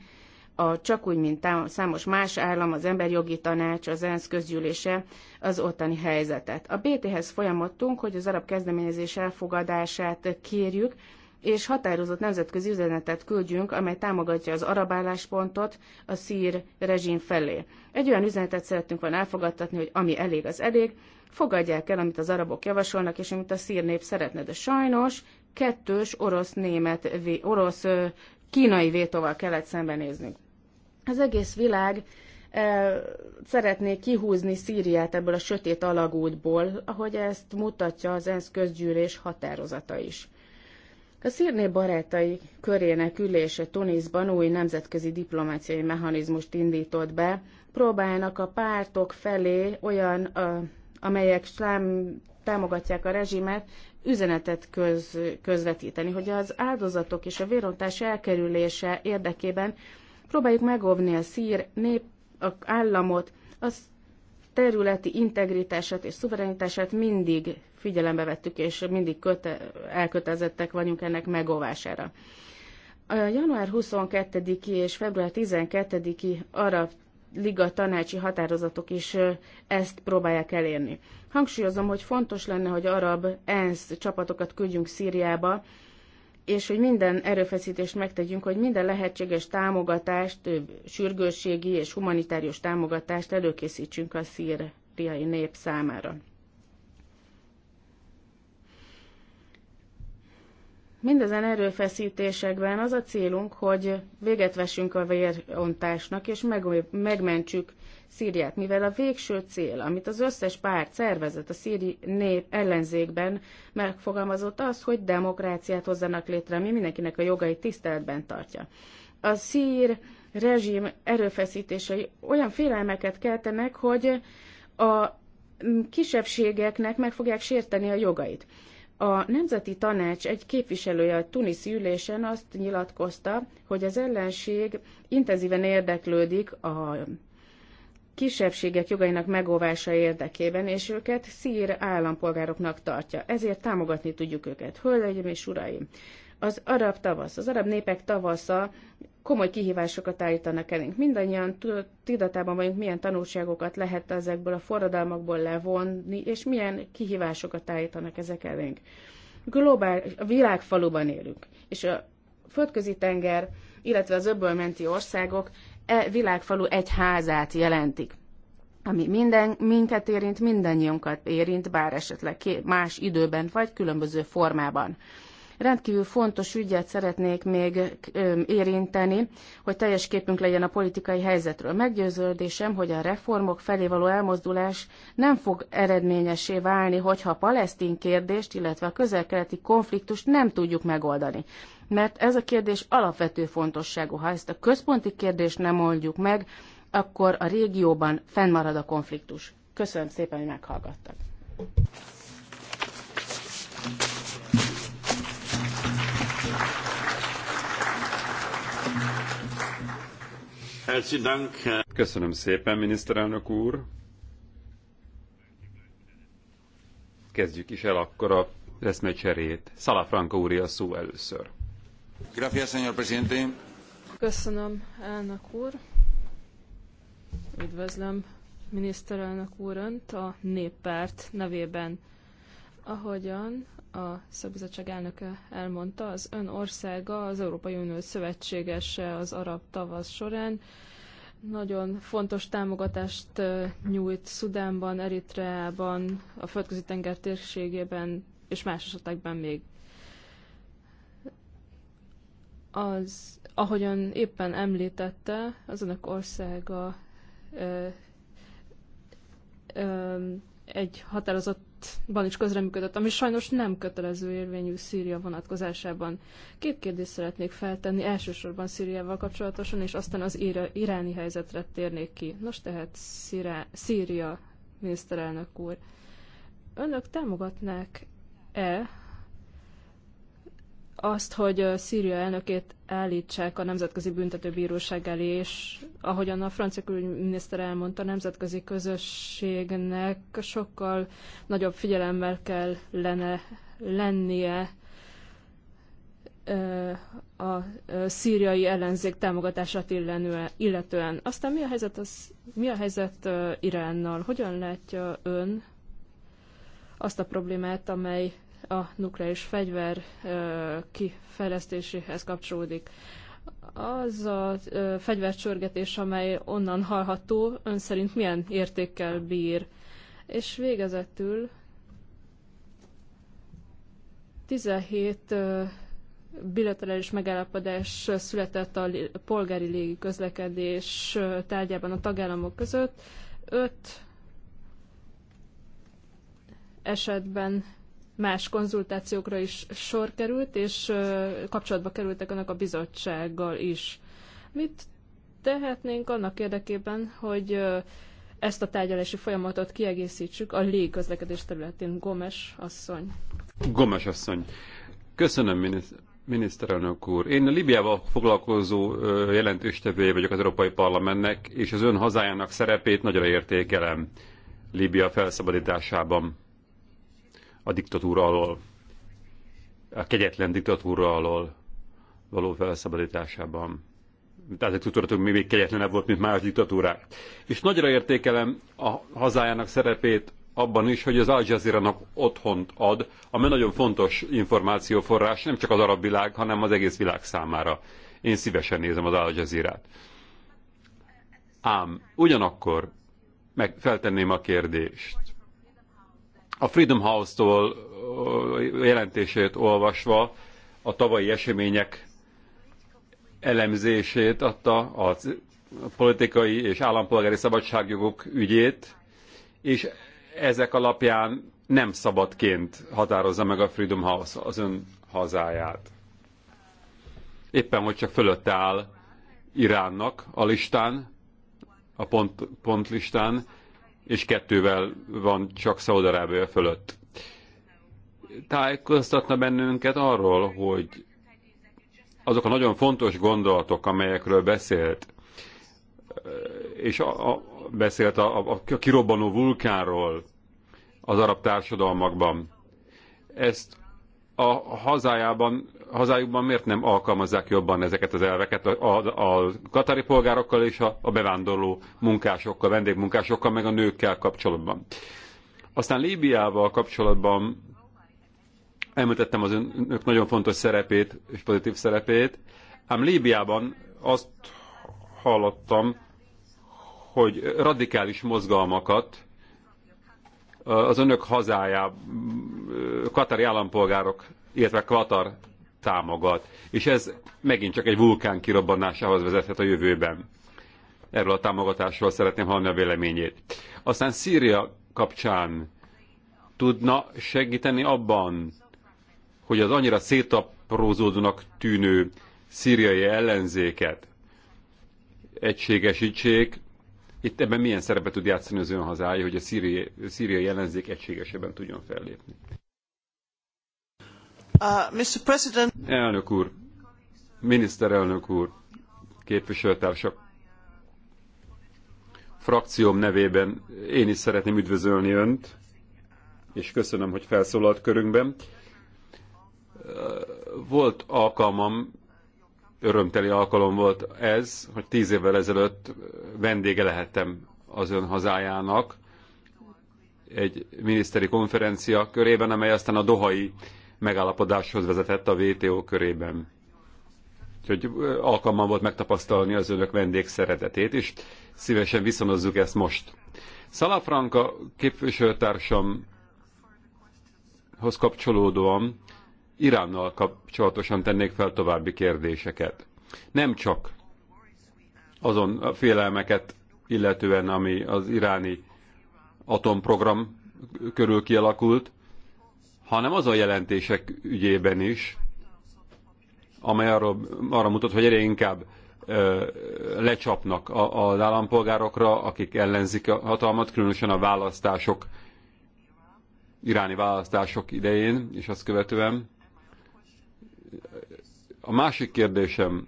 a, csak úgy, mint számos más állam, az emberjogi tanács, az ENSZ közgyűlése az ottani helyzetet. A BT-hez folyamodtunk, hogy az arab kezdeményezés elfogadását kérjük, és határozott nemzetközi üzenetet küldjünk, amely támogatja az arab álláspontot a szír rezsim felé. Egy olyan üzenetet szerettünk volna elfogadtatni, hogy ami elég, az elég, fogadják el, amit az arabok javasolnak, és amit a szír nép szeretne, de sajnos kettős orosz-német, orosz-kínai vétóval kellett szembenéznünk. Az egész világ szeretné kihúzni Szíriát ebből a sötét alagútból, ahogy ezt mutatja az ENSZ közgyűlés határozata is. A szírné barátai körének ülése Tunisban új nemzetközi diplomáciai mechanizmust indított be, próbálnak a pártok felé olyan, amelyek támogatják a rezsimet, üzenetet köz, közvetíteni, hogy az áldozatok és a vérontás elkerülése érdekében Próbáljuk megóvni a szír nép, a államot, az területi integritását és szuverenitását mindig figyelembe vettük, és mindig köte, elkötelezettek vagyunk ennek megóvására. A január 22-i és február 12-i arab liga tanácsi határozatok is ezt próbálják elérni. Hangsúlyozom, hogy fontos lenne, hogy arab ENSZ csapatokat küldjünk Szíriába, és hogy minden erőfeszítést megtegyünk, hogy minden lehetséges támogatást, sürgősségi és humanitárius támogatást előkészítsünk a szíriai nép számára. Mindezen erőfeszítésekben az a célunk, hogy véget vessünk a vérontásnak, és meg, megmentsük Szíriát, mivel a végső cél, amit az összes párt szervezett a szíri nép ellenzékben megfogalmazott az, hogy demokráciát hozzanak létre, ami mindenkinek a jogai tiszteletben tartja. A szír rezsim erőfeszítései olyan félelmeket keltenek, hogy a kisebbségeknek meg fogják sérteni a jogait. A Nemzeti Tanács egy képviselője a tuniszi ülésen azt nyilatkozta, hogy az ellenség intenzíven érdeklődik a kisebbségek jogainak megóvása érdekében, és őket szír állampolgároknak tartja. Ezért támogatni tudjuk őket. Hölgyeim és uraim, az arab tavasz, az arab népek tavasza komoly kihívásokat állítanak elénk. Mindannyian tudatában vagyunk, milyen tanulságokat lehet ezekből a forradalmakból levonni, és milyen kihívásokat állítanak ezek elénk. Globál, a világfaluban élünk, és a földközi tenger, illetve az öbölmenti országok e világfalu egy házát jelentik ami minden, minket érint, mindannyiunkat érint, bár esetleg más időben vagy különböző formában. Rendkívül fontos ügyet szeretnék még érinteni, hogy teljes képünk legyen a politikai helyzetről. Meggyőződésem, hogy a reformok felé való elmozdulás nem fog eredményessé válni, hogyha a palesztin kérdést, illetve a közel-keleti konfliktust nem tudjuk megoldani. Mert ez a kérdés alapvető fontosságú. Ha ezt a központi kérdést nem oldjuk meg, akkor a régióban fennmarad a konfliktus. Köszönöm szépen, hogy meghallgattak. Köszönöm szépen, miniszterelnök úr. Kezdjük is el akkor a eszmecserét. Salafranca úr a szó először. Gracias, señor presidente. Köszönöm, elnök úr. Üdvözlöm miniszterelnök úr önt a néppárt nevében. Ahogyan a szakbizottság elnöke elmondta, az ön országa az Európai Unió szövetségese az arab tavasz során. Nagyon fontos támogatást nyújt Szudánban, Eritreában, a földközi tenger térségében és más esetekben még. Az, ahogyan éppen említette, az önök országa ö, ö, egy határozott Hát, ban is közreműködött, ami sajnos nem kötelező érvényű Szíria vonatkozásában. Két kérdést szeretnék feltenni, elsősorban Szíriával kapcsolatosan, és aztán az iráni helyzetre térnék ki. Nos tehát Szíria, Szíria miniszterelnök úr, önök támogatnák-e azt, hogy Szíria elnökét állítsák a Nemzetközi Büntetőbíróság elé, és ahogyan a francia külügyminiszter elmondta, a nemzetközi közösségnek sokkal nagyobb figyelemmel kell lenne, lennie a szíriai ellenzék támogatását illetően. Aztán mi a helyzet, az, mi a helyzet Iránnal? Hogyan látja ön azt a problémát, amely a nukleáris fegyver kifejlesztéséhez kapcsolódik. Az a fegyvercsörgetés, amely onnan hallható, ön szerint milyen értékkel bír? És végezetül 17 bilaterális megállapodás született a polgári légi közlekedés tárgyában a tagállamok között. Öt esetben más konzultációkra is sor került, és kapcsolatba kerültek annak a bizottsággal is. Mit tehetnénk annak érdekében, hogy ezt a tárgyalási folyamatot kiegészítsük a légközlekedés területén, Gomes asszony. Gomes asszony. Köszönöm, miniszter. Miniszterelnök úr, én a Libiával foglalkozó jelentőstevője vagyok az Európai Parlamentnek, és az ön hazájának szerepét nagyra értékelem Libia felszabadításában a diktatúra alól, a kegyetlen diktatúra alól való felszabadításában. Tehát a diktatúra még kegyetlenebb volt, mint más diktatúrák. És nagyra értékelem a hazájának szerepét abban is, hogy az Al jazeera otthont ad, ami nagyon fontos információforrás, nem csak az arab világ, hanem az egész világ számára. Én szívesen nézem az Al Jazeera-t. Ám ugyanakkor meg feltenném a kérdést, a Freedom House-tól jelentését olvasva a tavalyi események elemzését adta a politikai és állampolgári szabadságjogok ügyét, és ezek alapján nem szabadként határozza meg a Freedom House az ön hazáját. Éppen, hogy csak fölötte áll Iránnak a listán, a pont, pontlistán, és kettővel van csak Szaudarábia fölött. Tájékoztatna bennünket arról, hogy azok a nagyon fontos gondolatok, amelyekről beszélt, és a, a, beszélt a, a, a kirobbanó vulkánról az arab társadalmakban, ezt a hazájában, hazájukban miért nem alkalmazzák jobban ezeket az elveket a, a, a katari polgárokkal és a, a bevándorló munkásokkal, vendégmunkásokkal, meg a nőkkel kapcsolatban. Aztán Líbiával kapcsolatban említettem az önök nagyon fontos szerepét és pozitív szerepét, ám Líbiában azt hallottam, hogy radikális mozgalmakat az önök hazájában katari állampolgárok, illetve Katar támogat. És ez megint csak egy vulkán kirobbanásához vezethet a jövőben. Erről a támogatásról szeretném hallani a véleményét. Aztán Szíria kapcsán tudna segíteni abban, hogy az annyira szétaprózódónak tűnő szíriai ellenzéket egységesítsék, itt ebben milyen szerepet tud játszani az ön hazája, hogy a szíriai, szíriai ellenzék egységesebben tudjon fellépni? Uh, Mr. President. Elnök úr, miniszterelnök úr, képviselőtársak, frakcióm nevében én is szeretném üdvözölni önt, és köszönöm, hogy felszólalt körünkben. Volt alkalmam örömteli alkalom volt ez, hogy tíz évvel ezelőtt vendége lehettem az ön hazájának egy miniszteri konferencia körében, amely aztán a dohai megállapodáshoz vezetett a WTO körében. Úgyhogy alkalmam volt megtapasztalni az önök szeretetét, és szívesen viszonozzuk ezt most. Szalafranka képviselőtársamhoz kapcsolódóan Iránnal kapcsolatosan tennék fel további kérdéseket. Nem csak azon a félelmeket illetően, ami az iráni atomprogram körül kialakult, hanem az a jelentések ügyében is, amely arra, arra mutat, hogy egyre inkább ö, lecsapnak a, az állampolgárokra, akik ellenzik a hatalmat, különösen a választások, iráni választások idején, és azt követően a másik kérdésem,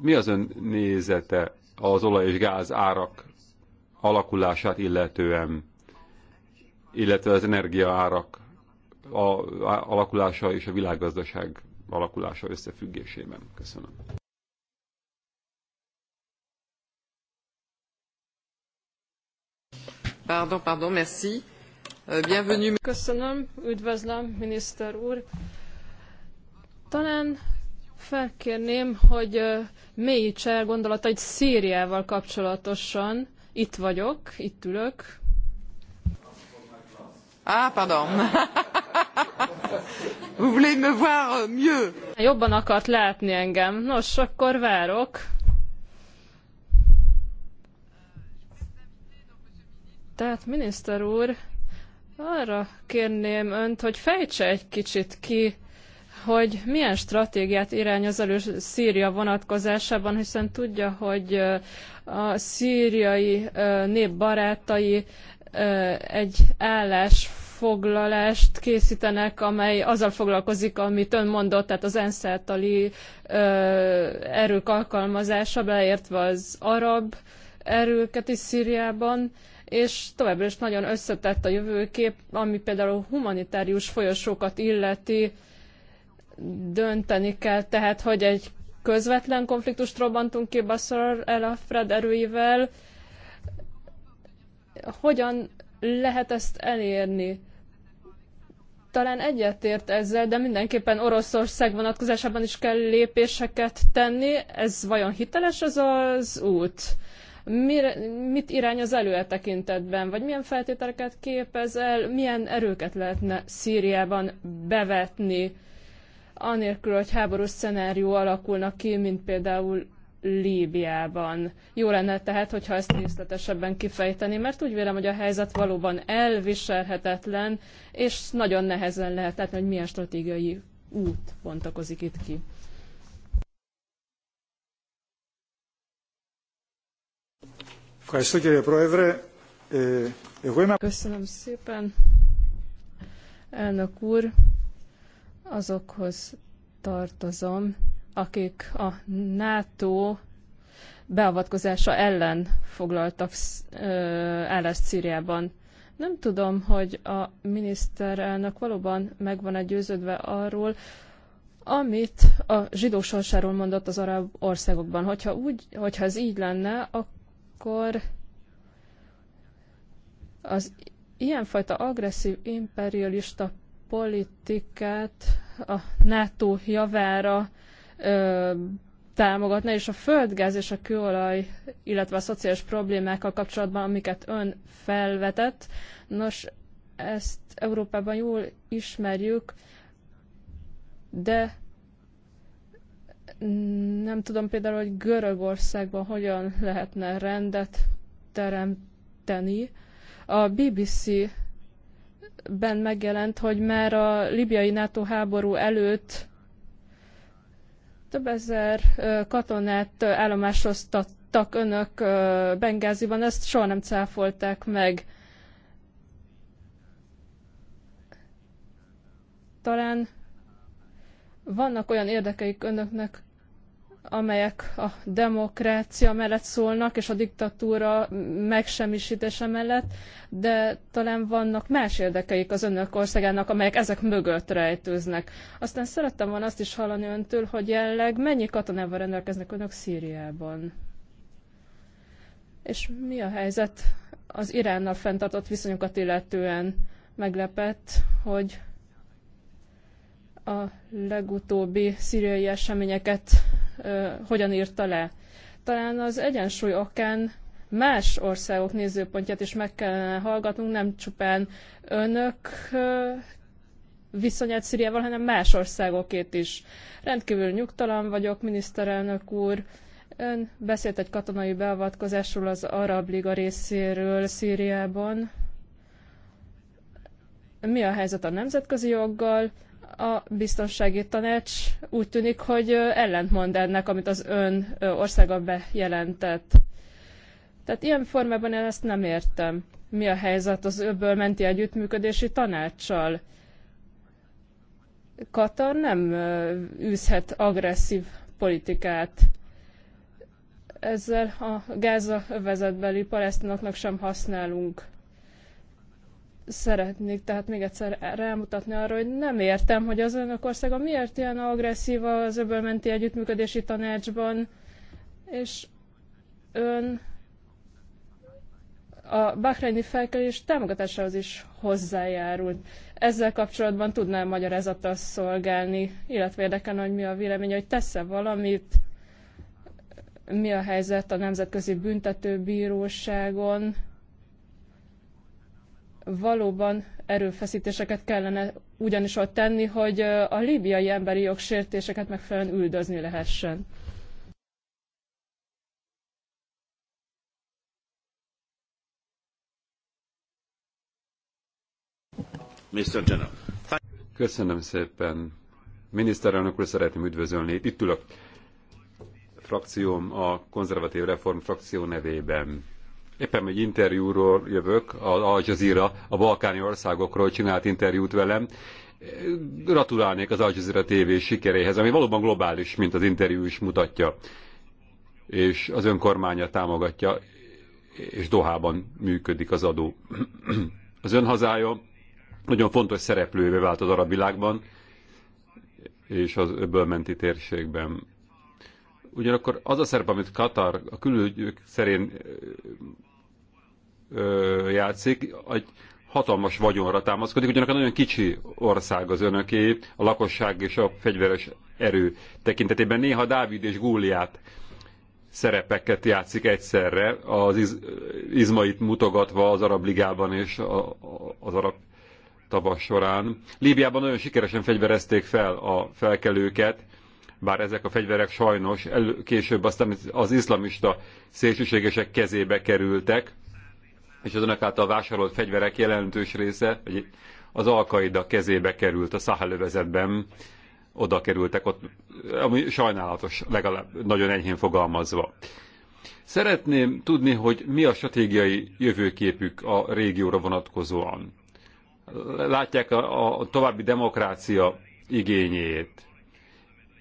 mi az ön nézete az olaj és gáz árak alakulását illetően, illetve az energia árak alakulása és a világgazdaság alakulása összefüggésében? Köszönöm. Pardon, pardon, merci. Euh, bienvenue. Köszönöm, üdvözlöm, miniszter úr. Talán felkérném, hogy mélyítse el gondolatait Szíriával kapcsolatosan. Itt vagyok, itt ülök. Ah, pardon. *laughs* Vous voulez me voir mieux? Jobban akart látni engem. Nos, akkor várok. Tehát, miniszter úr, arra kérném önt, hogy fejtse egy kicsit ki, hogy milyen stratégiát irányoz elő Szíria vonatkozásában, hiszen tudja, hogy a szíriai nép barátai egy állásfoglalást készítenek, amely azzal foglalkozik, amit ön mondott, tehát az ENSZ erők alkalmazása, beleértve az arab erőket is Szíriában és továbbra is nagyon összetett a jövőkép, ami például humanitárius folyosókat illeti, dönteni kell tehát, hogy egy közvetlen konfliktust robbantunk ki Basar el a Fred erőivel. Hogyan lehet ezt elérni? Talán egyetért ezzel, de mindenképpen Oroszország vonatkozásában is kell lépéseket tenni. Ez vajon hiteles az az út? Mire, mit irányoz elő a e tekintetben, vagy milyen feltételeket képez el, milyen erőket lehetne Szíriában bevetni? anélkül, hogy háborús szenárió alakulnak ki, mint például Líbiában. Jó lenne tehát, hogyha ezt részletesebben kifejteni, mert úgy vélem, hogy a helyzet valóban elviselhetetlen, és nagyon nehezen lehet látni, hogy milyen stratégiai út bontakozik itt ki. Köszönöm szépen, elnök úr azokhoz tartozom, akik a NATO beavatkozása ellen foglaltak állást Szíriában. Nem tudom, hogy a miniszterelnök valóban meg van-e győződve arról, amit a zsidó sorsáról mondott az arab országokban. Hogyha, úgy, hogyha ez így lenne, akkor az ilyenfajta agresszív imperialista politikát a NATO javára ö, támogatna, és a földgáz és a kőolaj, illetve a szociális problémákkal kapcsolatban, amiket ön felvetett. Nos, ezt Európában jól ismerjük, de nem tudom például, hogy Görögországban hogyan lehetne rendet teremteni. A BBC ben megjelent, hogy már a libiai NATO háború előtt több ezer katonát állomásoztattak önök Bengáziban, ezt soha nem cáfolták meg. Talán vannak olyan érdekeik önöknek, amelyek a demokrácia mellett szólnak, és a diktatúra megsemmisítése mellett, de talán vannak más érdekeik az önök országának, amelyek ezek mögött rejtőznek. Aztán szerettem volna azt is hallani öntől, hogy jelenleg mennyi katonával rendelkeznek önök Szíriában? És mi a helyzet az Iránnal fenntartott viszonyokat illetően? Meglepett, hogy a legutóbbi szíriai eseményeket hogyan írta le. Talán az egyensúly okán más országok nézőpontját is meg kellene hallgatnunk, nem csupán önök viszonyát Szíriával, hanem más országokét is. Rendkívül nyugtalan vagyok, miniszterelnök úr. Ön beszélt egy katonai beavatkozásról az Arab Liga részéről Szíriában. Mi a helyzet a nemzetközi joggal? a biztonsági tanács úgy tűnik, hogy ellentmond ennek, amit az ön országa bejelentett. Tehát ilyen formában én ezt nem értem. Mi a helyzet az öbből menti együttműködési tanácssal? Katar nem űzhet agresszív politikát. Ezzel a gáza övezetbeli palesztinoknak sem használunk. Szeretnék tehát még egyszer rámutatni arra, hogy nem értem, hogy az önök országa miért ilyen agresszív az öbölmenti együttműködési tanácsban, és ön a Bahreini felkelés támogatásához is hozzájárult. Ezzel kapcsolatban a magyarázattal szolgálni, illetve érdekelne, hogy mi a vélemény, hogy tesz-e valamit, mi a helyzet a Nemzetközi Büntetőbíróságon, valóban erőfeszítéseket kellene ugyanis ott tenni, hogy a líbiai emberi jogsértéseket megfelelően üldözni lehessen. Mr. Köszönöm szépen. Miniszterelnök úr, szeretném üdvözölni. Itt ülök. Frakcióm a konzervatív reform frakció nevében éppen egy interjúról jövök, a Al Jazeera a balkáni országokról csinált interjút velem. Gratulálnék az Al Jazeera TV sikeréhez, ami valóban globális, mint az interjú is mutatja. És az önkormánya támogatja, és Dohában működik az adó. *clears throat* az ön hazája nagyon fontos szereplővé vált az arab világban, és az öbölmenti térségben Ugyanakkor az a szerep, amit Katar a külügyük szerint játszik, egy hatalmas vagyonra támaszkodik, ugyanakkor nagyon kicsi ország az önöké, a lakosság és a fegyveres erő tekintetében. Néha Dávid és Góliát szerepeket játszik egyszerre, az iz, izmait mutogatva az Arab Ligában és a, a, az Arab tavas során. Líbiában nagyon sikeresen fegyverezték fel a felkelőket, bár ezek a fegyverek sajnos elő, később aztán az iszlamista szélsőségesek kezébe kerültek, és az önök által vásárolt fegyverek jelentős része az Alkaida kezébe került a Szahelövezetben, oda kerültek, ott, ami sajnálatos, legalább nagyon enyhén fogalmazva. Szeretném tudni, hogy mi a stratégiai jövőképük a régióra vonatkozóan. Látják a, a további demokrácia igényét,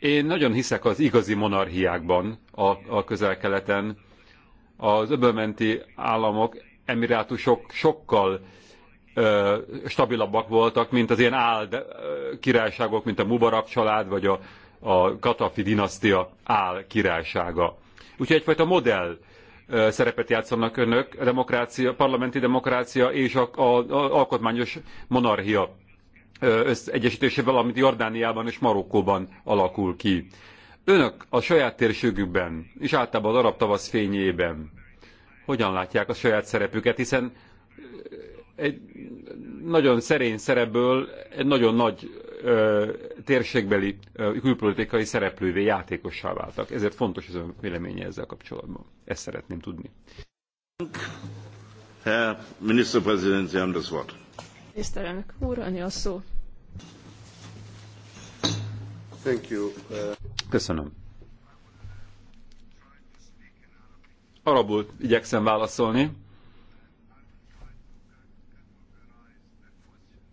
én nagyon hiszek az igazi monarchiákban a, a közel-keleten. Az öbölmenti államok, emirátusok sokkal ö, stabilabbak voltak, mint az ilyen áld királyságok, mint a Mubarak család, vagy a, a Katafi dinasztia áll királysága. Úgyhogy egyfajta modell szerepet játszanak önök, a demokrácia, parlamenti demokrácia és az alkotmányos monarchia egyesítése, valamint Jordániában és Marokkóban alakul ki. Önök a saját térségükben, és általában az arab tavasz fényében hogyan látják a saját szerepüket, hiszen egy nagyon szerény szerepből egy nagyon nagy ö, térségbeli ö, külpolitikai szereplővé, játékossá váltak. Ezért fontos az ön véleménye ezzel kapcsolatban. Ezt szeretném tudni. Herr Ministerpräsident, Sie haben das Wort. Miniszterelnök úr, annyi a szó. Köszönöm. Arabul igyekszem válaszolni,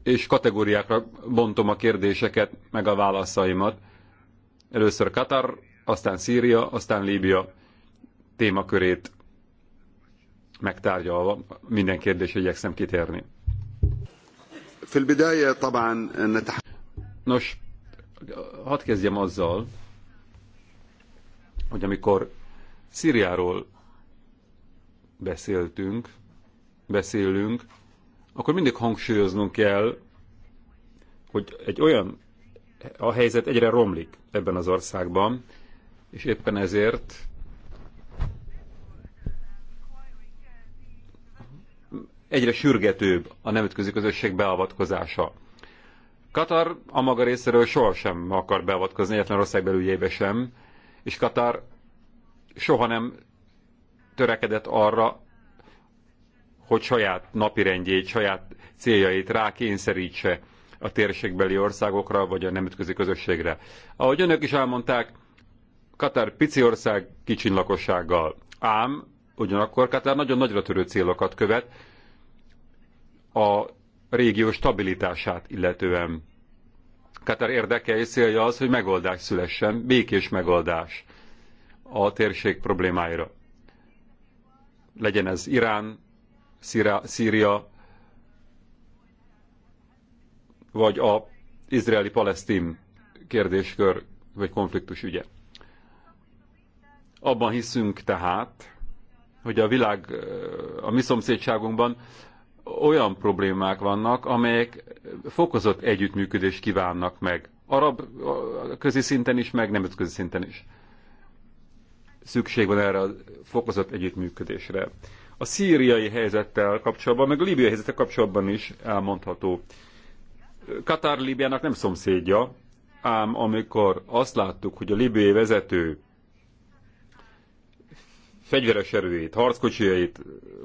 és kategóriákra bontom a kérdéseket, meg a válaszaimat. Először Katar, aztán Szíria, aztán Líbia témakörét megtárgyalva minden kérdésre igyekszem kitérni. Nos, hadd kezdjem azzal, hogy amikor Szíriáról beszéltünk, beszélünk, akkor mindig hangsúlyoznunk kell, hogy egy olyan a helyzet egyre romlik ebben az országban, és éppen ezért egyre sürgetőbb a nemzetközi közösség beavatkozása Katar a maga részéről sohasem akar beavatkozni egyetlen ország belügyeibe sem, és Katar soha nem törekedett arra, hogy saját napirendjét, saját céljait rákényszerítse a térségbeli országokra, vagy a nemzetközi közösségre. Ahogy önök is elmondták, Katar pici ország kicsin lakossággal, ám ugyanakkor Katar nagyon nagyra törő célokat követ a régió stabilitását illetően. Katar érdeke és célja az, hogy megoldás szülessen, békés megoldás a térség problémáira. Legyen ez Irán, Szíra, Szíria, vagy a izraeli-palesztin kérdéskör vagy konfliktus ügye. Abban hiszünk tehát, hogy a világ a mi szomszédságunkban olyan problémák vannak, amelyek fokozott együttműködést kívánnak meg. Arab közi szinten is, meg nemzetközi szinten is. Szükség van erre a fokozott együttműködésre. A szíriai helyzettel kapcsolatban, meg a libiai helyzettel kapcsolatban is elmondható. Katár Líbiának nem szomszédja, ám amikor azt láttuk, hogy a libiai vezető fegyveres erőit, harckocsijait,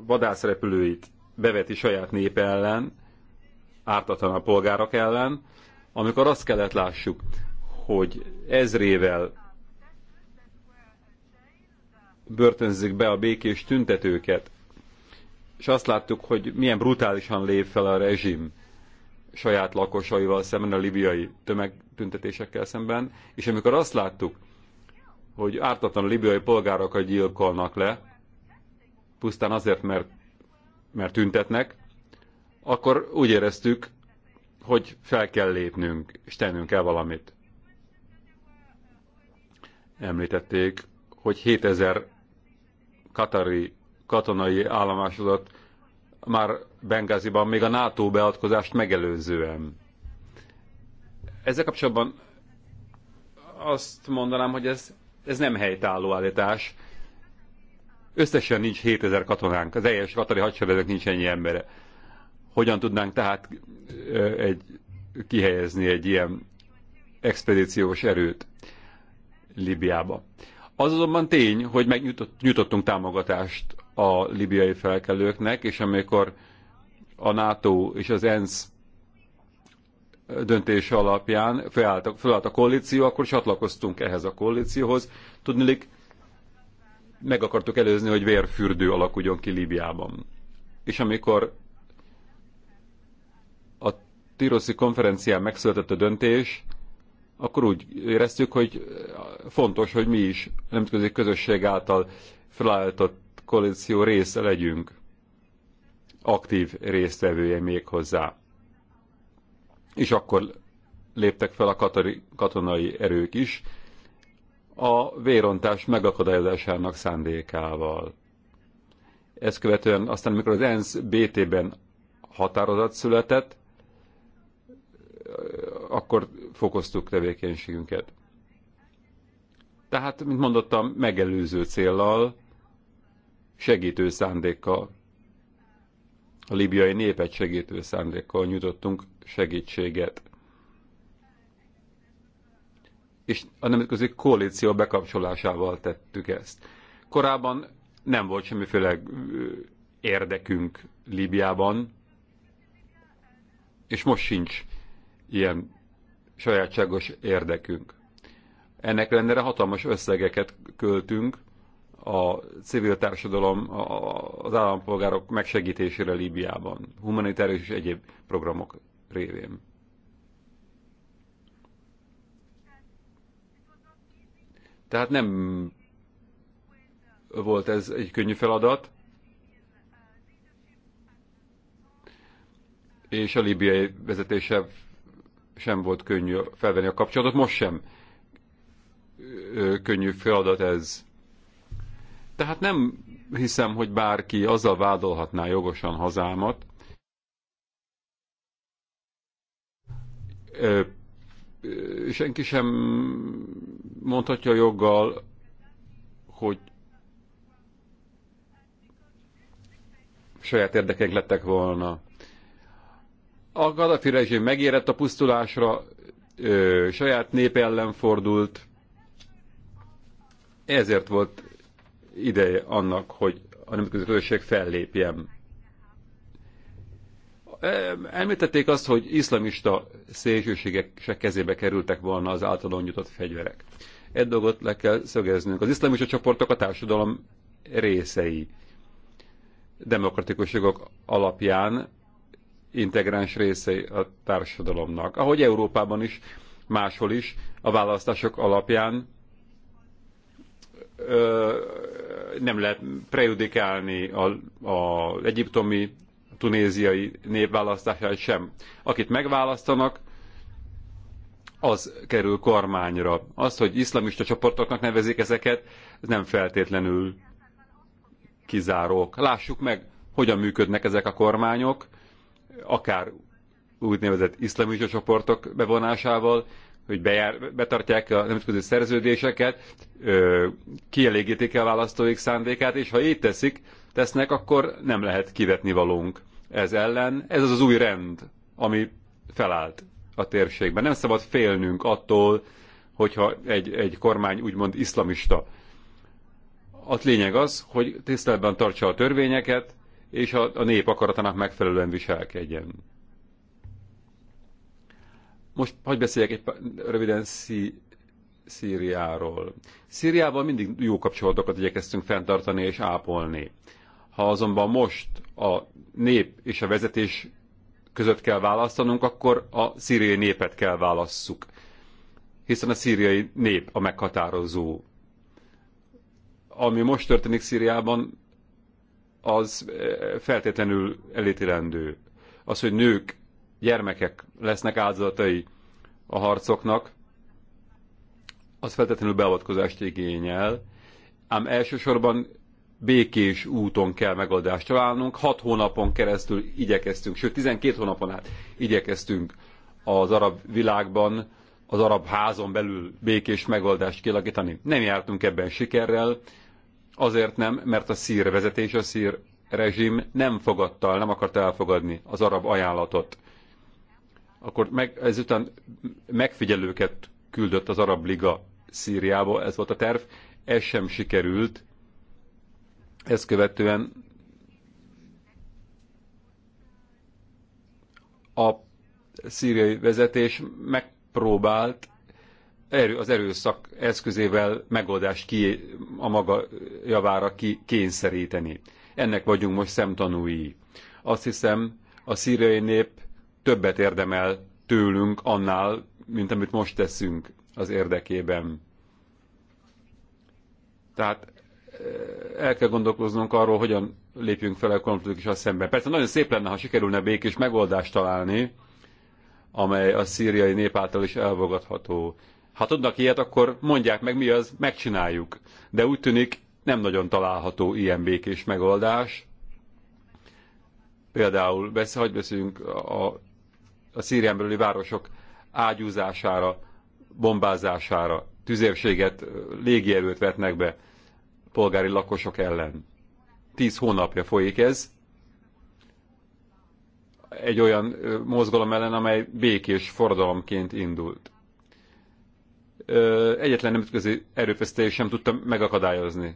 vadászrepülőit beveti saját népe ellen, ártatlan a polgárok ellen, amikor azt kellett lássuk, hogy ezrével börtönzik be a békés tüntetőket, és azt láttuk, hogy milyen brutálisan lép fel a rezsim saját lakosaival szemben, a libiai tömegtüntetésekkel szemben, és amikor azt láttuk, hogy ártatlan libiai polgárokat gyilkolnak le, pusztán azért, mert mert tüntetnek, akkor úgy éreztük, hogy fel kell lépnünk, és tennünk kell valamit. Említették, hogy 7000 katari katonai állomásodat már Bengáziban, még a NATO beadkozást megelőzően. Ezzel kapcsolatban azt mondanám, hogy ez, ez nem helytálló állítás, Összesen nincs 7000 katonánk, az teljes katari hadseregnek nincs ennyi embere. Hogyan tudnánk tehát egy, kihelyezni egy ilyen expedíciós erőt Libiába? Az azonban tény, hogy megnyújtottunk támogatást a libiai felkelőknek, és amikor a NATO és az ENSZ döntése alapján felállt, felállt a koalíció, akkor csatlakoztunk ehhez a koalícióhoz. Tudnilik, meg akartuk előzni, hogy vérfürdő alakuljon ki Líbiában. És amikor a Tiroszi konferencián megszületett a döntés, akkor úgy éreztük, hogy fontos, hogy mi is a nemzetközi közösség által felállított koalíció része legyünk, aktív résztvevője még hozzá. És akkor léptek fel a katonai erők is, a vérontás megakadályozásának szándékával. Ezt követően aztán, amikor az ENSZ BT-ben határozat született, akkor fokoztuk tevékenységünket. Tehát, mint mondottam, megelőző céllal, segítő szándékkal, a libiai népet segítő szándékkal nyújtottunk segítséget és a nemzetközi koalíció bekapcsolásával tettük ezt. Korábban nem volt semmiféle érdekünk Líbiában, és most sincs ilyen sajátságos érdekünk. Ennek ellenére hatalmas összegeket költünk a civil társadalom, az állampolgárok megsegítésére Líbiában, humanitárius és egyéb programok révén. Tehát nem volt ez egy könnyű feladat. És a libiai vezetése sem volt könnyű felvenni a kapcsolatot, most sem könnyű feladat ez. Tehát nem hiszem, hogy bárki azzal vádolhatná jogosan hazámat, senki sem mondhatja joggal, hogy saját érdekeink lettek volna. A Gaddafi rezsim megérett a pusztulásra, ö, saját nép ellen fordult, ezért volt ideje annak, hogy a nemzetközi közösség fellépjen. Említették azt, hogy iszlamista szélsőségek se kezébe kerültek volna az általán nyújtott fegyverek. Egy dolgot le kell szögeznünk. Az iszlamista csoportok a társadalom részei. Demokratikus jogok alapján integráns részei a társadalomnak. Ahogy Európában is, máshol is, a választások alapján ö, nem lehet prejudikálni az egyiptomi, tunéziai népválasztását sem. Akit megválasztanak, az kerül kormányra. Az, hogy iszlamista csoportoknak nevezik ezeket, ez nem feltétlenül kizárók. Lássuk meg, hogyan működnek ezek a kormányok, akár úgynevezett iszlamista csoportok bevonásával, hogy bejár, betartják a nemzetközi szerződéseket, kielégítik el választóik szándékát, és ha így teszik, tesznek, akkor nem lehet kivetni valónk ez ellen. Ez az az új rend, ami felállt a térségben. Nem szabad félnünk attól, hogyha egy, egy kormány úgymond iszlamista. A lényeg az, hogy tiszteletben tartsa a törvényeket, és a, a nép akaratának megfelelően viselkedjen. Most hagyj beszéljek egy röviden Szí Szíriáról. Szíriával mindig jó kapcsolatokat igyekeztünk fenntartani és ápolni. Ha azonban most a nép és a vezetés között kell választanunk, akkor a szíriai népet kell válasszuk. Hiszen a szíriai nép a meghatározó. Ami most történik Szíriában, az eh, feltétlenül elítélendő. Az, hogy nők, gyermekek lesznek áldozatai a harcoknak, az feltétlenül beavatkozást igényel, ám elsősorban békés úton kell megoldást találnunk. Hat hónapon keresztül igyekeztünk, sőt 12 hónapon át igyekeztünk az arab világban, az arab házon belül békés megoldást kialakítani. Nem jártunk ebben sikerrel, azért nem, mert a szír vezetés, a szír rezsim nem fogadta, nem akarta elfogadni az arab ajánlatot. Akkor meg, ezután megfigyelőket küldött az Arab Liga Szíriába, ez volt a terv, ez sem sikerült, ezt követően a szíriai vezetés megpróbált erő, az erőszak eszközével megoldást ki, a maga javára ki, kényszeríteni. Ennek vagyunk most szemtanúi. Azt hiszem, a szíriai nép többet érdemel tőlünk annál, mint amit most teszünk az érdekében. Tehát el kell gondolkoznunk arról, hogyan lépjünk fel a konfliktussal szemben. Persze nagyon szép lenne, ha sikerülne békés megoldást találni, amely a szíriai nép által is elvogadható. Ha tudnak ilyet, akkor mondják meg, mi az, megcsináljuk. De úgy tűnik, nem nagyon található ilyen békés megoldás. Például, besz, hagyj beszéljünk a, a Szírián belüli városok ágyúzására, bombázására, tüzérséget, légierőt vetnek be polgári lakosok ellen. Tíz hónapja folyik ez, egy olyan mozgalom ellen, amely békés forradalomként indult. Egyetlen nemzetközi erőfeszítés sem tudta megakadályozni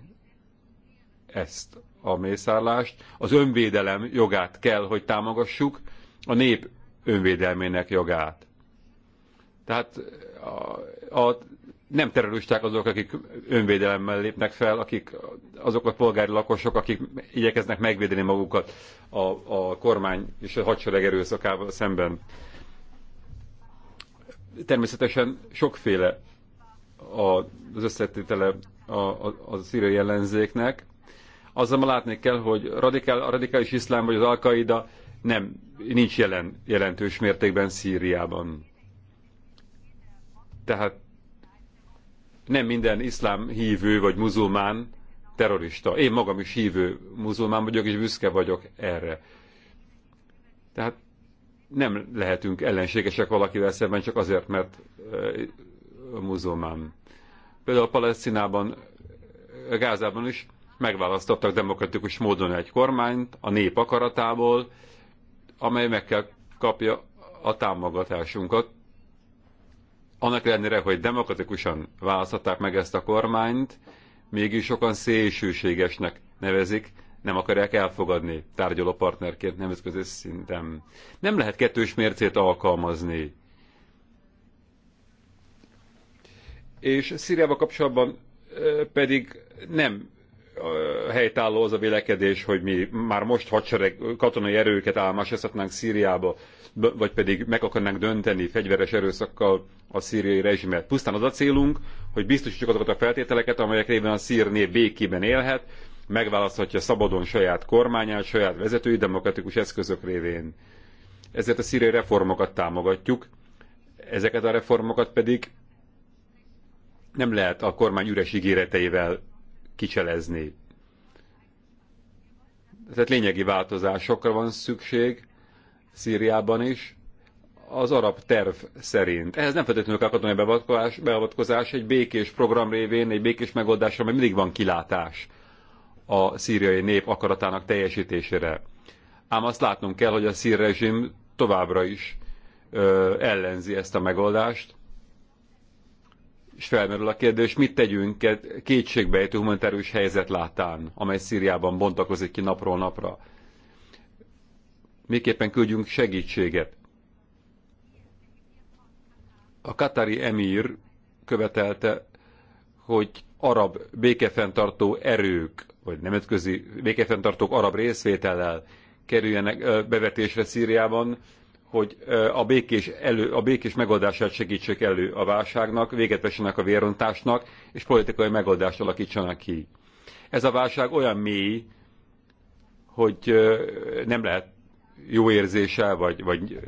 ezt a mészárlást. Az önvédelem jogát kell, hogy támogassuk, a nép önvédelmének jogát. Tehát a, a nem terroristák azok, akik önvédelemmel lépnek fel, akik azok a polgári lakosok, akik igyekeznek megvédeni magukat a, a kormány és a hadsereg erőszakával szemben. Természetesen sokféle a, az összetétele a, a, a szíriai ellenzéknek. Azzal látni kell, hogy radikál, a radikális iszlám vagy az alkaida nem, nincs jelen, jelentős mértékben Szíriában. Tehát nem minden iszlám hívő vagy muzulmán terrorista. Én magam is hívő muzulmán vagyok, és büszke vagyok erre. Tehát nem lehetünk ellenségesek valakivel szemben csak azért, mert muzulmán. Például a Palesztinában, Gázában is megválasztottak demokratikus módon egy kormányt a nép akaratából, amely meg kell kapja a támogatásunkat, annak ellenére, hogy demokratikusan választották meg ezt a kormányt, mégis sokan szélsőségesnek nevezik, nem akarják elfogadni tárgyaló partnerként nemzetközi szinten. Nem lehet kettős mércét alkalmazni. És Szíriával kapcsolatban pedig nem helytálló az a vélekedés, hogy mi már most hadsereg katonai erőket álmásozhatnánk Szíriába vagy pedig meg akarnánk dönteni fegyveres erőszakkal a szíriai rezsimet. Pusztán az a célunk, hogy biztosítsuk azokat a feltételeket, amelyek révén a szír nép békében élhet, megválaszthatja szabadon saját kormányát, saját vezetői demokratikus eszközök révén. Ezért a szíriai reformokat támogatjuk, ezeket a reformokat pedig nem lehet a kormány üres ígéreteivel kicselezni. Tehát lényegi változásokra van szükség, Szíriában is, az arab terv szerint. Ehhez nem feltétlenül kell katonai beavatkozás, beavatkozás, egy békés program révén, egy békés megoldásra, mert mindig van kilátás a szíriai nép akaratának teljesítésére. Ám azt látnunk kell, hogy a szír rezsim továbbra is ö, ellenzi ezt a megoldást, és felmerül a kérdés, mit tegyünk kétségbejtő humanitárius helyzet látán, amely Szíriában bontakozik ki napról napra miképpen küldjünk segítséget. A katari emír követelte, hogy arab békefenntartó erők, vagy nemzetközi békefenntartók arab részvétellel kerüljenek bevetésre Szíriában, hogy a békés, elő, a békés megoldását segítsék elő a válságnak, véget vessenek a vérontásnak, és politikai megoldást alakítsanak ki. Ez a válság olyan mély, hogy nem lehet jó érzése vagy, vagy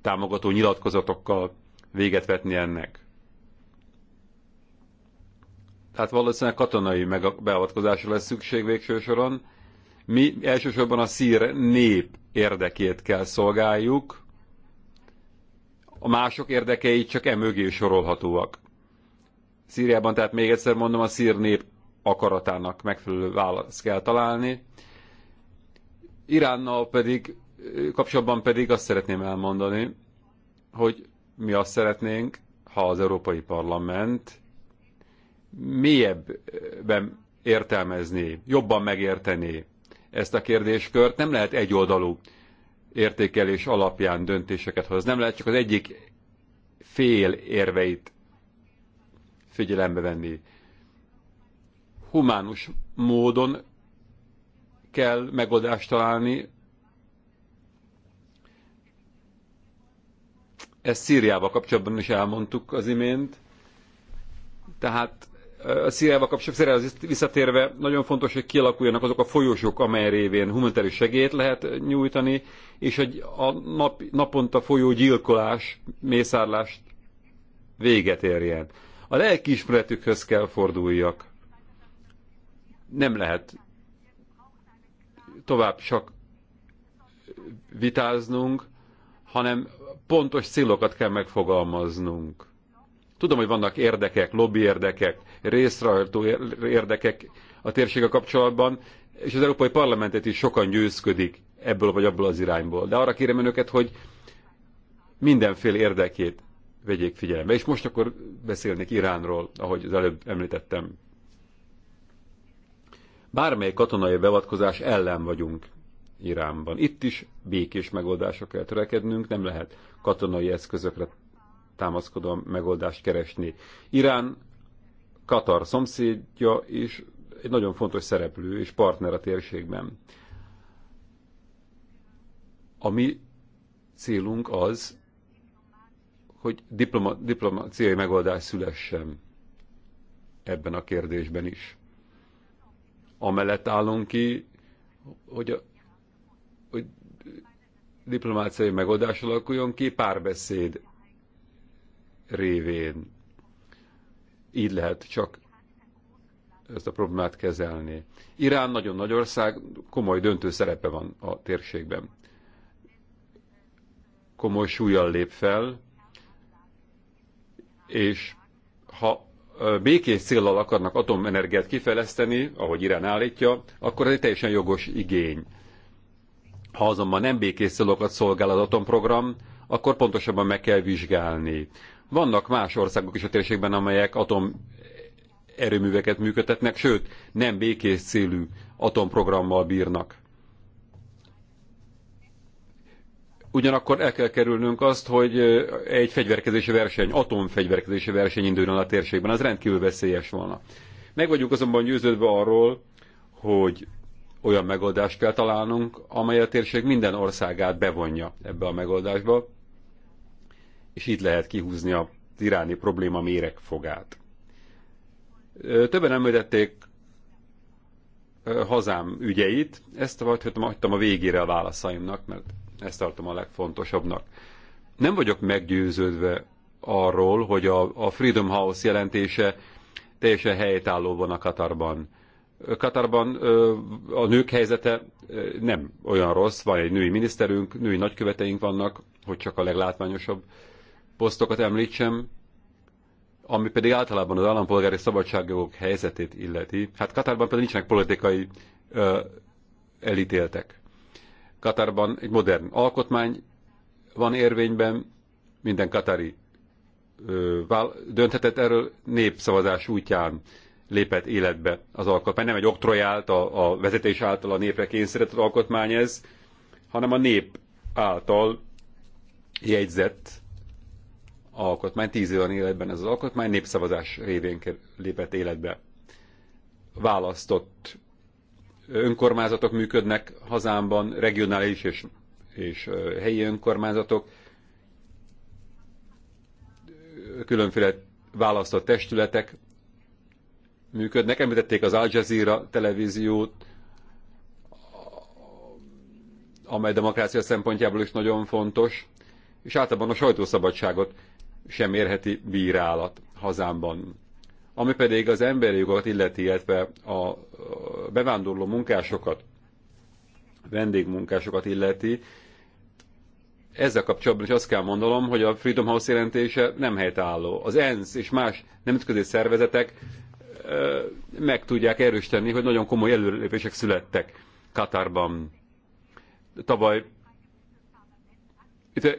támogató nyilatkozatokkal véget vetni ennek. Tehát valószínűleg katonai beavatkozásra lesz szükség végső soron. Mi elsősorban a szír nép érdekét kell szolgáljuk, a mások érdekei csak emögé sorolhatóak. Szíriában, tehát még egyszer mondom, a szír nép akaratának megfelelő választ kell találni. Iránnal pedig kapcsolatban pedig azt szeretném elmondani, hogy mi azt szeretnénk, ha az Európai Parlament mélyebben értelmezni, jobban megérteni ezt a kérdéskört. Nem lehet egyoldalú értékelés alapján döntéseket hozni, Nem lehet csak az egyik fél érveit figyelembe venni. Humánus módon kell megoldást találni Ezt Szíriával kapcsolatban is elmondtuk az imént. Tehát a Szíriával kapcsolatban visszatérve nagyon fontos, hogy kialakuljanak azok a folyosók, amely révén humanitárius segélyt lehet nyújtani, és egy a nap, naponta folyó gyilkolás, mészárlást véget érjen. A lelkiismeretükhöz kell forduljak. Nem lehet tovább csak vitáznunk, hanem pontos célokat kell megfogalmaznunk. Tudom, hogy vannak érdekek, lobby érdekek, részrajtó érdekek a térsége kapcsolatban, és az Európai Parlamentet is sokan győzködik ebből vagy abból az irányból. De arra kérem önöket, hogy mindenféle érdekét vegyék figyelembe. És most akkor beszélnék Iránról, ahogy az előbb említettem. Bármely katonai beavatkozás ellen vagyunk. Iránban. Itt is békés megoldásra kell törekednünk, nem lehet katonai eszközökre támaszkodó megoldást keresni. Irán, Katar szomszédja és egy nagyon fontos szereplő és partner a térségben. A mi célunk az, hogy diploma, diplomáciai megoldás szülessen ebben a kérdésben is. Amellett állunk ki, hogy a hogy diplomáciai megoldás alakuljon ki párbeszéd révén. Így lehet csak ezt a problémát kezelni. Irán nagyon nagy ország, komoly döntő szerepe van a térségben. Komoly súlyjal lép fel, és ha békés célral akarnak atomenergiát kifejleszteni, ahogy Irán állítja, akkor ez egy teljesen jogos igény. Ha azonban nem békés célokat szolgál az atomprogram, akkor pontosabban meg kell vizsgálni. Vannak más országok is a térségben, amelyek atomerőműveket működtetnek, sőt, nem békés célú atomprogrammal bírnak. Ugyanakkor el kell kerülnünk azt, hogy eh, egy fegyverkezési verseny, atomfegyverkezési verseny induljon a térségben, az rendkívül veszélyes volna. Meg vagyunk azonban győződve arról, hogy olyan megoldást kell találnunk, amely a térség minden országát bevonja ebbe a megoldásba, és itt lehet kihúzni a iráni probléma méreg fogát. Többen említették hazám ügyeit, ezt hagytam a végére a válaszaimnak, mert ezt tartom a legfontosabbnak. Nem vagyok meggyőződve arról, hogy a, a Freedom House jelentése teljesen helytálló van a Katarban Katarban a nők helyzete nem olyan rossz, van egy női miniszterünk, női nagyköveteink vannak, hogy csak a leglátványosabb posztokat említsem, ami pedig általában az állampolgári szabadságjogok helyzetét illeti. Hát Katárban pedig nincsenek politikai ö, elítéltek. Katárban egy modern alkotmány van érvényben, minden katári ö, dönthetett erről népszavazás útján lépett életbe az alkotmány. Nem egy oktroyált, a, a vezetés által a népre kényszerített alkotmány ez, hanem a nép által jegyzett alkotmány. Tíz éven életben ez az alkotmány, népszavazás révén lépett életbe. Választott önkormányzatok működnek hazámban, regionális és, és helyi önkormányzatok, különféle választott testületek működnek. Említették az Al Jazeera televíziót, amely demokrácia szempontjából is nagyon fontos, és általában a sajtószabadságot sem érheti bírálat hazámban. Ami pedig az emberi jogokat illeti, illetve a bevándorló munkásokat, vendégmunkásokat illeti, ezzel kapcsolatban is azt kell mondanom, hogy a Freedom House jelentése nem helytálló. Az ENSZ és más nemzetközi szervezetek meg tudják erősíteni, hogy nagyon komoly előrelépések születtek Katárban. Tavaly itt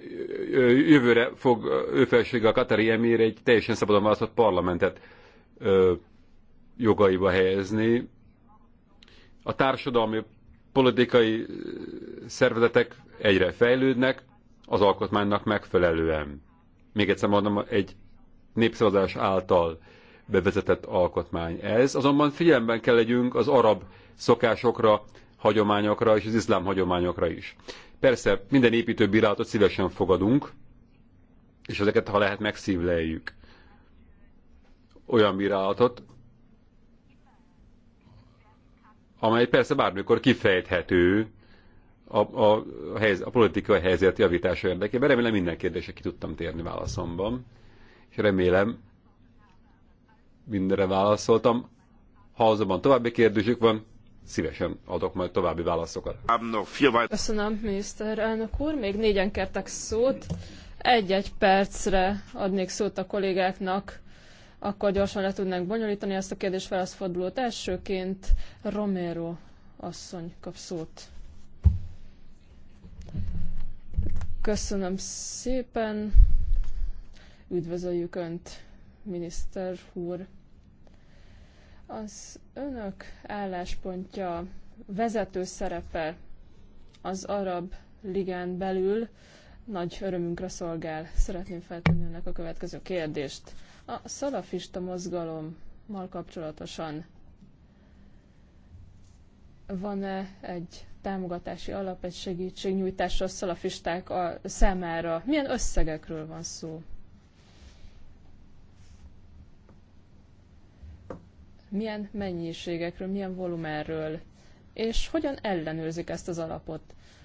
jövőre fog ő felsége a Katari Emir egy teljesen szabadon választott parlamentet ö, jogaiba helyezni. A társadalmi politikai szervezetek egyre fejlődnek az alkotmánynak megfelelően. Még egyszer mondom, egy népszavazás által bevezetett alkotmány ez, azonban figyelemben kell legyünk az arab szokásokra, hagyományokra és az iszlám hagyományokra is. Persze minden építőbírálatot szívesen fogadunk, és ezeket, ha lehet, megszívleljük. Olyan bírálatot, amely persze bármikor kifejthető a, a, a, helyz, a politikai helyzet javítása érdekében. Remélem minden kérdésre ki tudtam térni válaszomban, és remélem mindenre válaszoltam. Ha azonban további kérdésük van, szívesen adok majd további válaszokat. Köszönöm, miniszterelnök úr. Még négyen kértek szót. Egy-egy percre adnék szót a kollégáknak, akkor gyorsan le tudnánk bonyolítani ezt a kérdés fordulót. Elsőként Romero asszony kap szót. Köszönöm szépen. Üdvözöljük Önt, miniszter úr. Az önök álláspontja vezető szerepe az Arab Ligán belül nagy örömünkre szolgál. Szeretném feltenni önnek a következő kérdést. A szalafista mozgalommal kapcsolatosan van-e egy támogatási alap, egy segítségnyújtás a szalafisták a számára? Milyen összegekről van szó? milyen mennyiségekről, milyen volumenről, és hogyan ellenőrzik ezt az alapot.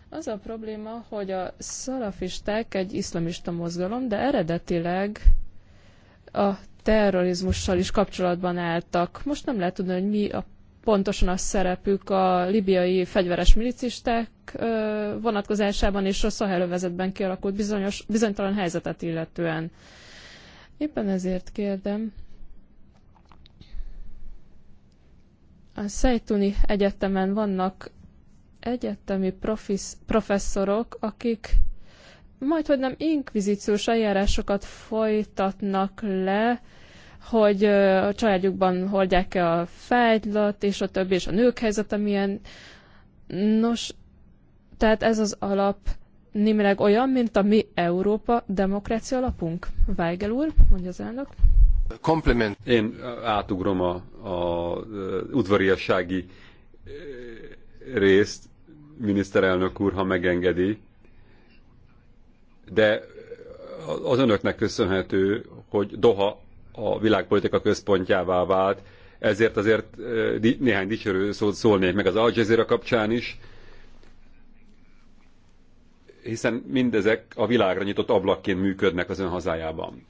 Az a probléma, hogy a szalafisták egy iszlamista mozgalom, de eredetileg a terrorizmussal is kapcsolatban álltak. Most nem lehet tudni, hogy mi a pontosan a szerepük a libiai fegyveres milicisták vonatkozásában és a szahelővezetben kialakult bizonyos, bizonytalan helyzetet illetően. Éppen ezért kérdem, A Szejtuni Egyetemen vannak egyetemi profisz, professzorok, akik majd, hogy nem inkvizíciós eljárásokat folytatnak le, hogy a családjukban hordják-e a fájdlat, és a többi, és a nők helyzete milyen. Nos, tehát ez az alap némileg olyan, mint a mi Európa demokrácia alapunk. Weigel úr, mondja az elnök. Compliment. Én átugrom a, a, a udvariassági részt, miniszterelnök úr, ha megengedi, de az önöknek köszönhető, hogy Doha a világpolitika központjává vált, ezért azért néhány dicsérő szót szólnék meg az Al Jazeera kapcsán is, hiszen mindezek a világra nyitott ablakként működnek az ön hazájában.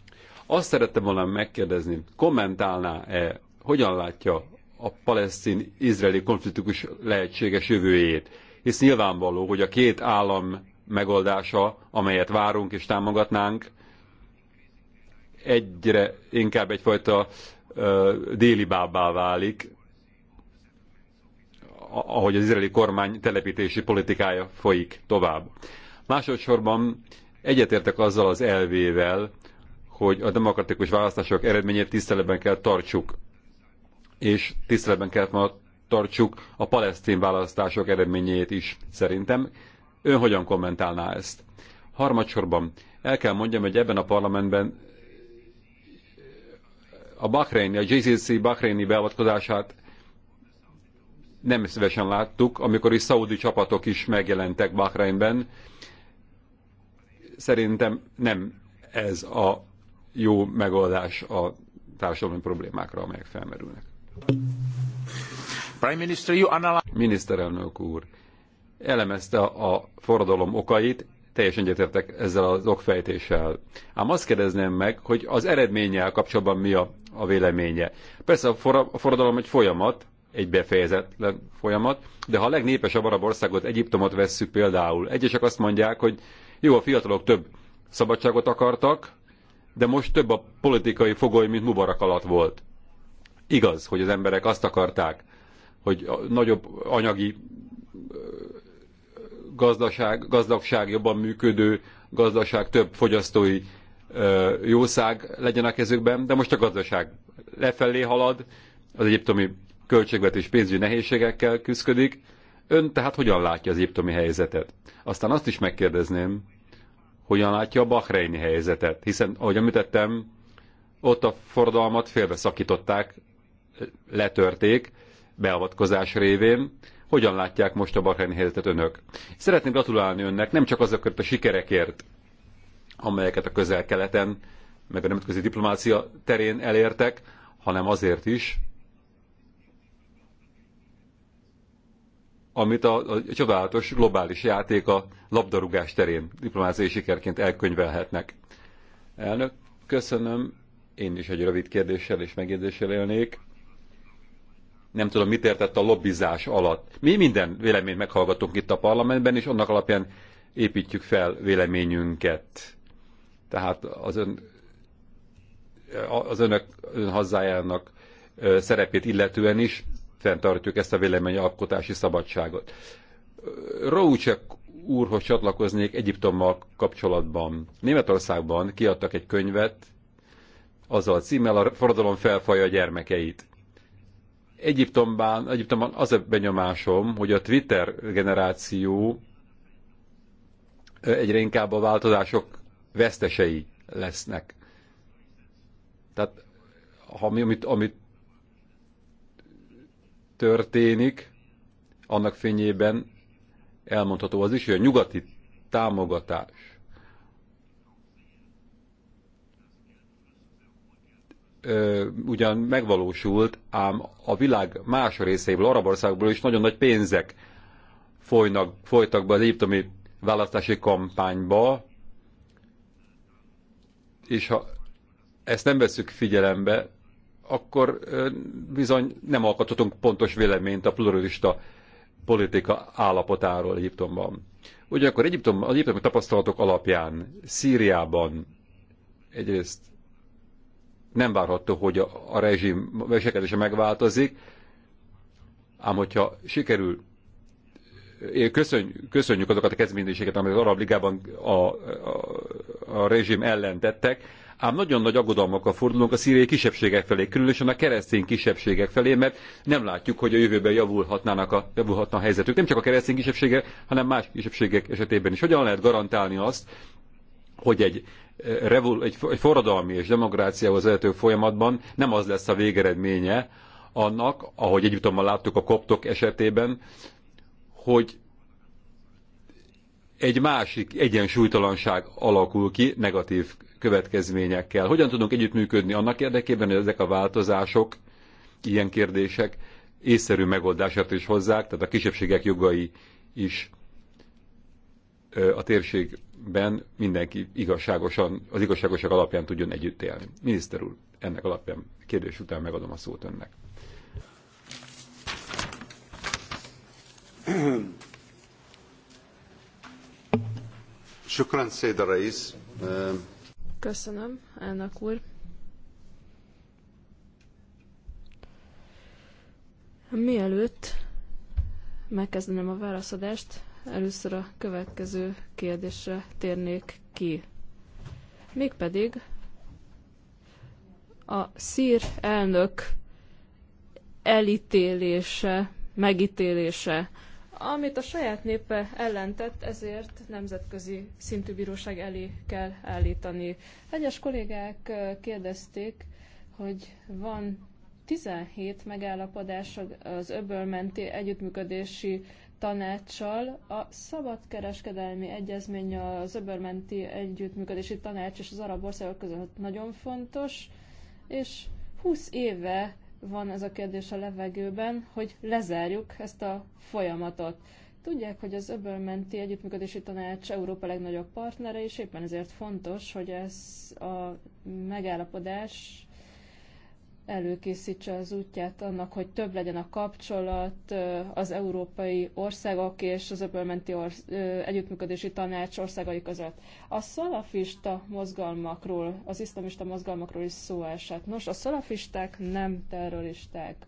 Azt szerettem volna megkérdezni, kommentálná-e, hogyan látja a palesztin-izraeli konfliktus lehetséges jövőjét? Hisz nyilvánvaló, hogy a két állam megoldása, amelyet várunk és támogatnánk, egyre inkább egyfajta ö, déli válik, ahogy az izraeli kormány telepítési politikája folyik tovább. Másodszorban egyetértek azzal az elvével, hogy a demokratikus választások eredményét tiszteletben kell tartsuk, és tiszteletben kell tartsuk a palesztin választások eredményét is, szerintem. Ön hogyan kommentálná ezt? Harmadsorban el kell mondjam, hogy ebben a parlamentben a Bahreini, a GCC Bahreini beavatkozását nem szívesen láttuk, amikor is szaudi csapatok is megjelentek Bahreinben. Szerintem nem ez a jó megoldás a társadalmi problémákra, amelyek felmerülnek. Prime Minister, you analyze... Miniszterelnök úr, elemezte a forradalom okait, teljesen egyetértek ezzel az okfejtéssel. Ám azt kérdezném meg, hogy az eredménnyel kapcsolatban mi a, a véleménye. Persze a, for, a forradalom egy folyamat, egy befejezetlen folyamat, de ha a legnépesebb arab országot, Egyiptomot vesszük például, egyesek azt mondják, hogy jó, a fiatalok több szabadságot akartak, de most több a politikai fogoly, mint Mubarak alatt volt. Igaz, hogy az emberek azt akarták, hogy nagyobb anyagi gazdaság, gazdagság, jobban működő gazdaság, több fogyasztói jószág legyen a kezükben, de most a gazdaság lefelé halad, az egyiptomi költségvetés pénzügyi nehézségekkel küzdik. Ön tehát hogyan látja az egyiptomi helyzetet? Aztán azt is megkérdezném, hogyan látja a bahreini helyzetet, hiszen, ahogy említettem, ott a forradalmat félbe szakították, letörték, beavatkozás révén. Hogyan látják most a bahreini helyzetet önök? Szeretném gratulálni önnek nem csak azokért a sikerekért, amelyeket a közel-keleten, meg a nemzetközi diplomácia terén elértek, hanem azért is, amit a, a csodálatos globális játék a labdarúgás terén diplomáciai sikerként elkönyvelhetnek. Elnök, köszönöm. Én is egy rövid kérdéssel és megjegyzéssel élnék. Nem tudom, mit értett a lobbizás alatt. Mi minden véleményt meghallgatunk itt a parlamentben, és annak alapján építjük fel véleményünket. Tehát az ön az önök ön hazájának szerepét illetően is fenntartjuk ezt a vélemény, alkotási szabadságot. Rócsek úrhoz csatlakoznék Egyiptommal kapcsolatban. Németországban kiadtak egy könyvet, azzal a címmel a forradalom felfaja a gyermekeit. Egyiptomban, Egyiptomban az a benyomásom, hogy a Twitter generáció egyre inkább a változások vesztesei lesznek. Tehát ha mi, amit, amit történik, annak fényében elmondható az is, hogy a nyugati támogatás ö, ugyan megvalósult, ám a világ más részeiből, Arabországból is nagyon nagy pénzek folynak, folytak be az egyiptomi választási kampányba, és ha ezt nem veszük figyelembe, akkor bizony nem alkothatunk pontos véleményt a pluralista politika állapotáról Egyiptomban. Ugyanakkor Egyiptom, az egyiptomi tapasztalatok alapján Szíriában egyrészt nem várható, hogy a, a rezsim vesekedése megváltozik, ám hogyha sikerül Köszön, köszönjük azokat a kezdeményezéseket, amelyek az Arab Ligában a, a, a rezsim ellen tettek, Ám nagyon nagy aggodalmakkal fordulunk a szíriai kisebbségek felé, különösen a keresztény kisebbségek felé, mert nem látjuk, hogy a jövőben javulhatnának a, javulhatna a helyzetük. Nem csak a keresztény kisebbségek, hanem más kisebbségek esetében is. Hogyan lehet garantálni azt, hogy egy, eh, revol, egy, egy forradalmi és demokráciához vezető folyamatban nem az lesz a végeredménye annak, ahogy együttammal láttuk a koptok esetében, hogy egy másik egyensúlytalanság alakul ki negatív következményekkel. Hogyan tudunk együttműködni annak érdekében, hogy ezek a változások, ilyen kérdések észszerű megoldását is hozzák, tehát a kisebbségek jogai is a térségben mindenki igazságosan, az igazságosak alapján tudjon együtt élni. Miniszter úr, ennek alapján kérdés után megadom a szót önnek. شكرا szépen, Köszönöm, elnök úr. Mielőtt megkezdeném a válaszadást, először a következő kérdésre térnék ki. Mégpedig a szír elnök elítélése, megítélése amit a saját népe ellen tett, ezért nemzetközi szintű bíróság elé kell állítani. Egyes kollégák kérdezték, hogy van 17 megállapodás az menti együttműködési tanácssal, a szabadkereskedelmi egyezmény az menti együttműködési tanács és az arab országok között nagyon fontos, és 20 éve van ez a kérdés a levegőben, hogy lezárjuk ezt a folyamatot. Tudják, hogy az öbölmenti együttműködési tanács Európa legnagyobb partnere, és éppen ezért fontos, hogy ez a megállapodás előkészítse az útját annak, hogy több legyen a kapcsolat az európai országok és az öbölmenti orsz- együttműködési tanács országai között. A szalafista mozgalmakról, az iszlamista mozgalmakról is szó esett. Nos, a szalafisták nem terroristák.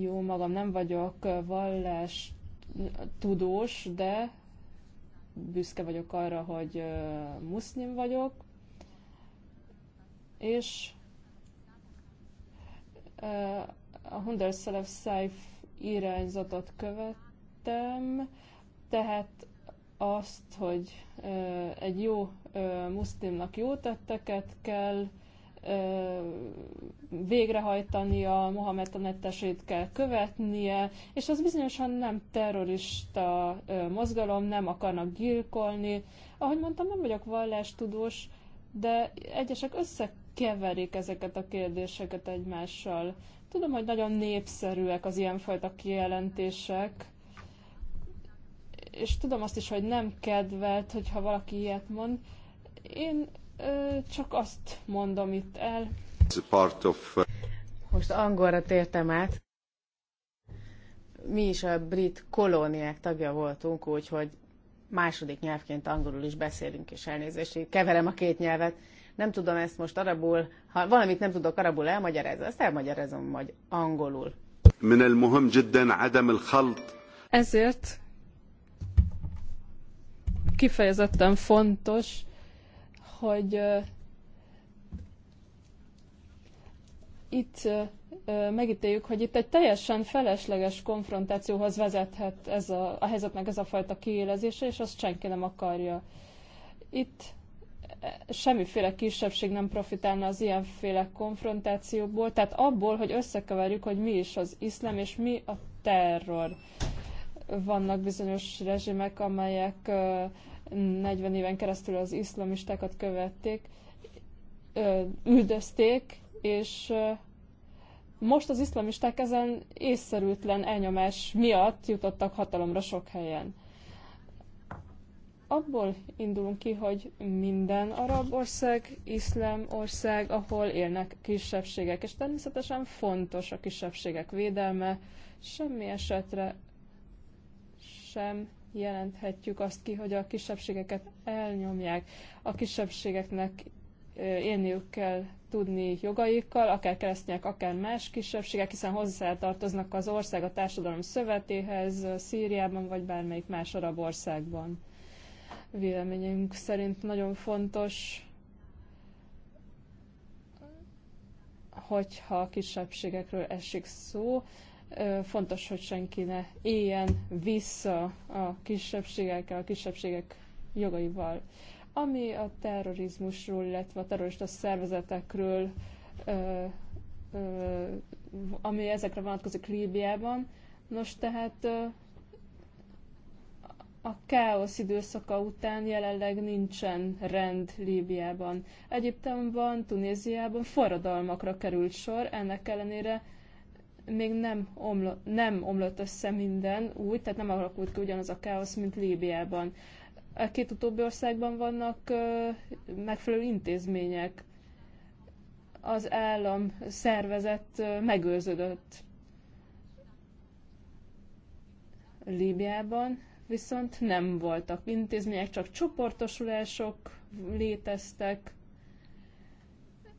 Jó, magam nem vagyok vallás tudós, de büszke vagyok arra, hogy muszlim vagyok, és a Hunderszel of Safe irányzatot követtem, tehát azt, hogy egy jó muszlimnak jó tetteket kell végrehajtania, Mohamed tanettesét kell követnie, és az bizonyosan nem terrorista mozgalom, nem akarnak gyilkolni. Ahogy mondtam, nem vagyok vallástudós, de egyesek össze keverik ezeket a kérdéseket egymással. Tudom, hogy nagyon népszerűek az ilyenfajta kijelentések, és tudom azt is, hogy nem kedvelt, hogyha valaki ilyet mond. Én ö, csak azt mondom itt el. Of... Uh, Most angolra tértem át. Mi is a brit kolóniák tagja voltunk, úgyhogy második nyelvként angolul is beszélünk, és elnézést, keverem a két nyelvet nem tudom ezt most arabul, ha valamit nem tudok arabul elmagyarázni, azt elmagyarázom majd angolul. Ezért kifejezetten fontos, hogy uh, itt uh, megítéljük, hogy itt egy teljesen felesleges konfrontációhoz vezethet ez a, a helyzetnek ez a fajta kiélezése, és azt senki nem akarja. Itt semmiféle kisebbség nem profitálna az ilyenféle konfrontációból, tehát abból, hogy összekeverjük, hogy mi is az iszlám és mi a terror. Vannak bizonyos rezsimek, amelyek 40 éven keresztül az iszlamistákat követték, üldözték, és most az iszlamisták ezen észszerűtlen elnyomás miatt jutottak hatalomra sok helyen abból indulunk ki, hogy minden arab ország, iszlám ország, ahol élnek kisebbségek, és természetesen fontos a kisebbségek védelme, semmi esetre sem jelenthetjük azt ki, hogy a kisebbségeket elnyomják. A kisebbségeknek élniük kell tudni jogaikkal, akár keresztények, akár más kisebbségek, hiszen hozzátartoznak az ország a társadalom szövetéhez, Szíriában vagy bármelyik más arab országban. Véleményünk szerint nagyon fontos, hogyha kisebbségekről esik szó, fontos, hogy senki ne éljen vissza a kisebbségekkel, a kisebbségek jogaival. Ami a terrorizmusról, illetve a terrorista szervezetekről, ami ezekre vonatkozik Líbiában, nos tehát a káosz időszaka után jelenleg nincsen rend Líbiában. Egyiptomban, Tunéziában forradalmakra került sor, ennek ellenére még nem, omlo- nem omlott össze minden úgy, tehát nem alakult ki ugyanaz a káosz, mint Líbiában. A két utóbbi országban vannak ö, megfelelő intézmények. Az állam szervezet ö, megőrződött. Líbiában viszont nem voltak intézmények, csak csoportosulások léteztek,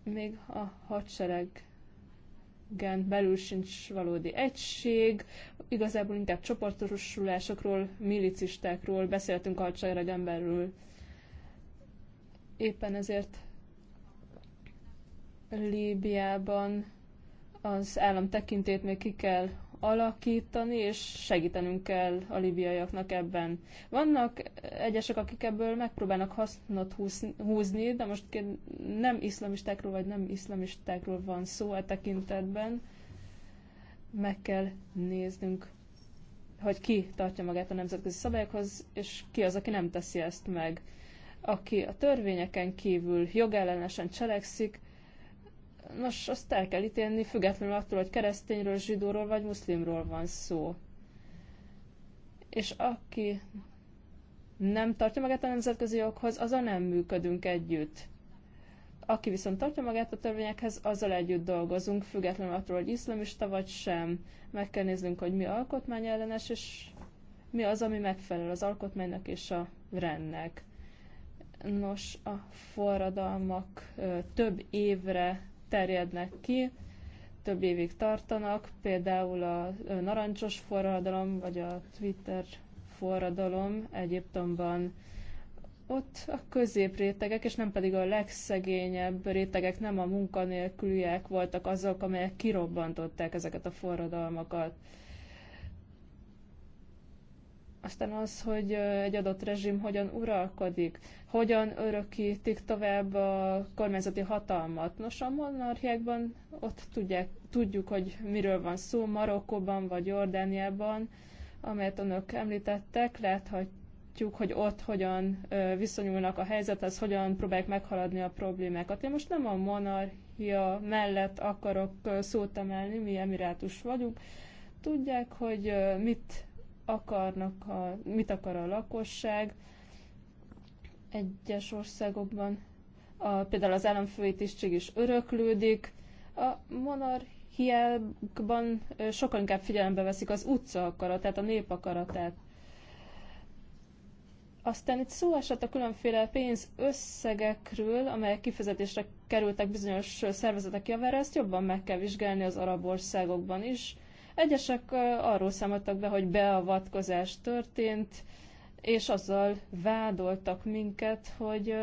még a hadsereg igen, belül sincs valódi egység, igazából inkább csoportosulásokról, milicistákról beszéltünk a hadseregen belül. Éppen ezért Líbiában az állam tekintét még ki kell alakítani, és segítenünk kell a libiaiaknak ebben. Vannak egyesek, akik ebből megpróbálnak hasznot húzni, de most nem iszlamistákról vagy nem iszlamistákról van szó e tekintetben. Meg kell néznünk, hogy ki tartja magát a nemzetközi szabályokhoz, és ki az, aki nem teszi ezt meg. Aki a törvényeken kívül jogellenesen cselekszik, Nos, azt el kell ítélni, függetlenül attól, hogy keresztényről, zsidóról vagy muszlimról van szó. És aki nem tartja magát a nemzetközi joghoz, a nem működünk együtt. Aki viszont tartja magát a törvényekhez, azzal együtt dolgozunk, függetlenül attól, hogy iszlamista vagy sem. Meg kell néznünk, hogy mi ellenes, és mi az, ami megfelel az alkotmánynak és a rendnek. Nos, a forradalmak több évre terjednek ki, több évig tartanak, például a narancsos forradalom, vagy a Twitter forradalom Egyiptomban ott a középrétegek, és nem pedig a legszegényebb rétegek, nem a munkanélküliek voltak azok, amelyek kirobbantották ezeket a forradalmakat aztán az, hogy egy adott rezsim hogyan uralkodik, hogyan örökítik tovább a kormányzati hatalmat. Nos, a monarchiákban ott tudják, tudjuk, hogy miről van szó, Marokkóban vagy Jordániában, amelyet önök említettek, láthatjuk, hogy ott hogyan viszonyulnak a helyzethez, hogyan próbálják meghaladni a problémákat. Én most nem a monarchia mellett akarok szót emelni, mi emirátus vagyunk, tudják, hogy mit akarnak a, mit akar a lakosság. Egyes országokban a, például az államfői tisztség is öröklődik. A monarchiákban sokkal inkább figyelembe veszik az utca akaratát, a nép akaratát. Aztán itt szó esett a különféle pénz összegekről, amelyek kifizetésre kerültek bizonyos szervezetek javára, ezt jobban meg kell vizsgálni az arab országokban is Egyesek arról számoltak be, hogy beavatkozás történt, és azzal vádoltak minket, hogy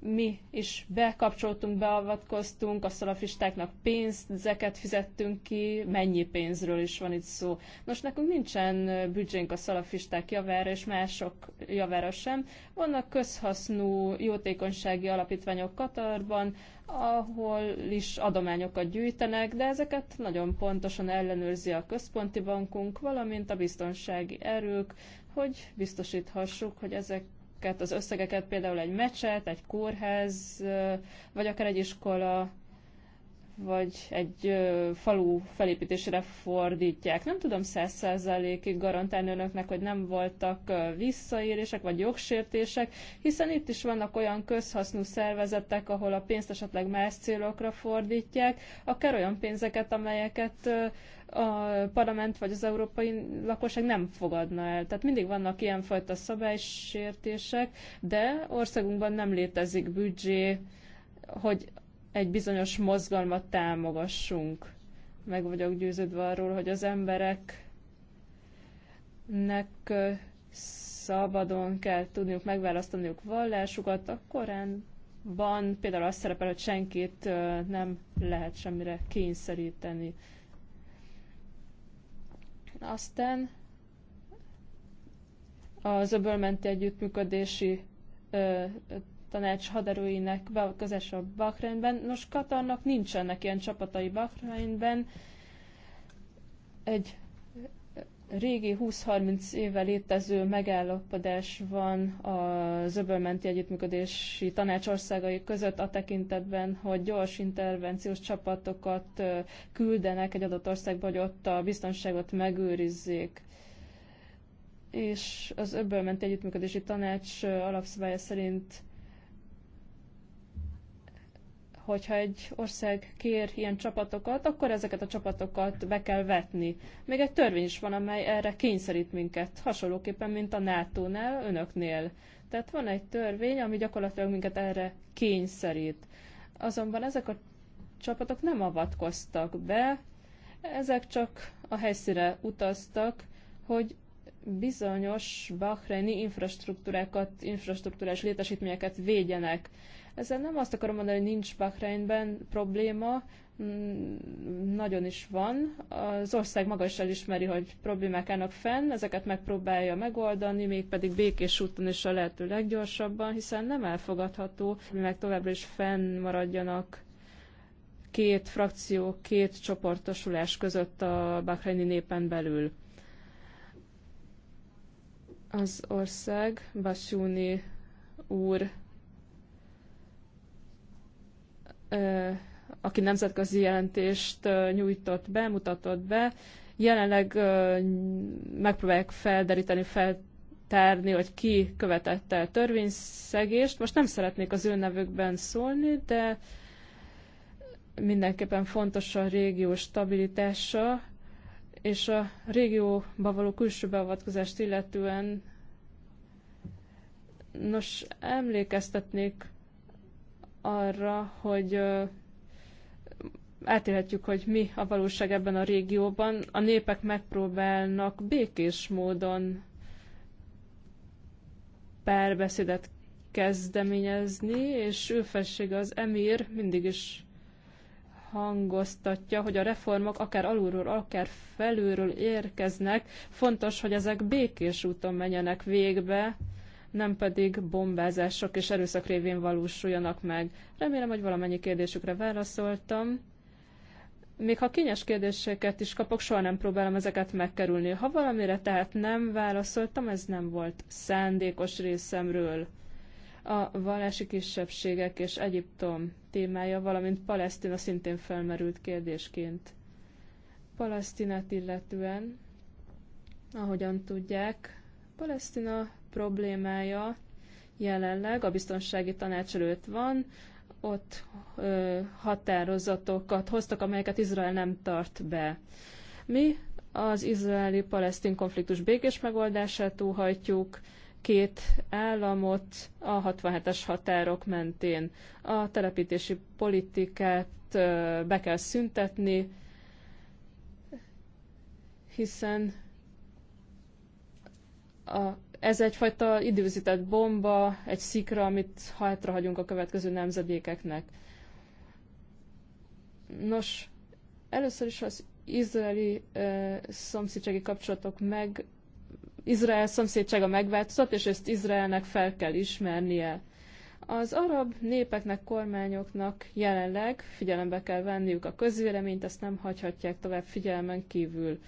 mi is bekapcsoltunk, beavatkoztunk, a szalafistáknak pénzeket fizettünk ki, mennyi pénzről is van itt szó. Nos, nekünk nincsen büdzsénk a szalafisták javára, és mások javára sem. Vannak közhasznú jótékonysági alapítványok Katarban, ahol is adományokat gyűjtenek, de ezeket nagyon pontosan ellenőrzi a központi bankunk, valamint a biztonsági erők, hogy biztosíthassuk, hogy ezek az összegeket például egy mecset, egy kórház, vagy akár egy iskola vagy egy ö, falu felépítésére fordítják. Nem tudom száz százalékig garantálni önöknek, hogy nem voltak ö, visszaérések vagy jogsértések, hiszen itt is vannak olyan közhasznú szervezetek, ahol a pénzt esetleg más célokra fordítják, akár olyan pénzeket, amelyeket ö, a parlament vagy az európai lakosság nem fogadna el. Tehát mindig vannak ilyenfajta szabálysértések, de országunkban nem létezik büdzsé, hogy egy bizonyos mozgalmat támogassunk. Meg vagyok győződve arról, hogy az embereknek szabadon kell tudniuk megválasztaniuk vallásukat, a van például azt szerepel, hogy senkit nem lehet semmire kényszeríteni. Aztán az öbölmenti együttműködési tanács haderőinek beavatkozása a Bahreinben. Nos, Katarnak nincsenek ilyen csapatai Bahreinben. Egy régi 20-30 éve létező megállapodás van a zöbölmenti együttműködési tanácsországai között a tekintetben, hogy gyors intervenciós csapatokat küldenek egy adott országba, hogy ott a biztonságot megőrizzék. És az öbölmenti együttműködési tanács alapszabálya szerint hogyha egy ország kér ilyen csapatokat, akkor ezeket a csapatokat be kell vetni. Még egy törvény is van, amely erre kényszerít minket, hasonlóképpen, mint a NATO-nál, önöknél. Tehát van egy törvény, ami gyakorlatilag minket erre kényszerít. Azonban ezek a csapatok nem avatkoztak be, ezek csak a helyszíre utaztak, hogy bizonyos bahreini infrastruktúrákat, infrastruktúrás létesítményeket védjenek. Ezzel nem azt akarom mondani, hogy nincs Bahreinben probléma, mm, nagyon is van. Az ország maga is elismeri, hogy problémák állnak fenn, ezeket megpróbálja megoldani, mégpedig békés úton is a lehető leggyorsabban, hiszen nem elfogadható, hogy meg továbbra is fenn maradjanak két frakció, két csoportosulás között a bahreini népen belül. Az ország Basúni úr aki nemzetközi jelentést nyújtott be, mutatott be, jelenleg megpróbálják felderíteni, feltárni, hogy ki követette a törvényszegést. Most nem szeretnék az ő nevükben szólni, de mindenképpen fontos a régió stabilitása, és a régióba való külső beavatkozást illetően nos, emlékeztetnék arra, hogy átélhetjük, hogy mi a valóság ebben a régióban. A népek megpróbálnak békés módon párbeszédet kezdeményezni, és őfessége az emír mindig is hangoztatja, hogy a reformok akár alulról, akár felülről érkeznek. Fontos, hogy ezek békés úton menjenek végbe, nem pedig bombázások és erőszak révén valósuljanak meg. Remélem, hogy valamennyi kérdésükre válaszoltam. Még ha kényes kérdéseket is kapok, soha nem próbálom ezeket megkerülni. Ha valamire tehát nem válaszoltam, ez nem volt szándékos részemről. A vallási kisebbségek és Egyiptom témája, valamint Palesztina szintén felmerült kérdésként. Palesztinát illetően, ahogyan tudják, Palesztina problémája jelenleg a biztonsági tanács előtt van, ott ö, határozatokat hoztak, amelyeket Izrael nem tart be. Mi az izraeli-palesztin konfliktus békés megoldását túlhajtjuk, két államot a 67-es határok mentén. A telepítési politikát ö, be kell szüntetni, hiszen a ez egyfajta időzített bomba, egy szikra, amit hátrahagyunk a következő nemzedékeknek. Nos, először is az izraeli eh, szomszédsági kapcsolatok meg, Izrael szomszédsága megváltozott, és ezt Izraelnek fel kell ismernie. Az arab népeknek, kormányoknak jelenleg figyelembe kell venniük a közvéleményt, ezt nem hagyhatják tovább figyelmen kívül.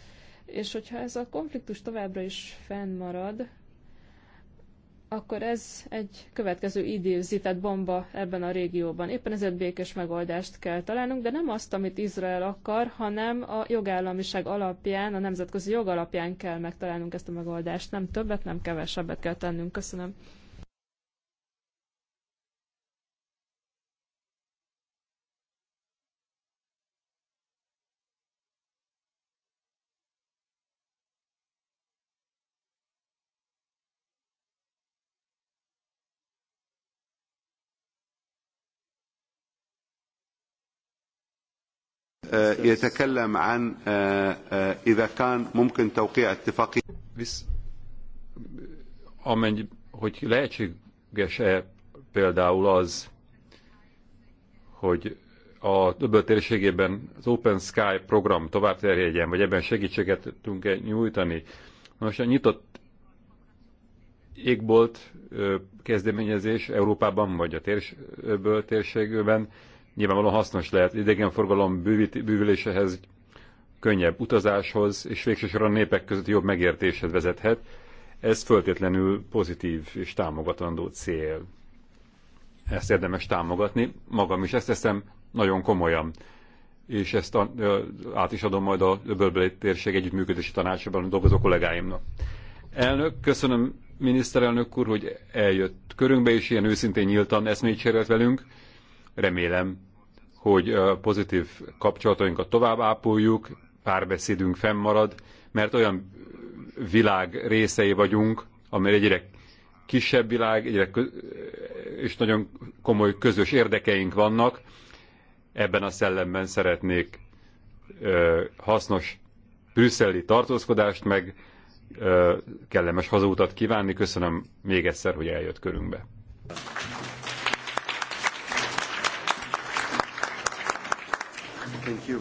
És hogyha ez a konfliktus továbbra is fennmarad, akkor ez egy következő idézített bomba ebben a régióban. Éppen ezért békés megoldást kell találnunk, de nem azt, amit Izrael akar, hanem a jogállamiság alapján, a nemzetközi jog alapján kell megtalálnunk ezt a megoldást. Nem többet, nem kevesebbet kell tennünk. Köszönöm. يتكلم عن إذا كان ممكن توقيع اتفاقية amennyi, hogy lehetséges-e például az, hogy a többet térségében az Open Sky program tovább terjedjen, vagy ebben segítséget tudunk-e nyújtani. Most a nyitott égbolt kezdeményezés Európában, vagy a térsből térségben nyilvánvalóan hasznos lehet idegenforgalom bűvüléséhez, könnyebb utazáshoz, és végsősorban a népek közötti jobb megértéshez vezethet. Ez föltétlenül pozitív és támogatandó cél. Ezt érdemes támogatni. Magam is ezt teszem nagyon komolyan. És ezt a, ö, át is adom majd a Öbölbeli Térség Együttműködési Tanácsában dolgozó kollégáimnak. Elnök, köszönöm miniszterelnök úr, hogy eljött körünkbe, és ilyen őszintén nyíltan eszmét cserélt velünk. Remélem, hogy pozitív kapcsolatainkat tovább ápoljuk, párbeszédünk fennmarad, mert olyan világ részei vagyunk, amely egyre kisebb világ, egyre köz, és nagyon komoly közös érdekeink vannak. Ebben a szellemben szeretnék ö, hasznos brüsszeli tartózkodást, meg ö, kellemes hazautat kívánni. Köszönöm még egyszer, hogy eljött körünkbe. Thank you.